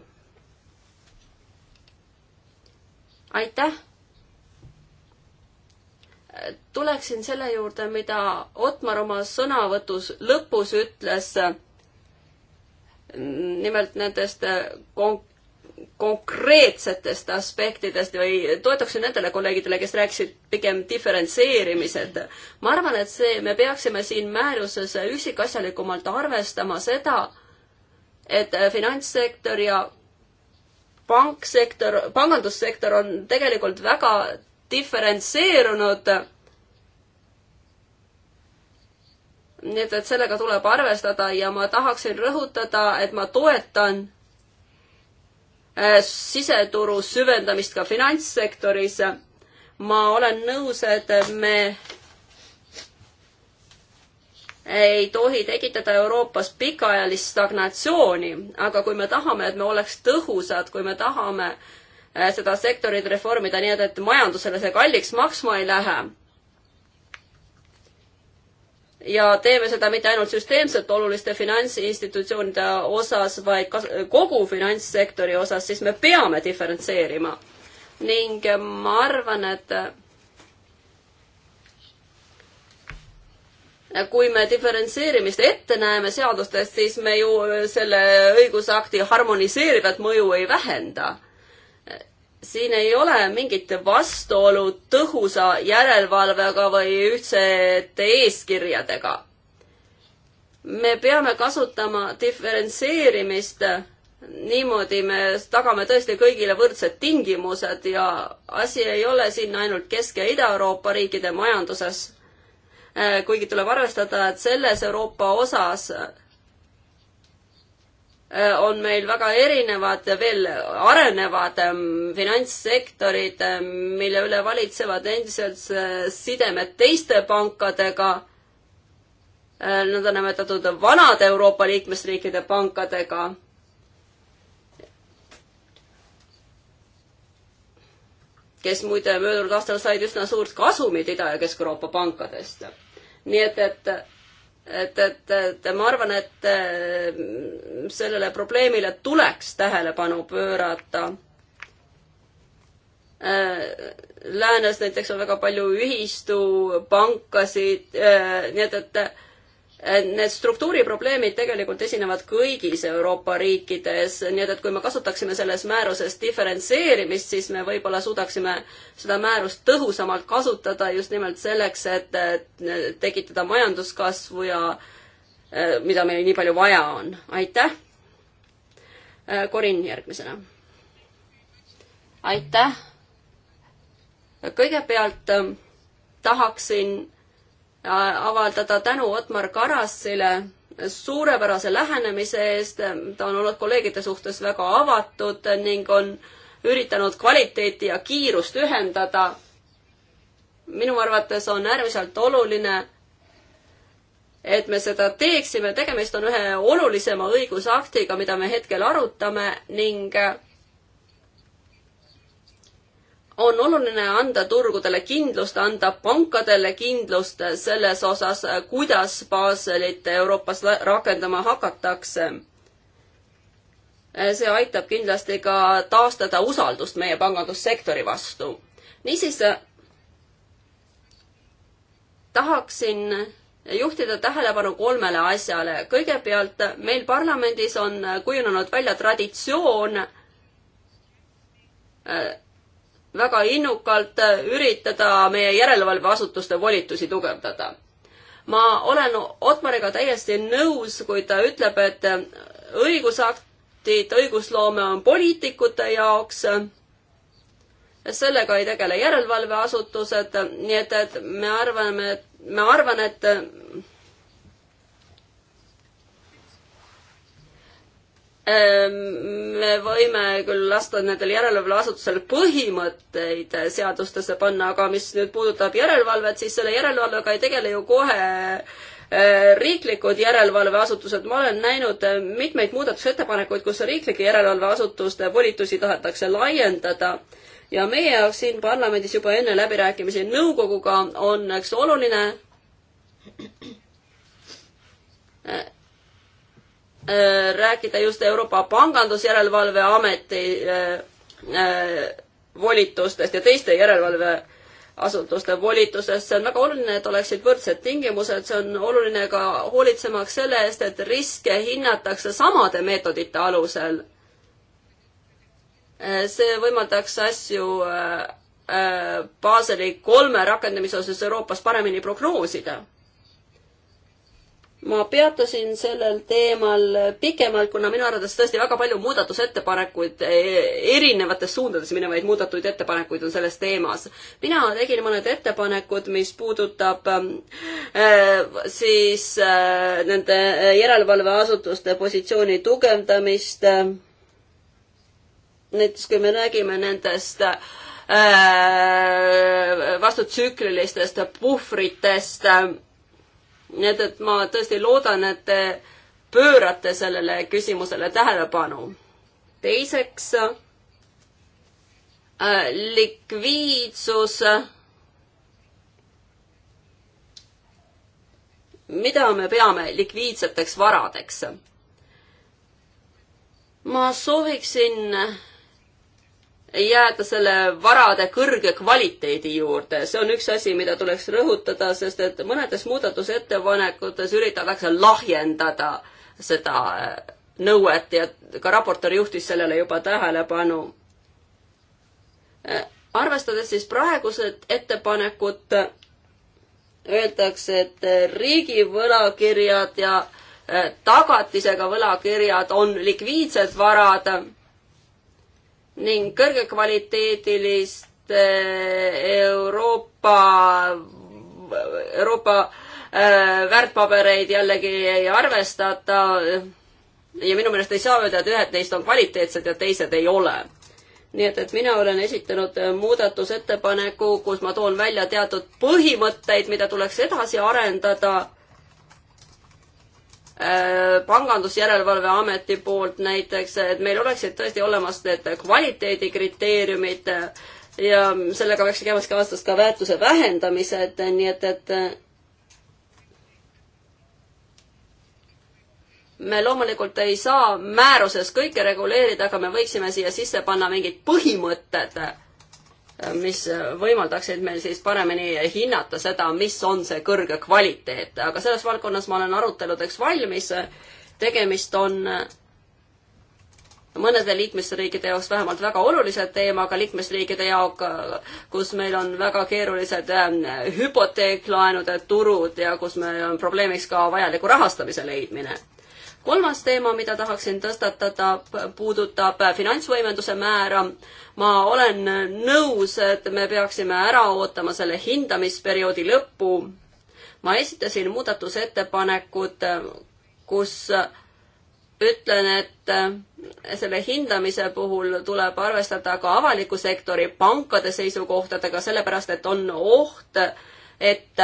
aitäh tuleksin selle juurde, mida Otmar oma sõnavõtus lõpus ütles. nimelt nendest konk-, konkreetsetest aspektidest või toetuksin nendele kolleegidele, kes rääkisid pigem diferentseerimised. ma arvan, et see, me peaksime siin määruses üksikasjalikumalt arvestama seda, et finantssektor ja panksektor, pangandussektor on tegelikult väga diferentseerunud. nii et, et sellega tuleb arvestada ja ma tahaksin rõhutada, et ma toetan äh, siseturu süvendamist ka finantssektoris. ma olen nõus, et me ei tohi tekitada Euroopas pikaajalist stagnatsiooni, aga kui me tahame, et me oleks tõhusad, kui me tahame, Äh, seda sektorit reformida, nii et, et majandusele see kalliks maksma ei lähe. ja teeme seda mitte ainult süsteemselt oluliste finantsinstitutsioonide osas, vaid kas, kogu finantssektori osas, siis me peame diferentseerima. ning äh, ma arvan, et äh, kui me diferentseerimist ette näeme seadustest, siis me ju selle õigusakti harmoniseerivat mõju ei vähenda siin ei ole mingit vastuolu tõhusa järelevalvega või ühtsete eeskirjadega. me peame kasutama diferentseerimist, niimoodi me tagame tõesti kõigile võrdsed tingimused ja asi ei ole siin ainult Kesk- ja Ida-Euroopa riikide majanduses. kuigi tuleb arvestada, et selles Euroopa osas Äh, on meil väga erinevad, veel arenevad ähm, finantssektorid, ähm, mille üle valitsevad endiselt äh, sidemed teiste pankadega, äh, nõndanimetatud vanade Euroopa liikmesriikide pankadega. kes muide möödunud aastal said üsna suurt kasumit Ida- ja Kesk-Euroopa pankadest. nii et, et et, et, et ma arvan, et mm, sellele probleemile tuleks tähelepanu pöörata. Äh, läänes näiteks on väga palju ühistupankasid, äh, nii et, et Äh, need struktuuriprobleemid tegelikult esinevad kõigis Euroopa riikides, nii et, et kui me kasutaksime selles määruses diferentseerimist, siis me võib-olla suudaksime seda määrust tõhusamalt kasutada just nimelt selleks, et tekitada majanduskasvu ja äh, mida meil nii palju vaja on. aitäh! Korin äh, järgmisena. aitäh! kõigepealt tahaksin Äh, avaldada tänu Otmar Karassile suurepärase lähenemise eest, ta on olnud kolleegide suhtes väga avatud ning on üritanud kvaliteeti ja kiirust ühendada. minu arvates on äärmiselt oluline, et me seda teeksime, tegemist on ühe olulisema õigusaktiga, mida me hetkel arutame ning on oluline anda turgudele kindlust, anda pankadele kindlust selles osas, kuidas Baselit Euroopas rakendama hakatakse. see aitab kindlasti ka taastada usaldust meie pangandussektori vastu. niisiis tahaksin juhtida tähelepanu kolmele asjale. kõigepealt meil parlamendis on kujunenud välja traditsioon väga innukalt äh, üritada meie järelevalveasutuste volitusi tugevdada. ma olen Otmariga täiesti nõus, kui ta ütleb, et äh, õigusaktid, õigusloome on poliitikute jaoks ja, sellega ei tegele järelevalveasutused, nii et, et me arvame, me arvan, et Ehm, me võime küll lasta nendel järelevalveasutusel põhimõtteid seadustesse panna, aga mis nüüd puudutab järelevalvet, siis selle järelevalvega ei tegele ju kohe eh, riiklikud järelevalveasutused, ma olen näinud eh, mitmeid muudatusettepanekuid, kus riiklike järelevalveasutuste volitusi tahetakse laiendada ja meie jaoks siin parlamendis juba enne läbirääkimisi nõukoguga on üks oluline eh, Äh, rääkida just Euroopa Pangandusjärelevalve Ameti äh, äh, volitustest ja teiste järelevalveasutuste volitusest, see on väga oluline, et oleksid võrdsed tingimused, see on oluline ka hoolitsemaks selle eest, et riske hinnatakse samade meetodite alusel. see võimaldaks asju Baseli kolme rakendamise osas Euroopas paremini prognoosida ma peatusin sellel teemal pikemalt, kuna minu arvates tõesti väga palju muudatusettepanekuid, e, erinevates suundades minevaid muudatuid ettepanekuid on selles teemas. mina tegin mõned ettepanekud, mis puudutab äh, siis äh, nende järelevalveasutuste positsiooni tugevdamist äh,. näiteks kui me räägime nendest äh, vastutsüklilistest puhvritest äh,, nii et, et ma tõesti loodan, et te pöörate sellele küsimusele tähelepanu. teiseks äh,, likviidsus. mida me peame likviidseteks varadeks? ma sooviksin äh, jääda selle varade kõrge kvaliteedi juurde, see on üks asi, mida tuleks rõhutada, sest et mõnedes muudatusettepanekutes üritatakse lahjendada seda äh, nõuet ja ka raportöör juhtis sellele juba tähelepanu. Äh, arvestades siis praegused ettepanekud, öeldakse, et äh, riigivõlakirjad ja tagatisega võlakirjad on likviidsed varad ning kõrgekvaliteedilist Euroopa, Euroopa äh, väärtpabereid jällegi ei arvestata. ja minu meelest ei saa öelda, et ühed neist on kvaliteetsed ja teised ei ole nii et, et mina olen esitanud muudatusettepaneku, kus ma toon välja teatud põhimõtteid, mida tuleks edasi arendada Äh, pangandusjärelevalve ameti poolt näiteks, et meil oleksid tõesti olemas need kvaliteedikriteeriumid ja sellega peaks käimas ka aastas ka väärtuse vähendamised, nii et, et me loomulikult ei saa määruses kõike reguleerida, aga me võiksime siia sisse panna mingid põhimõtted mis võimaldaksid meil siis paremini hinnata seda, mis on see kõrge kvaliteet, aga selles valdkonnas ma olen aruteludeks valmis. tegemist on mõnede liikmesriikide jaoks vähemalt väga olulise teemaga, liikmesriikide jaoks, kus meil on väga keerulised ähm, hüpoteeklaenude turud ja kus meil on probleemiks ka vajaliku rahastamise leidmine kolmas teema, mida tahaksin tõstatada, puudutab finantsvõimenduse määra. ma olen nõus, et me peaksime ära ootama selle hindamisperioodi lõppu. ma esitasin muudatusettepanekud, kus ütlen, et selle hindamise puhul tuleb arvestada ka avaliku sektori pankade seisukohtadega, sellepärast et on oht, et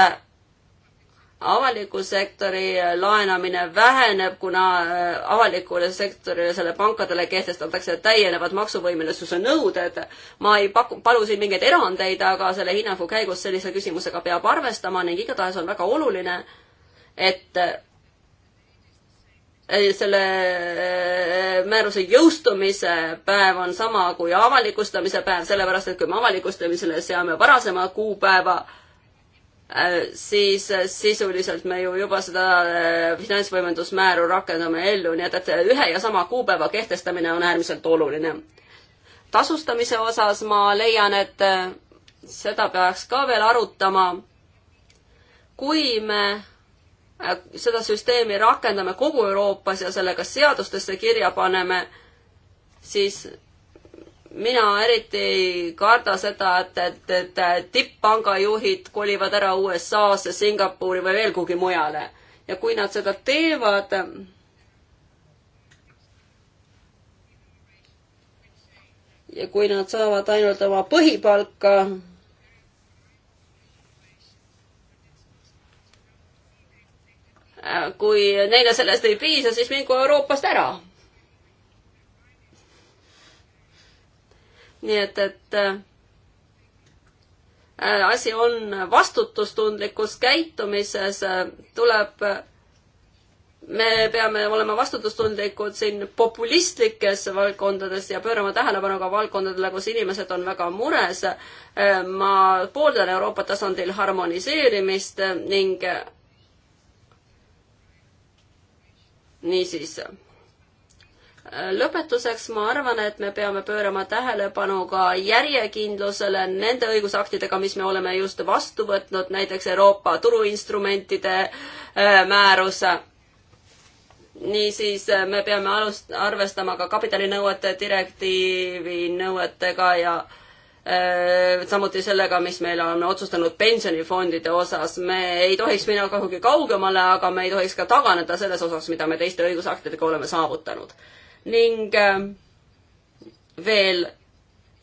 avaliku sektori laenamine väheneb, kuna äh, avalikule sektorile, selle pankadele kehtestatakse täienevad maksuvõimelisuse nõuded. ma ei paku, palu siin mingeid erandeid, aga selle hinnangu käigus sellise küsimusega peab arvestama ning igatahes on väga oluline, et äh, selle äh, määruse jõustumise päev on sama kui avalikustamise päev, sellepärast et kui me avalikustamisele seame varasema kuupäeva, Äh, siis äh, sisuliselt me ju juba seda äh, finantsvõimendusmääru rakendame ellu, nii et, et ühe ja sama kuupäeva kehtestamine on äärmiselt oluline. tasustamise osas ma leian, et seda peaks ka veel arutama. kui me seda süsteemi rakendame kogu Euroopas ja selle ka seadustesse kirja paneme, siis mina eriti ei karda seda, et, et, et tipppanga juhid kolivad ära USA-sse, Singapuri või veel kuhugi mujale. ja kui nad seda teevad, ja kui nad saavad ainult oma põhipalka, kui neile sellest ei piisa, siis mingu Euroopast ära nii et, et äh, äh, asi on vastutustundlikus käitumises, äh, tuleb, me peame olema vastutustundlikud siin populistlikes valdkondades ja pöörama tähelepanu ka valdkondadele, kus inimesed on väga mures. ma pooldan Euroopa tasandil harmoniseerimist ning niisiis lõpetuseks ma arvan, et me peame pöörama tähelepanu ka järjekindlusele nende õigusaktidega, mis me oleme just vastu võtnud, näiteks Euroopa turuinstrumentide äh, määrus. niisiis äh, me peame alust-, arvestama ka kapitalinõuete direktiivi nõuetega ja äh, samuti sellega, mis meil on otsustanud pensionifondide osas. me ei tohiks minna kuhugi kaugemale, aga me ei tohiks ka taganeda selles osas, mida me teiste õigusaktidega oleme saavutanud ning äh, veel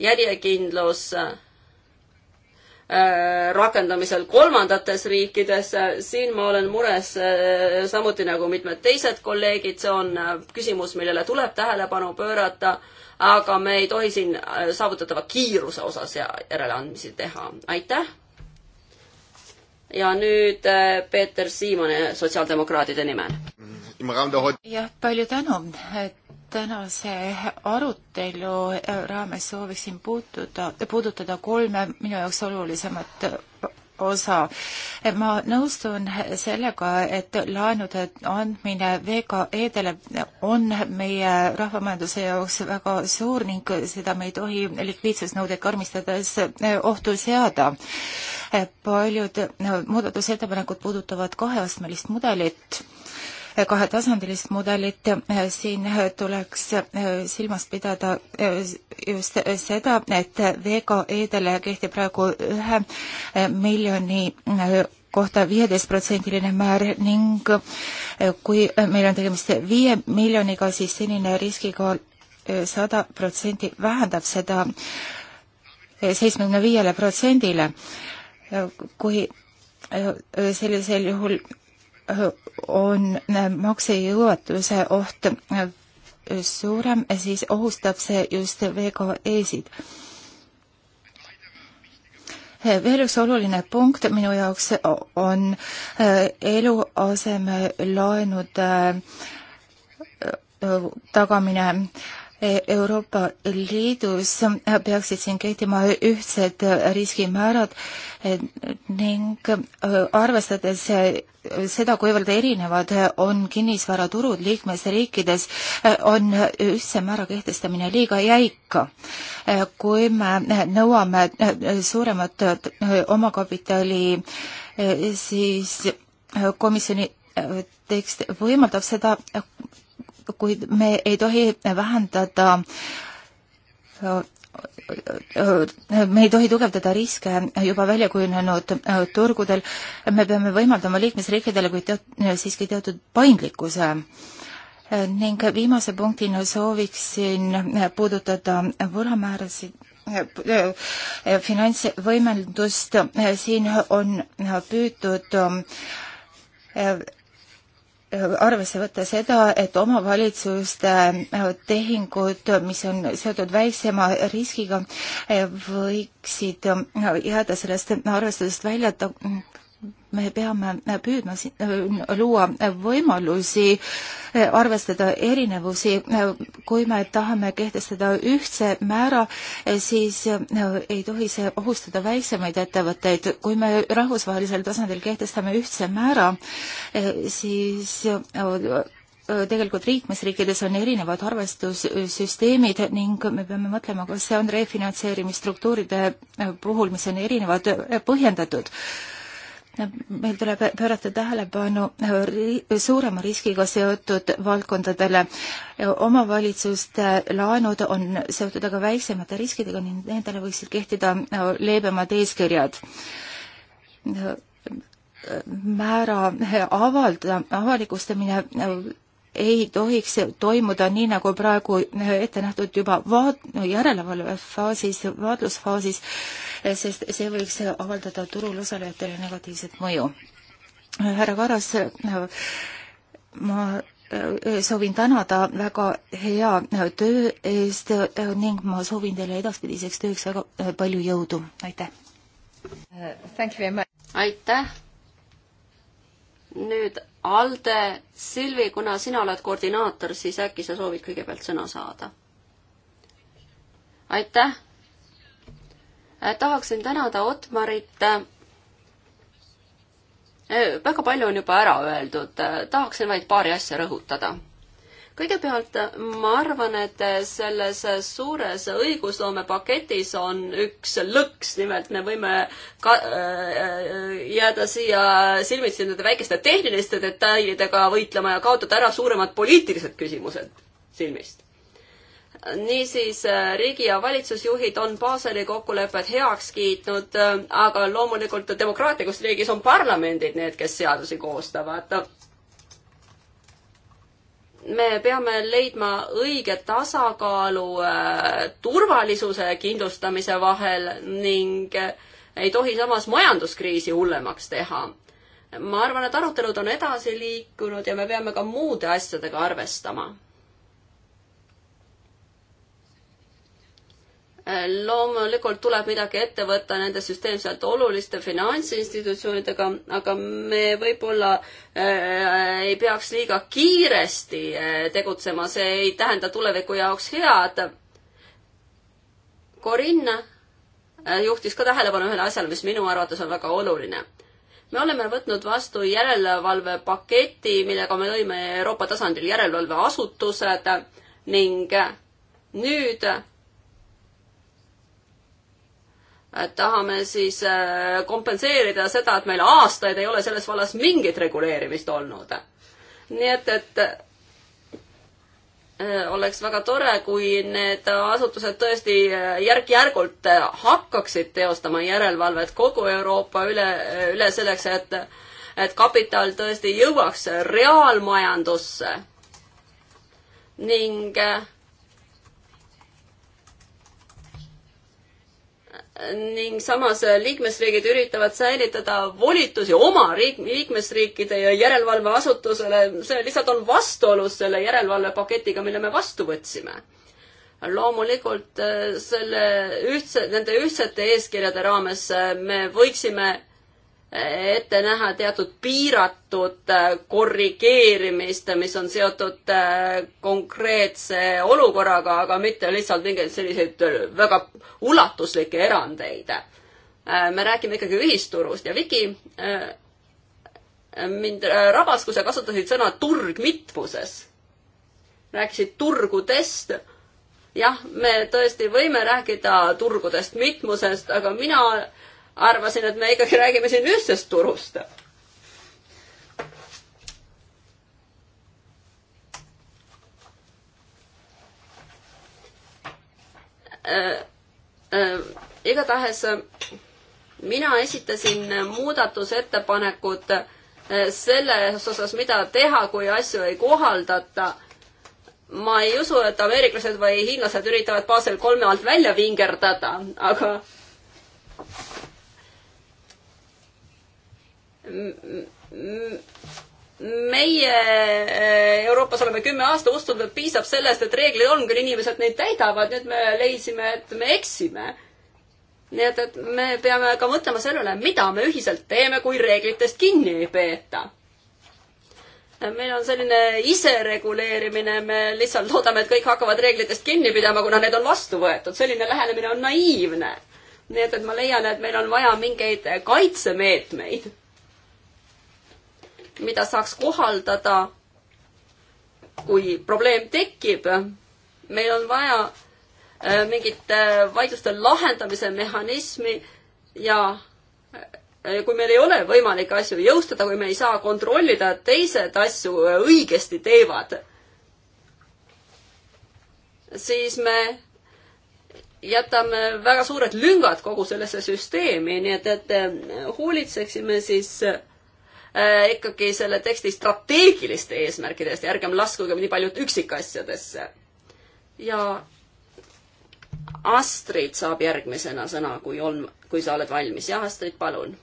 järjekindlus äh, rakendamisel kolmandates riikides, siin ma olen mures äh, samuti nagu mitmed teised kolleegid, see on küsimus, millele tuleb tähelepanu pöörata, aga me ei tohi siin saavutatava kiiruse osas järeleandmisi teha, aitäh. ja nüüd Peeter Siimann sotsiaaldemokraatide nimel. jah, palju tänu, et tänase arutelu raames sooviksin puutuda, puudutada kolme minu jaoks olulisemat osa. ma nõustun sellega, et laenude andmine VKE-dele on meie rahvamajanduse jaoks väga suur ning seda me ei tohi likviidsusnõudeid karmistades ohtu seada. paljud no, muudatusettepanekud puudutavad kaheastmelist mudelit kahetasandilist mudelit, siin tuleks eh, silmas pidada eh, just seda, et VKE-dele kehtib praegu ühe eh, miljoni kohta viieteistprotsendiline määr ning kui meil on tegemist viie miljoniga, siis senine riskikaal sada protsenti vähendab seda seitsmekümne viiele protsendile. kui sellisel juhul on äh, maksejõuetuse oht äh, suurem, siis ohustab see just VKE-sid. Äh, veel üks oluline punkt minu jaoks on eluasemelaenude tagamine Euroopa Liidus peaksid siin kehtima ühtsed riskimäärad ning äh, arvestades äh, seda, kuivõrd erinevad äh, on kinnisvaraturud liikmesriikides, on ühtse määra kehtestamine liiga jäik. kui me nõuame suuremat omakapitali, siis komisjoni tekst võimaldab seda kuid me ei tohi vähendada me ei tohi tugevdada riske juba välja kujunenud turgudel, me peame võimaldama liikmesriikidele kuid teot, siiski teatud paindlikkuse ning viimase punktina sooviksin puudutada võlamäärasid finantsvõimendust, siin on püütud arvesse võtta seda, et omavalitsuste äh, tehingud, mis on seotud väiksema riskiga, äh, võiksid äh, jääda sellest arvestusest välja mm, me peame püüdma äh, luua võimalusi äh, arvestada erinevusi. Äh, kui me tahame kehtestada ühtse määra, siis ei tohi see ohustada väiksemaid ettevõtteid. kui me rahvusvahelisel tasandil kehtestame ühtse määra, siis tegelikult liikmesriikides on erinevad arvestussüsteemid ning me peame mõtlema, kas see on refinantseerimisstruktuuride puhul, mis on erinevad, põhjendatud meil tuleb pöörata tähelepanu suurema riskiga seotud valdkondadele. omavalitsuste laenud on seotud aga väiksemate riskidega ning nendele võiksid kehtida leebemad eeskirjad. määra avalda, avalikustamine ei tohiks toimuda nii, nagu praegu ette nähtud juba vaat-, järelevalvefaasis, vaatlusfaasis, sest see võiks avaldada turul osalejatele negatiivset mõju. härra Karas, ma soovin tänada väga hea töö eest ning ma soovin teile edaspidiseks tööks väga palju jõudu, aitäh! aitäh! nüüd Alde, Silvi, kuna sina oled koordinaator, siis äkki sa soovid kõigepealt sõna saada? aitäh! Äh, tahaksin tänada Otmarit. Äh, väga palju on juba ära öeldud, äh, tahaksin vaid paari asja rõhutada kõigepealt ma arvan, et selles suures õigusloomepaketis on üks lõks, nimelt me võime ka, äh, jääda siia silmitsi nende väikeste tehniliste detailidega võitlema ja kaotada ära suuremad poliitilised küsimused silmist niisiis riigi ja valitsusjuhid on Baseli kokkulepped heaks kiitnud, aga loomulikult demokraatlikus riigis on parlamendid need, kes seadusi koostavad me peame leidma õige tasakaalu äh, turvalisuse kindlustamise vahel ning äh, ei tohi samas majanduskriisi hullemaks teha. ma arvan, et arutelud on edasi liikunud ja me peame ka muude asjadega arvestama. loomulikult tuleb midagi ette võtta nende süsteemselt oluliste finantsinstitutsioonidega, aga me võib-olla äh, ei peaks liiga kiiresti äh, tegutsema, see ei tähenda tuleviku jaoks head. Corinne äh, juhtis ka tähelepanu ühele asjale, mis minu arvates on väga oluline. me oleme võtnud vastu järelevalvepaketi, millega me lõime Euroopa tasandil järelevalveasutused ning nüüd tahame siis äh, kompenseerida seda, et meil aastaid ei ole selles vallas mingit reguleerimist olnud. nii et, et äh, oleks väga tore, kui need asutused tõesti äh, järk-järgult hakkaksid teostama järelevalvet kogu Euroopa üle, üle selleks, et et kapital tõesti jõuaks reaalmajandusse ning äh, ning samas liikmesriigid üritavad säilitada volitusi oma riik, liikmesriikide ja järelevalveasutusele, see lihtsalt on vastuolus selle järelevalvepaketiga, mille me vastu võtsime. loomulikult äh, selle ühtse, nende ühtsete eeskirjade raames äh, me võiksime ette näha teatud piiratud äh, korrigeerimist, mis on seotud äh, konkreetse olukorraga, aga mitte lihtsalt mingeid selliseid äh, väga ulatuslikke erandeid. me räägime ikkagi ühisturust ja Viki, mind rabas, kui sa kasutasid sõna turg mitmuses. rääkisid turgudest jah, me tõesti võime rääkida turgudest mitmusest, aga mina arvasin, et me ikkagi räägime siin ühtsest turust. Äh, äh, igatahes äh, mina esitasin muudatusettepanekud selles osas, mida teha, kui asju ei kohaldata ma ei usu, et ameeriklased või hiinlased üritavad Basel kolme alt välja vingerdada, aga meie äh, Euroopas oleme kümme aastat ustunud, et piisab sellest, et reeglid on, küll inimesed neid täidavad, nüüd me leidsime, et me eksime. nii et, et me peame ka mõtlema sellele, mida me ühiselt teeme, kui reeglitest kinni ei peeta. meil on selline isereguleerimine, me lihtsalt loodame, et kõik hakkavad reeglitest kinni pidama, kuna need on vastu võetud, selline lähenemine on naiivne. nii et, et ma leian, et meil on vaja mingeid kaitsemeetmeid mida saaks kohaldada, kui probleem tekib. meil on vaja äh, mingit äh, vaidluste lahendamise mehhanismi ja äh, kui meil ei ole võimalik asju jõustada, kui me ei saa kontrollida, et teised asju õigesti teevad, siis me jätame väga suured lüngad kogu sellesse süsteemi, nii et, et hoolitseksime siis äh, Äh, ikkagi selle teksti strateegiliste eesmärkide eest ja ärgem laskugem nii palju üksikasjadesse. ja Astrid saab järgmisena sõna, kui on, kui sa oled valmis. jah, Astrid, palun.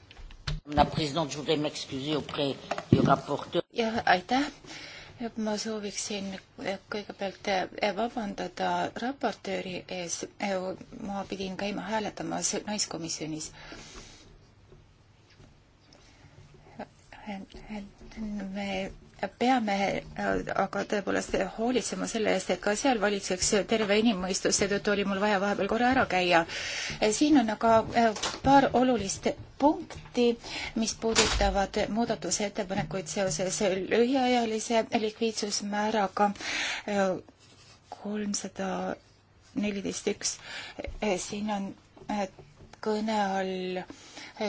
jah, aitäh ma sooviksin kõigepealt eh, vabandada raportööri ees. Eh, ma pidin käima hääletamas naiskomisjonis nice me peame aga tõepoolest hoolitsema selle eest, et ka seal valitseks terve inimmõistus, seetõttu oli mul vaja vahepeal korra ära käia. siin on aga äh, paar olulist punkti, mis puudutavad muudatusettepanekuid seoses lühiajalise likviidsusmääraga äh, kolmsada neliteist üks. Äh, siin on kõne all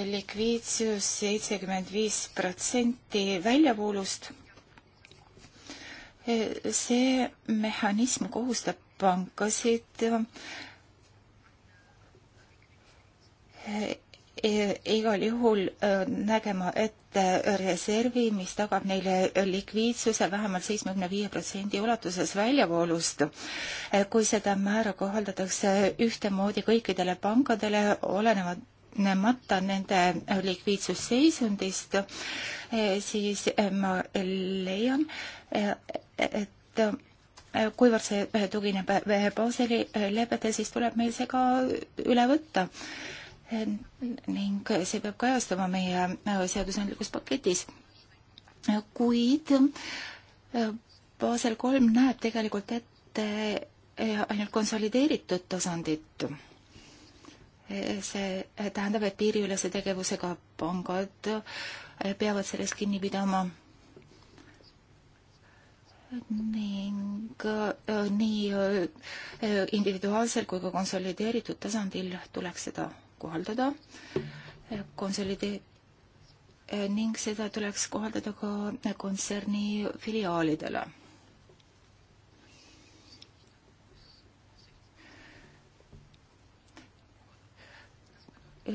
likviidsus seitsekümmend viis protsenti väljavoolust. see mehhanism kohustab pankasid eh, eh, igal juhul eh, nägema ette reservi, mis tagab neile likviidsuse vähemalt seitsmekümne viie protsendi ulatuses väljavoolust. kui seda määra kohaldatakse ühtemoodi kõikidele pankadele, olenevad, olenemata nende likviidsusseisundist, eh, siis eh, ma leian, eh, et kuivõrd see tugineb Baseli lepete, siis tuleb meil see ka üle võtta. ning see peab kajastama meie seadusandlikus paketis. kuid Basel kolm näeb tegelikult ette ainult konsolideeritud tasandit see tähendab, et piiriülese tegevusega pangad peavad sellest kinni pidama ning äh, nii äh, individuaalsel kui ka konsolideeritud tasandil tuleks seda kohaldada. Äh, Konsolidee- ning seda tuleks kohaldada ka kontserni filiaalidele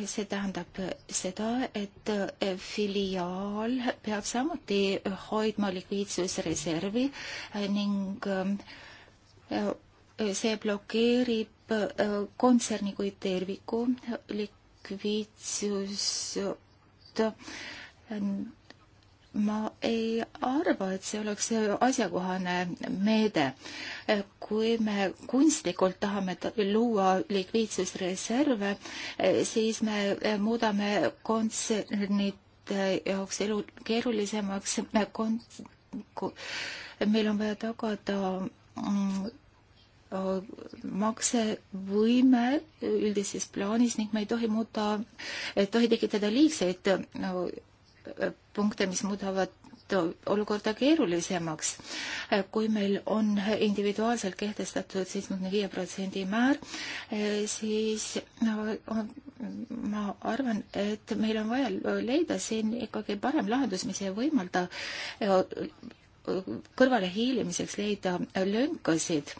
see tähendab seda, et äh, filiaal peab samuti äh, hoidma likviidsusreservi äh, ning see blokeerib kontserni kui terviku likviidsust ma ei arva, et see oleks asjakohane meede. kui me kunstlikult tahame luua likviidsusreserve, siis me muudame kontsernide jaoks elu keerulisemaks. meil on vaja tagada mm, maksevõime üldises plaanis ning me ei tohi muuta, ei tohi tekitada liigseid no, punkte, mis muudavad olukorda keerulisemaks. kui meil on individuaalselt kehtestatud seitsmekümne viie protsendi määr, siis no, ma arvan, et meil on vaja leida siin ikkagi parem lahendus, mis ei võimalda kõrvalehiilimiseks leida lünkasid.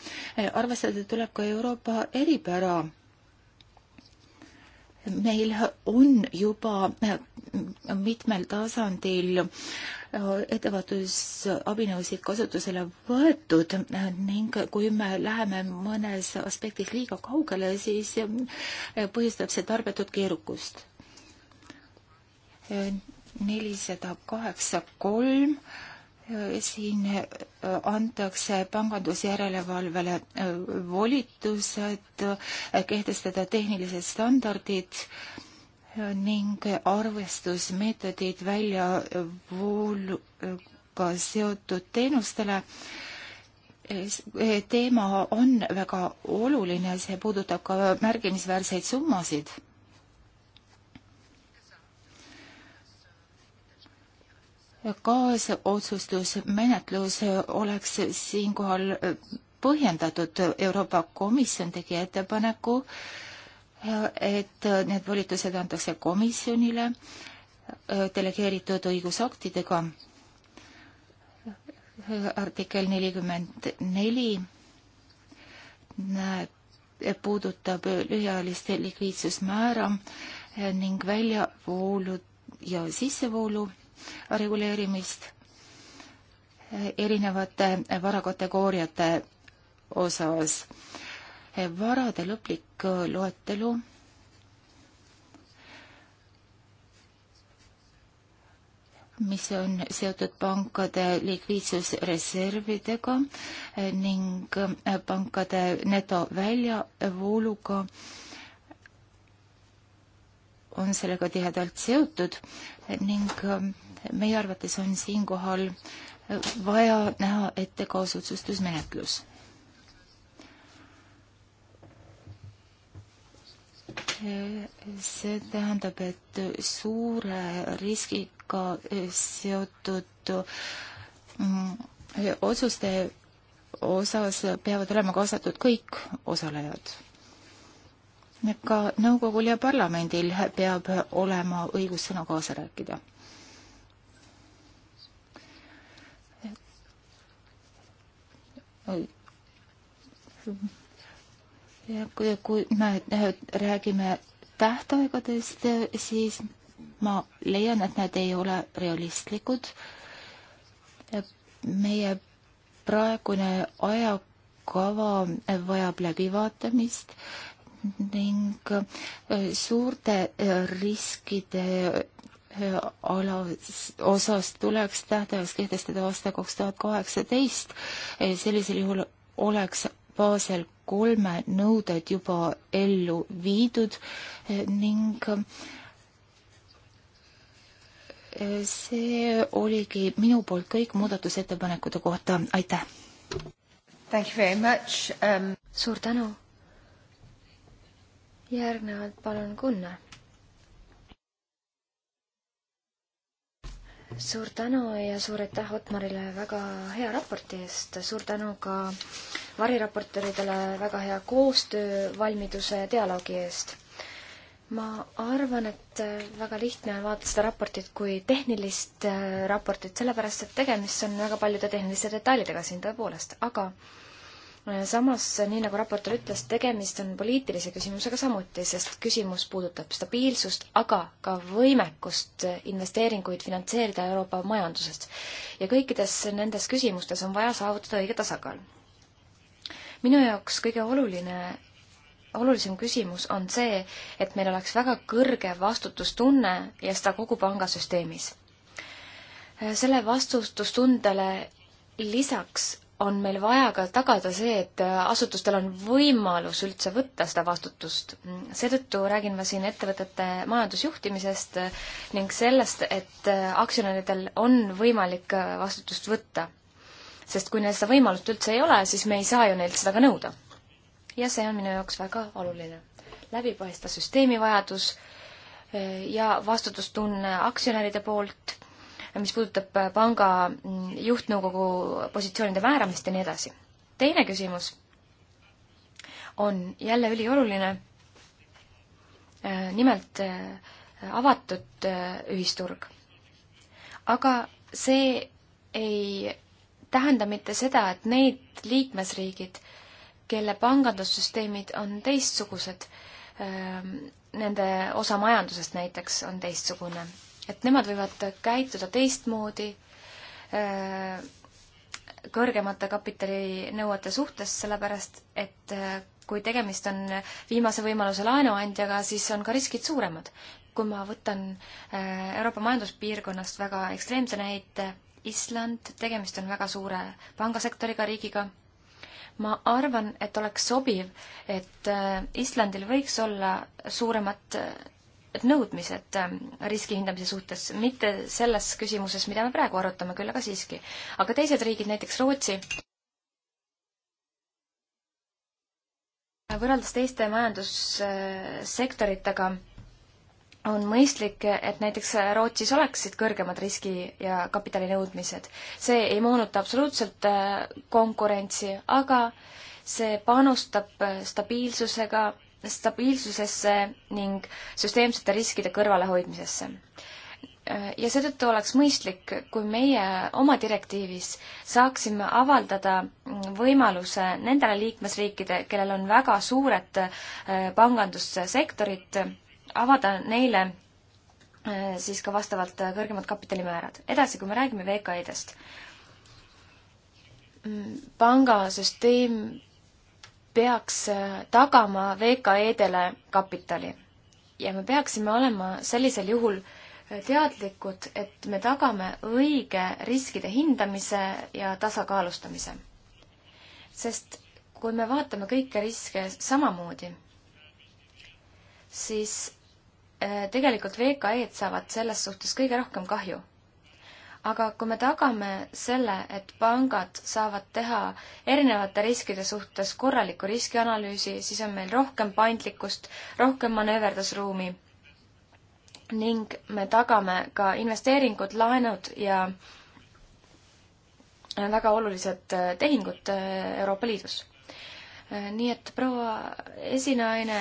arvestada tuleb ka Euroopa eripära meil on juba äh, mitmel tasandil äh, ettevaatusabinõusid kasutusele võetud äh, ning kui me läheme mõnes aspektis liiga kaugele, siis põhjustab see tarbetut keerukust. nelisada kaheksa kolm siin äh, antakse pangandusjärelevalvele äh, volitused äh, kehtestada tehnilised standardid ning arvestusmeetodid väljavooluga seotud teenustele. teema on väga oluline, see puudutab ka märgimisväärseid summasid kaasotsustusmenetlus oleks siinkohal äh, põhjendatud. Euroopa Komisjon tegi ettepaneku, äh, et need volitused antakse komisjonile äh, delegeeritud õigusaktidega. artikkel nelikümmend neli näeb, puudutab lühiajalist likviidsusmäära ning väljavoolu ja sissevoolu reguleerimist erinevate varakategooriate osas. varade lõplik loetelu mis on seotud pankade likviidsusreservidega ning pankade netoväljavooluga on sellega tihedalt seotud ning meie arvates on siinkohal vaja näha ette kaasotsustusmenetlus. see tähendab, et suure riskiga seotud mm, otsuste osas peavad olema kaasatud kõik osalejad. ka nõukogul ja parlamendil peab olema õigus sõna kaasa rääkida ja kui, kui me eh, räägime tähtaegadest, eh, siis ma leian, et need ei ole realistlikud. meie praegune ajakava vajab läbivaatamist ning eh, suurte riskide ala osas tuleks tähtajaks kehtestada aasta kaks tuhat kaheksateist, sellisel juhul oleks baasel kolme nõuded juba ellu viidud ning see oligi minu poolt kõik muudatusettepanekute kohta, aitäh! Thank you very much um.... suur tänu! järgnevalt palun Gunnar suur tänu ja suur aitäh Otmarile väga hea raporti eest, suur tänu ka variraportööridele väga hea koostöö, valmiduse ja dialoogi eest. ma arvan, et väga lihtne on vaadata seda raportit kui tehnilist äh, raportit, sellepärast et tegemist on väga paljude tehniliste detailidega siin tõepoolest, aga äh, samas, nii nagu raportöör ütles, tegemist on poliitilise küsimusega samuti, sest küsimus puudutab stabiilsust, aga ka võimekust investeeringuid finantseerida Euroopa majandusest. ja kõikides nendes küsimustes on vaja saavutada õige tasakaal. minu jaoks kõige oluline olulisem küsimus on see, et meil oleks väga kõrge vastutustunne ja seda kogu pangasüsteemis. selle vastutustundele lisaks on meil vaja ka tagada see, et asutustel on võimalus üldse võtta seda vastutust. seetõttu räägin ma siin ettevõtete majandusjuhtimisest ning sellest, et aktsionäridel on võimalik vastutust võtta. sest kui neil seda võimalust üldse ei ole, siis me ei saa ju neilt seda ka nõuda. ja see on minu jaoks väga oluline. läbipaistva süsteemi vajadus eh, ja vastutustunne aktsionäride poolt mis puudutab äh, panga mm, juhtnõukogu positsioonide määramist ja nii edasi. teine küsimus on jälle ülioluline, äh, nimelt äh, avatud ühisturg. aga see ei tähenda mitte seda, et need liikmesriigid, kelle pangandussüsteemid on teistsugused, ähm, nende osa majandusest näiteks on teistsugune et nemad võivad käituda teistmoodi äh, kõrgemate kapitalinõuete suhtes, sellepärast et äh, kui tegemist on viimase võimaluse laenuandjaga, siis on ka riskid suuremad. kui ma võtan äh, Euroopa Majanduspiirkonnast väga ekstreemse näite, Island, tegemist on väga suure pangasektoriga riigiga, ma arvan, et oleks sobiv, et Islandil võiks olla suuremat nõudmised ähm, riski hindamise suhtes, mitte selles küsimuses, mida me praegu arutame, küll aga siiski. aga teised riigid, näiteks Rootsi, võrreldes teiste majandussektoritega on mõistlik, et näiteks Rootsis oleksid kõrgemad riski- ja kapitalinõudmised. see ei moonuta absoluutselt äh, konkurentsi, aga see panustab äh, stabiilsusega stabiilsusesse ning süsteemsete riskide kõrvalehoidmisesse. ja seetõttu oleks mõistlik, kui meie oma direktiivis saaksime avaldada võimaluse nendele liikmesriikide, kellel on väga suured äh, pangandussektorid, avada neile äh, siis ka vastavalt äh, kõrgemad kapitalimäärad. edasi, kui me räägime VKI-dest, mm, pangasüsteem peaks äh, tagama VKE-dele kapitali. ja me peaksime olema sellisel juhul äh, teadlikud, et me tagame õige riskide hindamise ja tasakaalustamise. sest kui me vaatame kõiki riske samamoodi, siis äh, tegelikult VKE-d saavad selles suhtes kõige rohkem kahju aga kui me tagame selle, et pangad saavad teha erinevate riskide suhtes korraliku riskianalüüsi, siis on meil rohkem paindlikkust, rohkem manööverdusruumi ning me tagame ka investeeringud, laenud ja väga olulised tehingud äh, Euroopa Liidus Äh, nii et proua esinaine,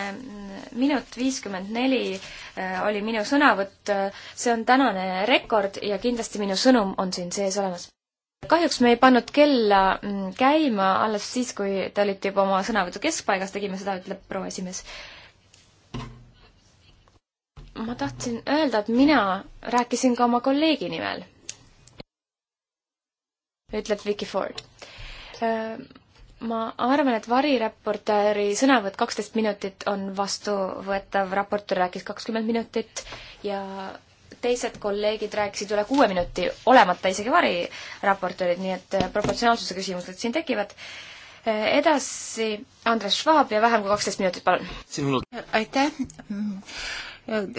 minut viiskümmend neli äh, oli minu sõnavõtt, see on tänane rekord ja kindlasti minu sõnum on siin sees olemas. kahjuks me ei pannud kella mm, käima alles siis, kui te olite juba oma sõnavõtu keskpaigas, tegime seda, ütleb proua esimees. ma tahtsin öelda, et mina rääkisin ka oma kolleegi nimel, ütleb Vicky Ford äh, ma arvan, et varireportööri sõnavõtt kaksteist minutit on vastuvõetav, raportöör rääkis kakskümmend minutit ja teised kolleegid rääkisid üle kuue minuti, olemata isegi variraportöörid, nii et äh, proportsionaalsuse küsimused siin tekivad. Äh, edasi Andres Schwab ja vähem kui kaksteist minutit, palun. aitäh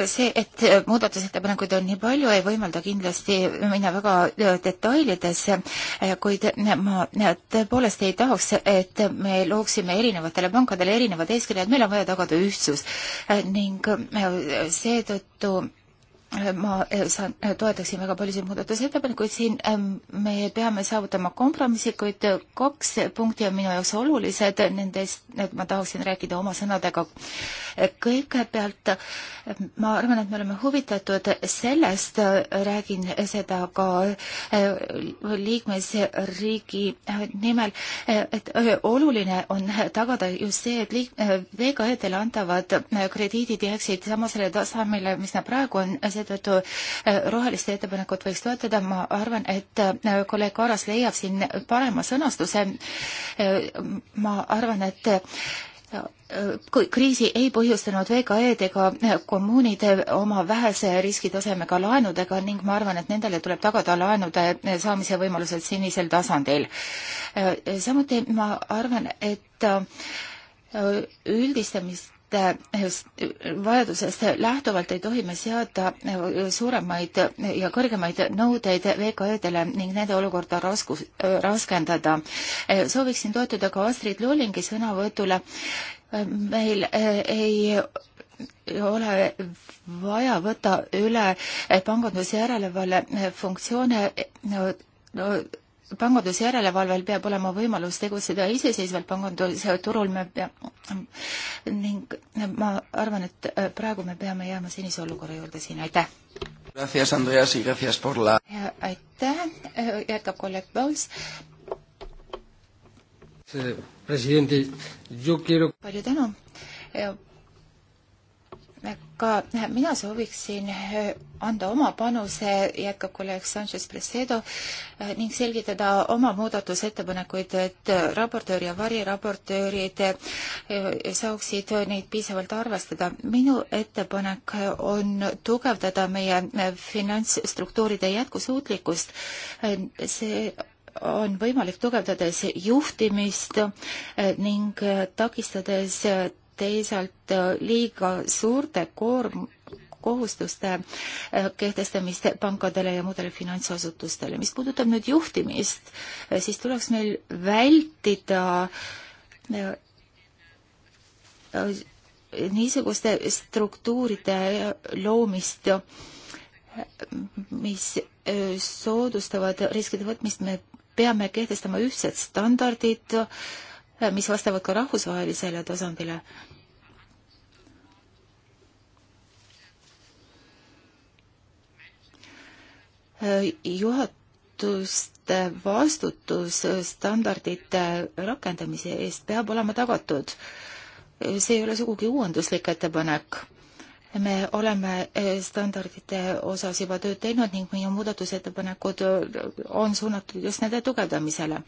see, et muudatusettepanekuid on nii palju, ei võimalda kindlasti minna väga äh, detailidesse, äh, kuid äh, ma tõepoolest ei tahaks, et me looksime erinevatele pankadele erinevad eeskirjad, meil on vaja tagada ühtsus ning seetõttu ma eh, saan, eh, toetaksin väga paljusid muudatusettepanekuid siin, ehm, me peame saavutama kompromissi, kuid eh, kaks punkti on minu jaoks olulised, nendest need ma tahaksin rääkida oma sõnadega. kõigepealt ma arvan, et me oleme huvitatud sellest, räägin seda ka liikmesriigi nimel, et oluline on tagada just see, et liik-, VKE-dele antavad krediidid jääksid samasele tasemele, mis nad praegu on, seetõttu äh, roheliste ettepanekut võiks toetada, ma arvan, et äh, kolleeg Kaaras leiab siin parema sõnastuse. Äh, ma arvan, et kriisi ei põhjustanud VKE-d ega kommuunid oma vähese riskitasemega laenudega ning ma arvan, et nendele tuleb tagada laenude saamise võimalused senisel tasandil. samuti ma arvan, et üldistamist et eh, eh, vajadusest lähtuvalt ei tohi me seada eh, suuremaid ja kõrgemaid nõudeid VKE-dele ning nende olukorda raskus, raskendada. sooviksin toetuda ka Astrid Lollingi sõnavõtule. meil ei ole vaja võtta üle pangandusjärelevalve funktsioone no, pangandusjärelevalvel peab olema võimalus tegutseda iseseisvalt pangandusturul, me pea- ning ma arvan, et äh, praegu me peame jääma senise olukorra juurde siin, aitäh! Gracias, Andreas, y gracias por la... Ja, aitäh, äh, jätkab kolleeg Pauls. Eh, Presidenti, yo quiero... palju tänu ka mina sooviksin äh, anda oma panuse, jätkab kolleeg Sanchez Presedo, äh, ning selgitada oma muudatusettepanekuid, et äh, raportöör ja variraportöörid saaksid neid piisavalt arvestada. minu ettepanek on tugevdada meie finantsstruktuuride jätkusuutlikkust. see on võimalik tugevdades juhtimist ning takistades teisalt äh, liiga suurte koorm-, kohustuste äh, kehtestamist pankadele ja muudele finantsasutustele. mis puudutab nüüd juhtimist, äh, siis tuleks meil vältida niisuguste struktuuride loomist, mis soodustavad riskide võtmist, me peame kehtestama ühtsed standardid, mis vastavad ka rahvusvahelisele tasandile. juhatuste vastutus standardite rakendamise eest peab olema tagatud. see ei ole sugugi uuenduslik ettepanek me oleme standardite osas juba tööd teinud ning meie muudatusettepanekud on suunatud just nende tugevdamisele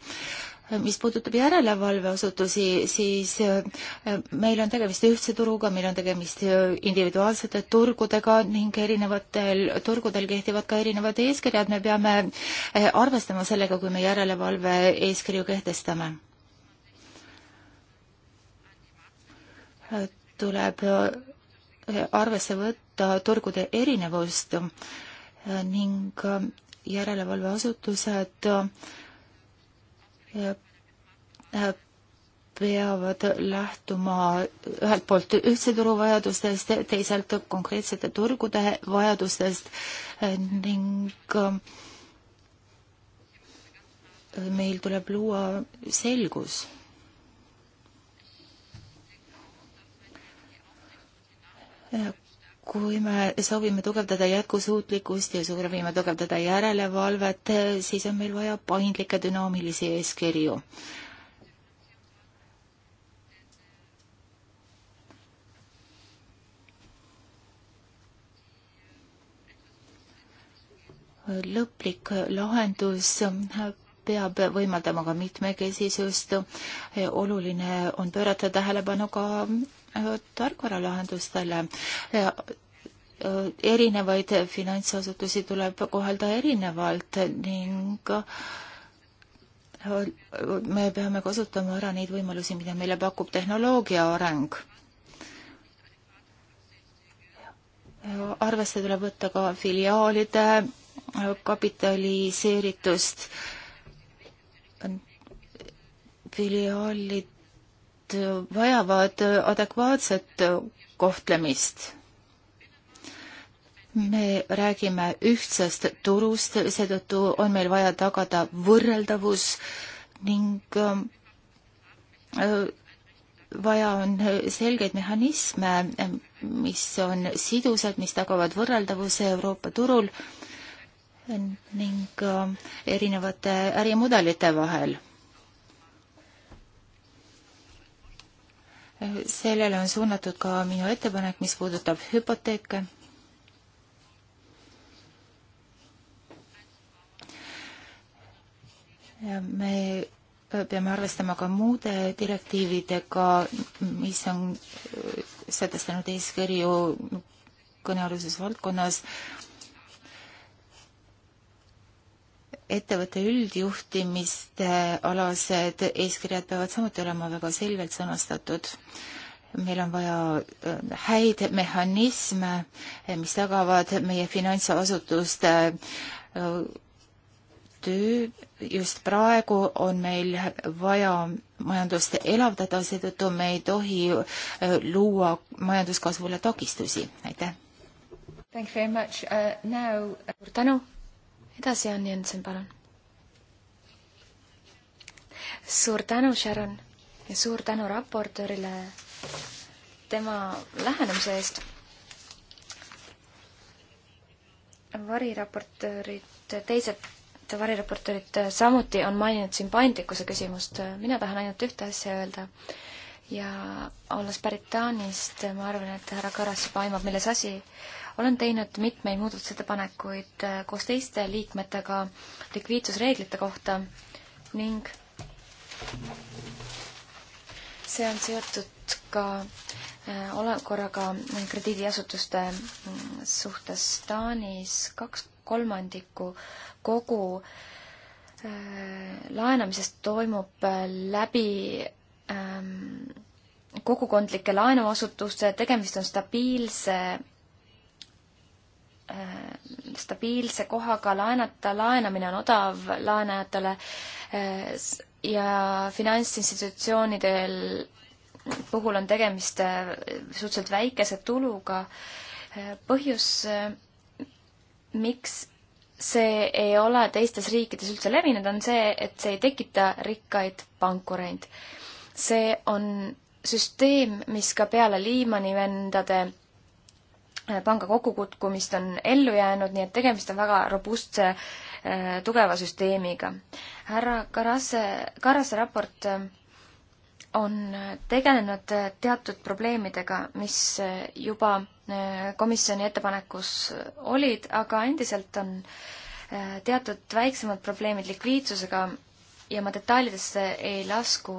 mis puudutab järelevalveasutusi, siis äh, meil on tegemist ühtse turuga, meil on tegemist äh, individuaalsete turgudega ning erinevatel turgudel kehtivad ka erinevad eeskirjad, me peame äh, arvestama sellega, kui me järelevalve eeskirju kehtestame. tuleb arvesse võtta turgude erinevust ning järelevalveasutused äh, Äh, peavad lähtuma ühelt poolt ühtse turu vajadustest, teiselt konkreetsete turgude vajadustest äh, ning äh, meil tuleb luua selgus kui me soovime tugevdada jätkusuutlikkust ja soovime tugevdada järelevalvet, siis on meil vaja paindlikke dünaamilisi eeskirju. lõplik lahendus peab võimaldama ka mitmekesisust. oluline on pöörata tähelepanu ka tarkvaralahendustele erinevaid finantsasutusi tuleb kohelda erinevalt ning me peame kasutama ära neid võimalusi, mida meile pakub tehnoloogia areng. arvesse tuleb võtta ka filiaalide kapitaliseeritust. filiaalid vajavad adekvaatset kohtlemist. me räägime ühtsest turust, seetõttu on meil vaja tagada võrreldavus ning äh, vaja on selgeid mehhanisme, mis on sidusad, mis tagavad võrreldavuse Euroopa turul ning äh, erinevate ärimudelite vahel sellele on suunatud ka minu ettepanek, mis puudutab hüpoteeke. me peame arvestama ka muude direktiividega, mis on sätestanud eeskirju kõnealuses valdkonnas ettevõtte üldjuhtimiste alased eeskirjad peavad samuti olema väga selgelt sõnastatud. meil on vaja äh, häid mehhanisme, eh, mis tagavad meie finantsasutuste äh, töö. just praegu on meil vaja majandust elavdada, seetõttu me ei tohi äh, luua majanduskasvule takistusi. aitäh! Thank you very much. Uh, now, suur tänu edasi, Ann Jensen, palun. suur tänu, Sharon, ja suur tänu raportöörile tema lähenemise eest. variraportöörid, teised variraportöörid samuti on maininud siin paindlikkuse küsimust. mina tahan ainult ühte asja öelda ja olles pärit Taanist, ma arvan, et härra Karas juba aimab, milles asi olen teinud mitmeid muudatusettepanekuid äh, koos teiste liikmetega likviidsusreeglite kohta ning see on seotud ka äh, olukorraga krediidiasutuste mm, suhtes Taanis kaks kolmandikku kogu äh, laenamisest toimub läbi ähm, kogukondlike laenuasutuste, tegemist on stabiilse Äh, stabiilse kohaga laenata, laenamine on odav laenajatele äh, ja finantsinstitutsioonidel puhul on tegemist äh, suhteliselt väikese tuluga. põhjus, miks see ei ole teistes riikides üldse levinud, on see, et see ei tekita rikkaid pankureid. see on süsteem, mis ka peale Lehmani vendade panga kokkukukkumist on ellu jäänud, nii et tegemist on väga robustse äh, tugeva süsteemiga. härra Karase, Karase raport äh, on tegelenud äh, teatud probleemidega, mis juba komisjoni ettepanekus olid, aga endiselt on teatud väiksemad probleemid likviidsusega ja ma detailidesse ei lasku.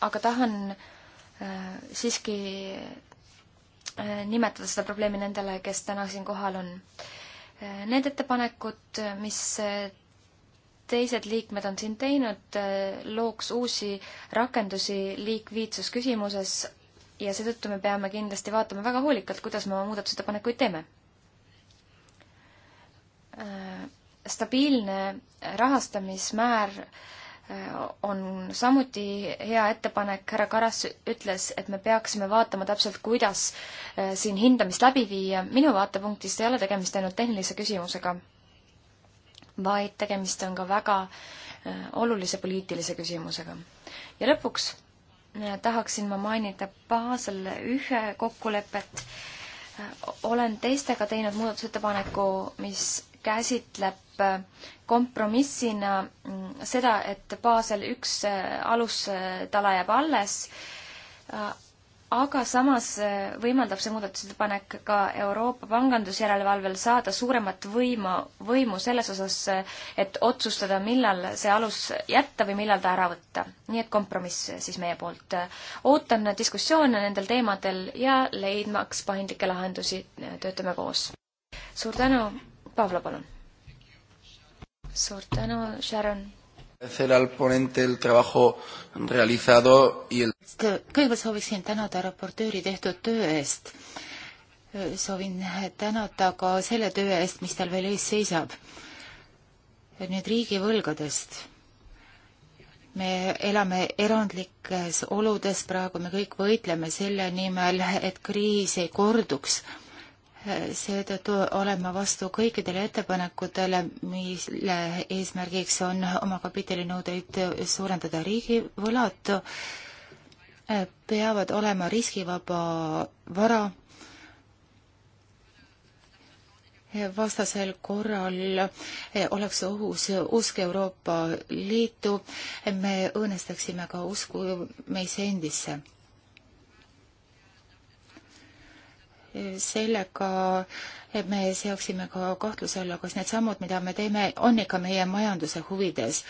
aga tahan siiski Äh, nimetada seda probleemi nendele, kes täna siin kohal on. Äh, need ettepanekud, mis äh, teised liikmed on siin teinud, looks uusi rakendusi liikviidsusküsimuses ja seetõttu me peame kindlasti vaatama väga hoolikalt, kuidas me oma muudatusettepanekuid teeme. stabiilne rahastamismäär äh, on samuti hea ettepanek, härra Karas ütles, et me peaksime vaatama täpselt, kuidas eh, siin hindamist läbi viia. minu vaatepunktist ei ole tegemist ainult tehnilise küsimusega, vaid tegemist on ka väga eh, olulise poliitilise küsimusega. ja lõpuks eh, tahaksin ma mainida Basel ühe kokkulepet. olen teistega teinud muudatusettepaneku, mis käsitleb äh, kompromissina mm, seda, et baasel üks äh, alustala jääb alles, äh, aga samas võimaldab see muudatusettepanek ka Euroopa pangandusjärelevalvel saada suuremat võima, võimu selles osas, et otsustada, millal see alus jätta või millal ta ära võtta. nii et kompromiss siis meie poolt. ootan diskussioone nendel teemadel ja leidmaks paindlikke lahendusi, töötame koos. suur tänu! Pavla, palun. suur tänu, Sharon. kõigepealt sooviksin tänada raportööri tehtud töö eest. soovin tänada ka selle töö eest, mis tal veel ees seisab. nüüd riigivõlgadest me elame erandlikes oludes praegu, me kõik võitleme selle nimel, et kriis ei korduks seetõttu olen ma vastu kõikidele ettepanekutele, mille eesmärgiks on omakapitalinõudeid suurendada. riigivõlad eh, peavad olema riskivaba vara. vastasel korral eh, oleks ohus usk Euroopa Liitu, me õõnestaksime ka usku meisse endisse sellega me seaksime ka kahtluse alla, kas need sammud, mida me teeme, on ikka meie majanduse huvides.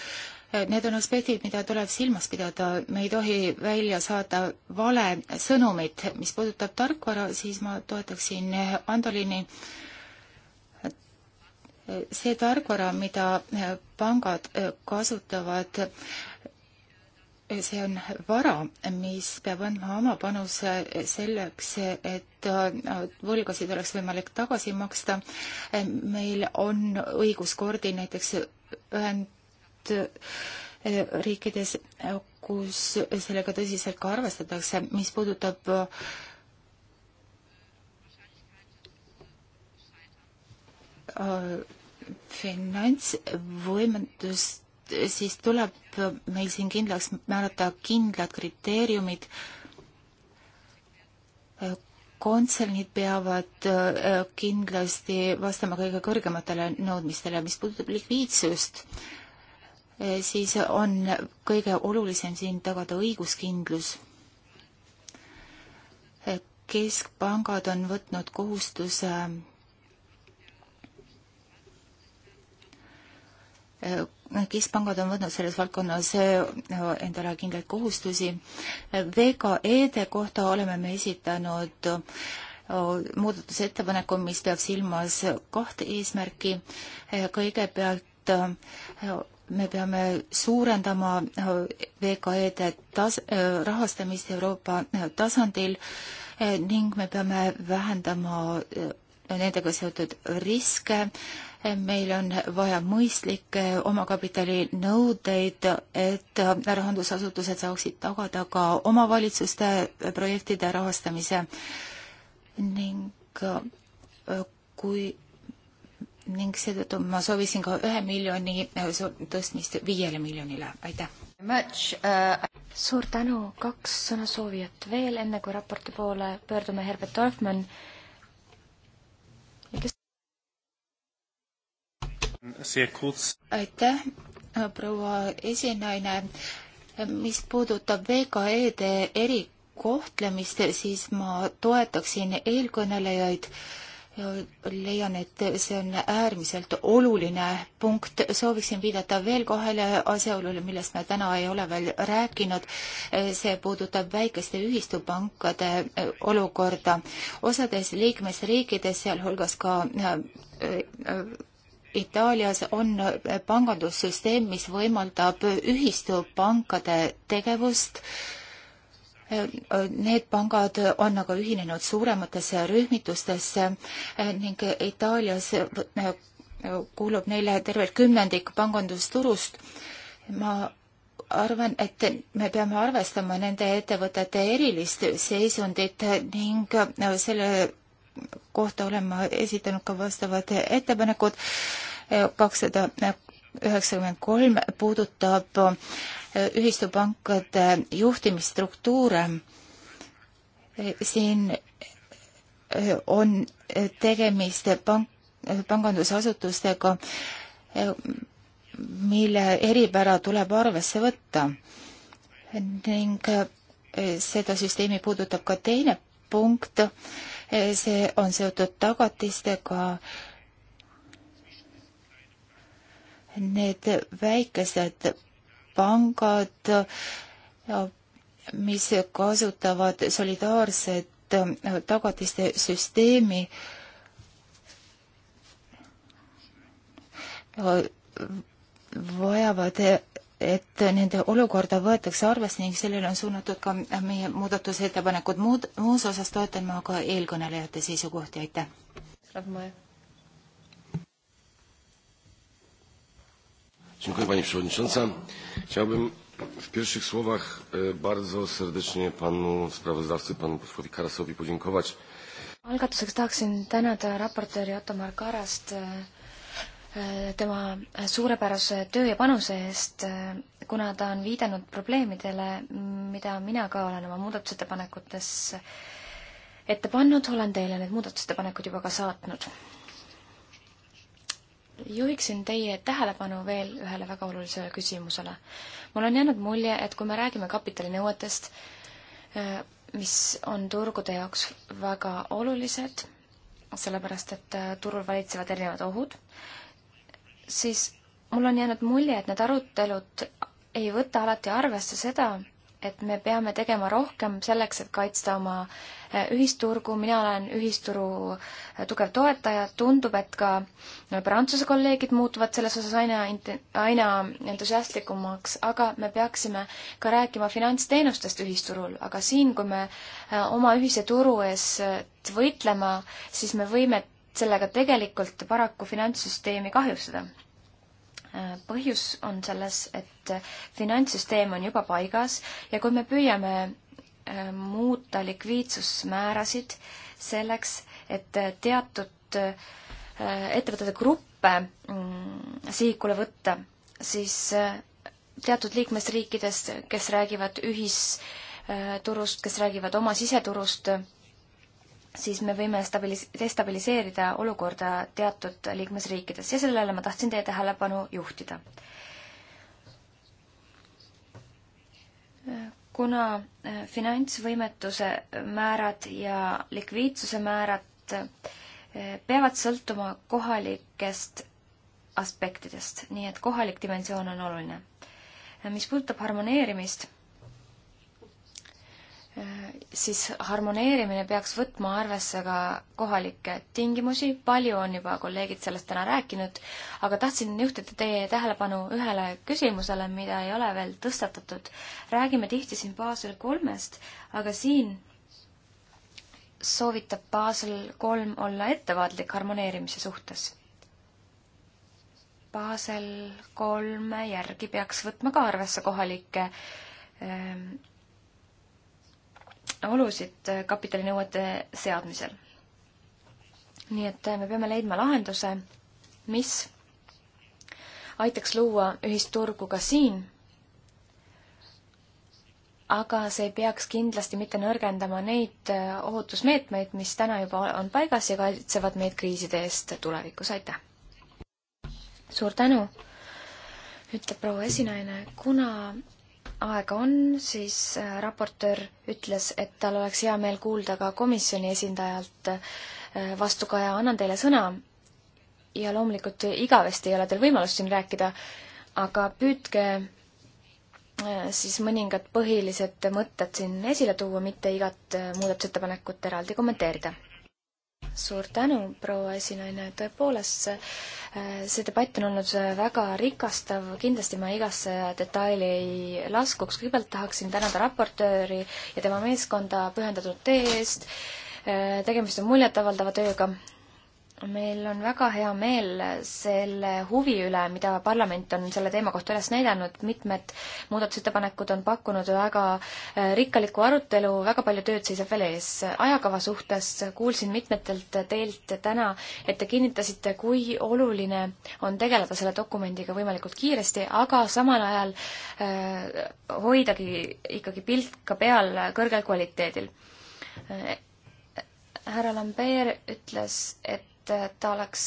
Need on aspektid, mida tuleb silmas pidada, me ei tohi välja saada vale sõnumit. mis puudutab tarkvara, siis ma toetaksin Andolini see tarkvara, mida pangad kasutavad, see on vara, mis peab andma oma panuse selleks, et äh, võlgasid oleks võimalik tagasi maksta. meil on õiguskoordi näiteks ühend äh, riikides, kus sellega tõsiselt ka arvestatakse, mis puudutab äh, finantsvõimendust siis tuleb meil siin kindlaks määrata kindlad kriteeriumid. kontsernid peavad äh, kindlasti vastama kõige kõrgematele nõudmistele, mis puudutab likviidsust, äh, siis on kõige olulisem siin tagada õiguskindlus. Äh, keskpangad on võtnud kohustuse keskpangad on võtnud selles valdkonnas äh, endale kindlaid kohustusi. VKE-de kohta oleme me esitanud äh, muudatusettepaneku, mis peab silmas kahte eesmärki. Äh, kõigepealt me peame suurendama VKE-de tas-, rahastamist Euroopa tasandil ning me peame vähendama nendega seotud riske meil on vaja mõistlikke eh, omakapitali nõudeid, et eh, rahandusasutused saaksid tagada ka omavalitsuste eh, projektide rahastamise ning kui ning seetõttu ma soovisin ka ühe miljoni tõstmist viiele miljonile, aitäh! suur tänu, kaks sõnasoovijat veel, enne kui raporti poole pöördume, Herbert Dorfmann aitäh, proua esinaine. mis puudutab VKE-de erikohtlemist, siis ma toetaksin eelkõnelejaid leian, et see on äärmiselt oluline punkt. sooviksin viidata veel kahele asjaolule, millest me täna ei ole veel rääkinud. see puudutab väikeste ühistupankade olukorda. osades liikmesriikides, sealhulgas ka äh, äh, Itaalias on pangandussüsteem, mis võimaldab ühistupankade tegevust. Need pangad on aga ühinenud suurematesse rühmitustesse ning Itaalias kuulub neile tervelt kümnendik pangandusturust. ma arvan, et me peame arvestama nende ettevõtete erilist seisundit ning selle kohta olen ma esitanud ka vastavad ettepanekud. kakssada üheksakümmend kolm puudutab eh, ühistupankade juhtimisstruktuure. siin eh, on tegemist pank, pangandusasutustega, eh, mille eripära tuleb arvesse võtta ning seda süsteemi puudutab ka teine punkt, Eh, see on seotud tagatistega. Need väikesed pangad, eh, mis kasutavad solidaarset eh, tagatiste süsteemi, vajavad et nende olukorda võetakse arvesse ning sellele on suunatud ka meie muudatusettepanekud. muud, muus osas toetan ma ka eelkõnelejate seisukohti, aitäh. Dziękuję Pani Przewodnicząca. Chciałbym w pierwszych słowach e, bardzo serdecznie Panu sprawozdawcy, Panu posłowi Karasowi podziękować. Algatuseks tahaksin tänada raportööri Ottomar Karast äh, e, tema suurepärase töö ja panuse eest, kuna ta on viidanud probleemidele, mida mina ka olen oma muudatusettepanekutes ette pannud, olen teile need muudatusettepanekud juba ka saatnud. juhiksin teie tähelepanu veel ühele väga olulisele küsimusele. mul on jäänud mulje, et kui me räägime kapitalinõuetest, mis on turgude jaoks väga olulised, sellepärast et turul valitsevad erinevad ohud siis mul on jäänud mulje, et need arutelud ei võta alati arvesse seda, et me peame tegema rohkem selleks, et kaitsta oma äh, ühisturgu, mina olen ühisturu äh, tugev toetaja, tundub, et ka no, äh, Prantsuse kolleegid muutuvad selles osas aina, aina entusiastlikumaks, aga me peaksime ka rääkima finantsteenustest ühisturul, aga siin, kui me oma ühise turu ees võitlema, siis me võime sellega tegelikult paraku finantssüsteemi kahjustada. põhjus on selles, et finantssüsteem on juba paigas ja kui me püüame äh, muuta likviidsusmäärasid selleks, et teatud äh, ettevõtete gruppe mm, sihikule võtta, siis äh, teatud liikmesriikides, kes räägivad ühisturust, kes räägivad oma siseturust, siis me võime stabilis-, destabiliseerida olukorda teatud liikmesriikides ja sellele ma tahtsin teie tähelepanu juhtida. kuna äh, finantsvõimetuse määrad ja likviidsuse määrad äh, peavad sõltuma kohalikest aspektidest, nii et kohalik dimensioon on oluline. Äh, mis puudutab harmoneerimist siis harmoneerimine peaks võtma arvesse ka kohalikke tingimusi, palju on juba kolleegid sellest täna rääkinud, aga tahtsin juhtida teie tähelepanu ühele küsimusele, mida ei ole veel tõstatatud. räägime tihti siin Basel kolmest, aga siin soovitab Basel kolm olla ettevaatlik harmoneerimise suhtes. Basel kolme järgi peaks võtma ka arvesse kohalikke ähm, olusid äh, kapitalinõuete seadmisel. nii et äh, me peame leidma lahenduse, mis aitaks luua ühist turgu ka siin, aga see ei peaks kindlasti mitte nõrgendama neid äh, ohutusmeetmeid, mis täna juba on paigas ja kaitsevad meid kriiside eest tulevikus, aitäh! suur tänu, ütleb proua esinaine, kuna aega on, siis äh, raportöör ütles, et tal oleks hea meel kuulda ka komisjoni esindajalt äh, vastukaja, annan teile sõna. ja loomulikult igavesti ei ole teil võimalust siin rääkida, aga püüdke äh, siis mõningad põhilised mõtted siin esile tuua, mitte igat muudatusettepanekut eraldi kommenteerida suur tänu, proua esinaine, tõepoolest see, äh, see debatt on olnud äh, väga rikastav, kindlasti ma igasse detaili ei laskuks, kõigepealt tahaksin tänada raportööri ja tema meeskonda pühendatud tee eest, äh, tegemist on muljetavaldava tööga meil on väga hea meel selle huvi üle, mida parlament on selle teema kohta üles näidanud, mitmed muudatusettepanekud on pakkunud väga äh, rikkalikku arutelu, väga palju tööd seisab veel ees. ajakava suhtes kuulsin mitmetelt teilt täna, et te kinnitasite, kui oluline on tegeleda selle dokumendiga võimalikult kiiresti, aga samal ajal äh, hoidagi ikkagi pilt ka peal kõrgel kvaliteedil äh, härra Lambert ütles, et et ta oleks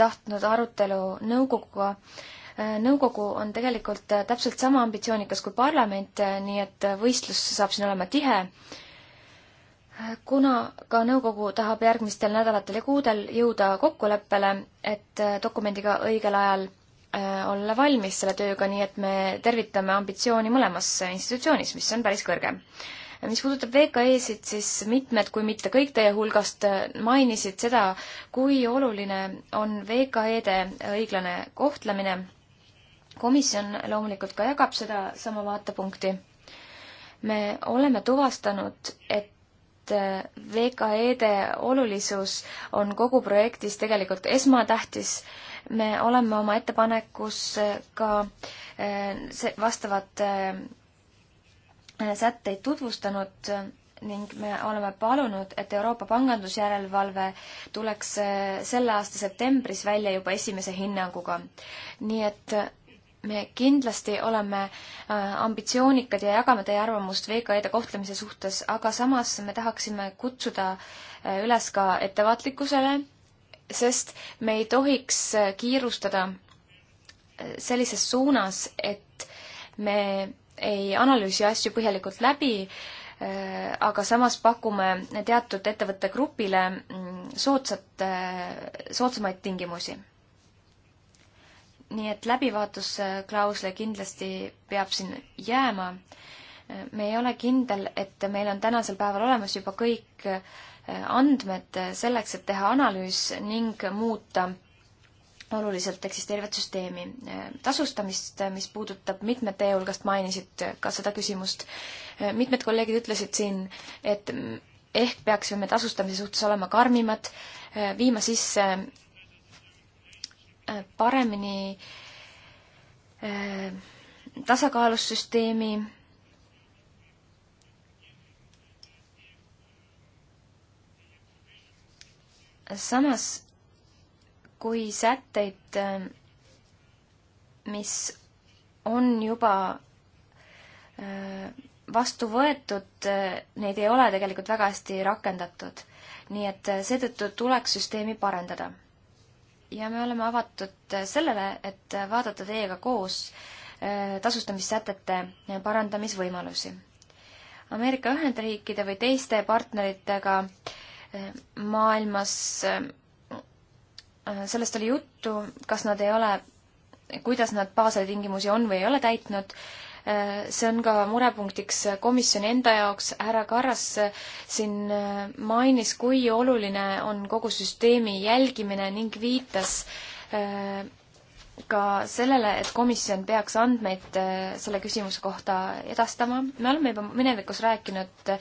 tahtnud arutelu nõukoguga. nõukogu on tegelikult täpselt sama ambitsioonikas kui parlament, nii et võistlus saab siin olema tihe. kuna ka nõukogu tahab järgmistel nädalatel ja kuudel jõuda kokkuleppele, et dokumendiga õigel ajal äh, olla valmis selle tööga, nii et me tervitame ambitsiooni mõlemas institutsioonis, mis on päris kõrge mis puudutab VKE-sid, siis mitmed, kui mitte kõik teie hulgast äh, mainisid seda, kui oluline on VKE-de õiglane kohtlemine. komisjon loomulikult ka jagab seda sama vaatepunkti. me oleme tuvastanud, et äh, VKE-de olulisus on kogu projektis tegelikult esmatähtis. me oleme oma ettepanekus äh, ka see vastavad sätteid tutvustanud ning me oleme palunud, et Euroopa pangandusjärelevalve tuleks äh, selle aasta septembris välja juba esimese hinnanguga. nii et me kindlasti oleme äh, ambitsioonikad ja jagame teie arvamust VKE-de kohtlemise suhtes, aga samas me tahaksime kutsuda äh, üles ka ettevaatlikkusele, sest me ei tohiks kiirustada sellises suunas, et me ei analüüsi asju põhjalikult läbi, äh, aga samas pakume teatud ettevõtte grupile mm, soodsat, äh, soodsamaid tingimusi. nii et läbivaatusklausle kindlasti peab siin jääma. me ei ole kindel, et meil on tänasel päeval olemas juba kõik äh, andmed selleks, et teha analüüs ning muuta äh, oluliselt eksisteerivat süsteemi. Äh, tasustamist, äh, mis puudutab, mitmed teie hulgast mainisid äh, ka seda küsimust, mitmed kolleegid ütlesid siin, et mm, ehk peaksime tasustamise suhtes olema karmimad, viima sisse paremini tasakaalussüsteemi, samas kui sätteid, mis on juba äh, vastu võetud, äh, neid ei ole tegelikult väga hästi rakendatud. nii et äh, seetõttu tuleks süsteemi parendada. ja me oleme avatud sellele, et vaadata teiega koos tasustamissätete parandamisvõimalusi. Ameerika Ühendriikide või teiste partneritega maailmas Äh, sellest oli juttu, kas nad ei ole, kuidas nad baaside tingimusi on või ei ole täitnud, äh, see on ka murepunktiks komisjoni enda jaoks, härra Karras äh, siin mainis, kui oluline on kogu süsteemi jälgimine ning viitas ka sellele, et komisjon peaks andmeid äh, selle küsimuse kohta edastama. me oleme juba minevikus rääkinud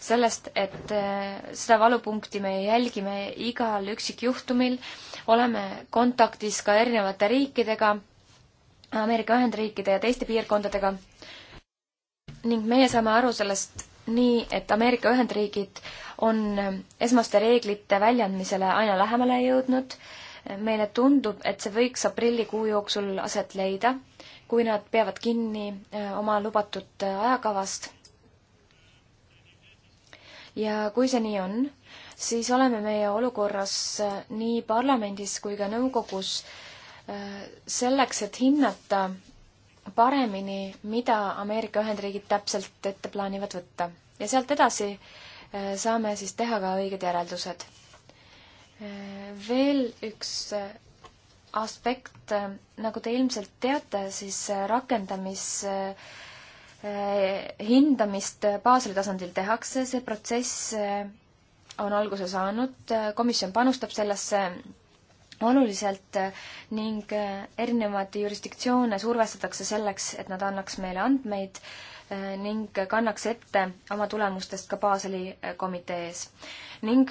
sellest, et äh, seda valupunkti me jälgime igal üksikjuhtumil, oleme kontaktis ka erinevate riikidega, Ameerika Ühendriikide ja teiste piirkondadega. ning meie saame aru sellest nii, et Ameerika Ühendriigid on äh, esmaste reeglite väljaandmisele aina lähemale jõudnud meile tundub, et see võiks aprillikuu jooksul aset leida, kui nad peavad kinni äh, oma lubatud äh, ajakavast. ja kui see nii on, siis oleme meie olukorras äh, nii parlamendis kui ka nõukogus selleks, et hinnata paremini, mida Ameerika Ühendriigid täpselt ette plaanivad võtta. ja sealt edasi saame siis teha ka õiged järeldused veel üks äh, aspekt, äh, nagu te ilmselt teate, siis äh, rakendamis hindamist baasli tasandil tehakse, see protsess on alguse saanud, komisjon panustab sellesse oluliselt ning erinevaid jurisdiktsioone survestatakse selleks, et nad annaks meile andmeid ning kannaks ette oma tulemustest ka Baseli komitee ees. ning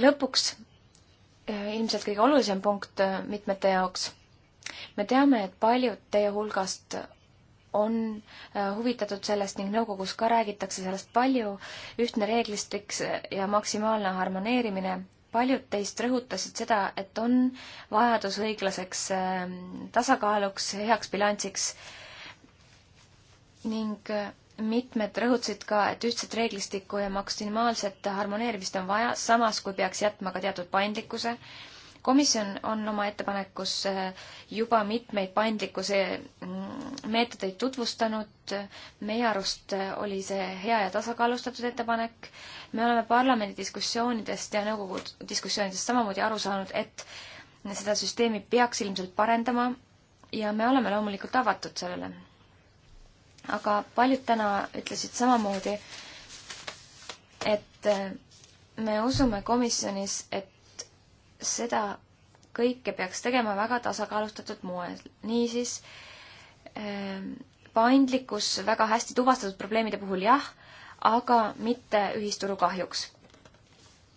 lõpuks äh, ilmselt kõige olulisem punkt äh, mitmete jaoks. me teame, et paljud teie hulgast on äh, huvitatud sellest ning nõukogus ka räägitakse sellest palju, ühtne reeglistik ja maksimaalne harmoneerimine. paljud teist rõhutasid seda, et on vajadus õiglaseks tasakaaluks, heaks bilansiks ning mitmed rõhutasid ka, et ühtset reeglistikku ja maksimaalset harmoneerimist on vaja, samas kui peaks jätma ka teatud paindlikkuse. komisjon on oma ettepanekus äh, juba mitmeid paindlikkuse mm, meetodeid tutvustanud, meie arust äh, oli see hea ja tasakaalustatud ettepanek. me oleme parlamendi diskussioonidest ja nõukogu diskussioonidest samamoodi aru saanud, et seda süsteemi peaks ilmselt parendama ja me oleme loomulikult avatud sellele aga paljud täna ütlesid samamoodi, et äh, me usume komisjonis, et seda kõike peaks tegema väga tasakaalustatud moel. niisiis ähm, paindlikkus väga hästi tuvastatud probleemide puhul jah, aga mitte ühisturu kahjuks.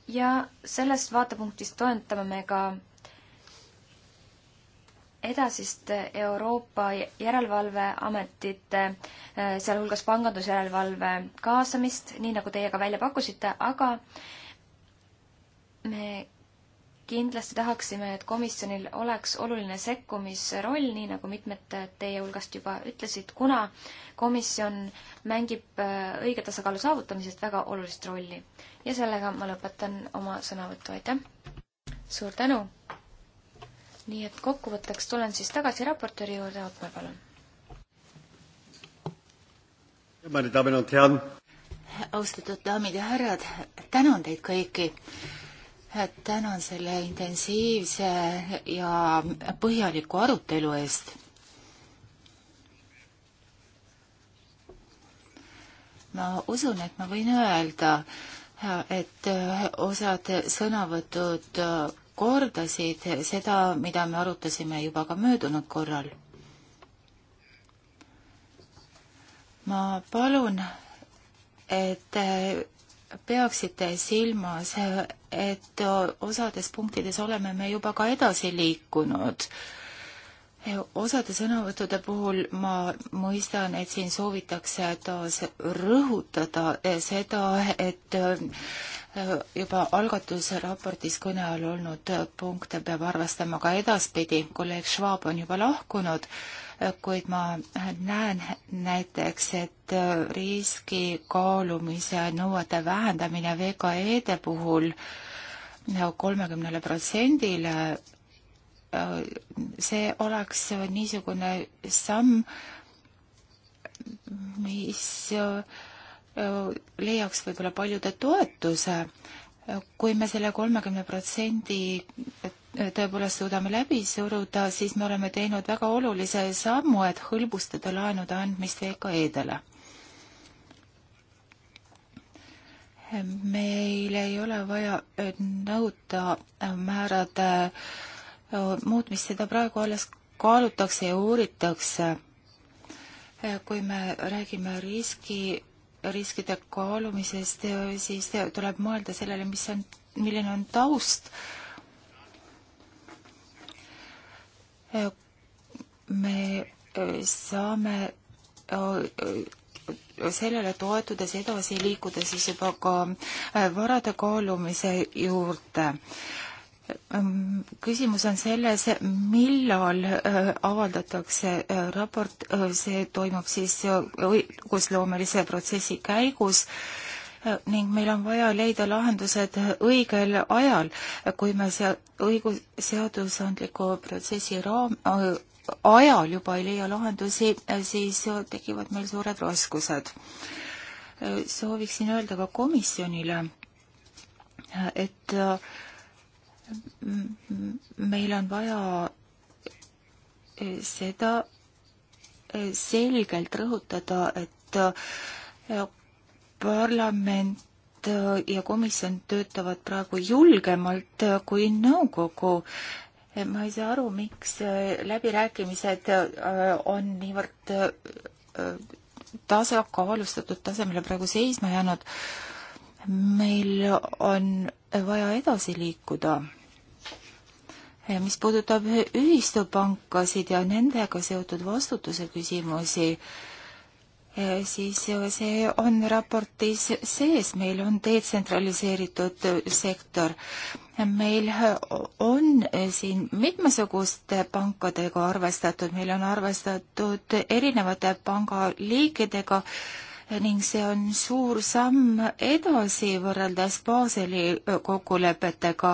ja sellest vaatepunktist toetame me ka edasist Euroopa Järelevalveametite, sealhulgas pangandusjärelevalve kaasamist, nii nagu teie ka välja pakkusite, aga me kindlasti tahaksime, et komisjonil oleks oluline sekkumisroll, nii nagu mitmed teie hulgast juba ütlesid, kuna komisjon mängib äh, õige tasakaalu saavutamisest väga olulist rolli. ja sellega ma lõpetan oma sõnavõttu, aitäh! suur tänu! nii et kokkuvõtteks tulen siis tagasi raportööri juurde, Otmar, palun. austatud daamid ja härrad, tänan teid kõiki. tänan selle intensiivse ja põhjaliku arutelu eest. ma usun, et ma võin öelda, et osad sõnavõtud kordasid seda, mida me arutasime juba ka möödunud korral. ma palun, et peaksite silmas, et osades punktides oleme me juba ka edasi liikunud äh, osade sõnavõttude puhul ma mõistan, et siin soovitakse taas rõhutada eh, seda, et eh, juba algatusraportis kõne all olnud punkte peab arvestama ka edaspidi. kolleeg Schwab on juba lahkunud, eh, kuid ma näen näiteks, et riski kaalumise nõuete vähendamine VKE-de puhul kolmekümnele protsendile see oleks niisugune samm, mis äh, leiaks võib-olla paljude toetuse, kui me selle kolmekümne protsendi äh, tõepoolest suudame läbi suruda, siis me oleme teinud väga olulise sammu, et hõlbustada laenude andmist VKE-dele. meil ei ole vaja äh, nõuda määrade muutmist, seda praegu alles kaalutakse ja uuritakse. kui me räägime riski, riskide kaalumisest, siis tuleb mõelda sellele, mis on, milline on taust. me saame sellele toetudes edasi liikuda siis juba ka varade kaalumise juurde Ehm, küsimus on selles, millal äh, avaldatakse äh, raport, äh, see toimub siis õigusloomelise protsessi käigus ning meil on vaja leida lahendused õigel ajal, kui me see õigus, seadusandliku protsessi raam, ajal juba ei leia lahendusi, siis tekivad meil suured raskused. sooviksin öelda ka komisjonile, et äh, meil on vaja e, seda e, selgelt rõhutada, et e, parlament ja komisjon töötavad praegu julgemalt kui nõukogu. ma ei saa aru, miks läbirääkimised on niivõrd tasakaalustatud tasemele praegu seisma jäänud. meil on vaja edasi liikuda mis puudutab ühistupankasid ja nendega seotud vastutuse küsimusi, e, siis see on raportis sees, meil on detsentraliseeritud sektor. meil on siin mitmesuguste pankadega arvestatud, meil on arvestatud erinevate pangaliikidega ning see on suur samm edasi võrreldes Baseli kokkulepetega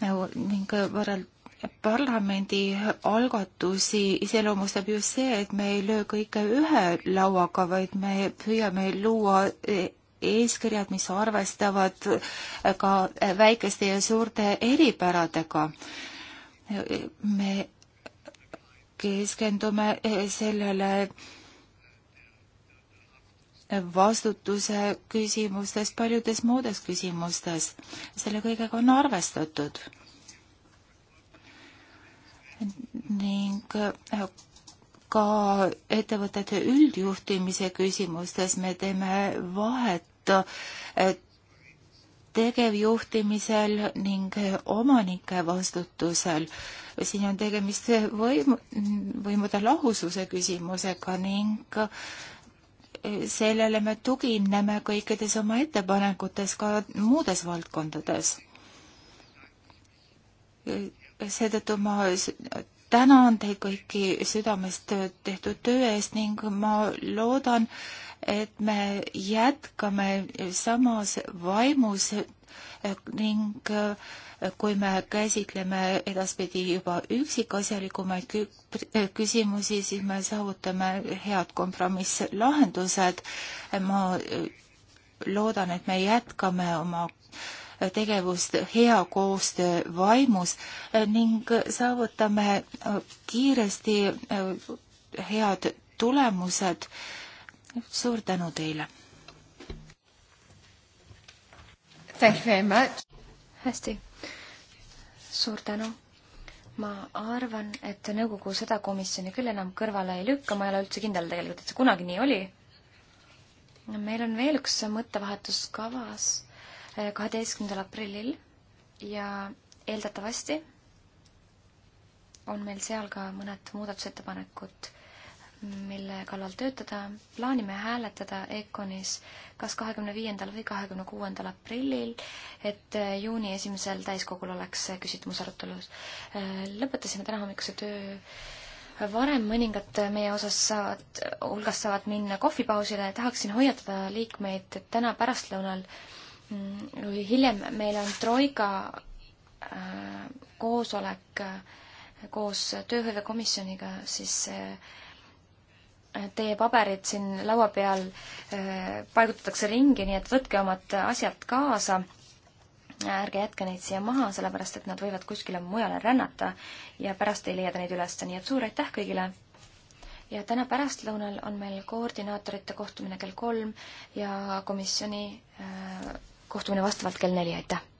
ning võrreld-, parlamendi algatusi iseloomustab just see, et me ei löö kõike ühe lauaga, vaid me püüame luua e-, eeskirjad, mis arvestavad ka väikeste ja suurte eripäradega. me keskendume sellele vastutuse küsimustes, paljudes muudes küsimustes. selle kõigega on arvestatud ning äh, ka ettevõtete üldjuhtimise küsimustes me teeme vahet äh, tegevjuhtimisel ning äh, omanike vastutusel. siin on tegemist võim, võimude lahususe küsimusega ning sellele me tugineme kõikides oma ettepanekutes ka muudes valdkondades seetõttu ma tänan teid kõiki südamest tehtud töö eest ning ma loodan, et me jätkame samas vaimus ning eh, kui me käsitleme edaspidi juba üksikasjalikumaid küsimusi, siis me saavutame head kompromisslahendused. ma loodan, et me jätkame oma tegevust hea koostöö vaimus eh, ning saavutame eh, kiiresti eh, head tulemused. suur tänu teile! hästi, suur tänu! ma arvan, et nõukogu seda komisjoni küll enam kõrvale ei lükka, ma ei ole üldse kindel tegelikult, et see kunagi nii oli. meil on veel üks mõttevahetus kavas kaheteistkümnendal aprillil ja eeldatavasti on meil seal ka mõned muudatusettepanekud, mille kallal töötada. plaanime hääletada EKONis kas kahekümne viiendal või kahekümne kuuendal aprillil, et juuni esimesel täiskogul oleks see küsitlus arutelus. lõpetasime tänahommikuse töö varem mõningad meie osas saavad, hulgast saavad minna kohvipausile, tahaksin hoiatada liikmeid, et täna pärastlõunal äh, Mm, hiljem meil on Troika äh, koosolek äh, koos tööhõivekomisjoniga, siis äh, teie paberid siin laua peal paigutatakse ringi, nii et võtke omad asjad kaasa. ärge jätke neid siia maha, sellepärast et nad võivad kuskile mujale rännata ja pärast ei leia te neid üles, nii et suur aitäh kõigile! ja täna pärastlõunal on meil koordinaatorite kohtumine kell kolm ja komisjoni äh, kohtumine vastavalt kell neli, aitäh!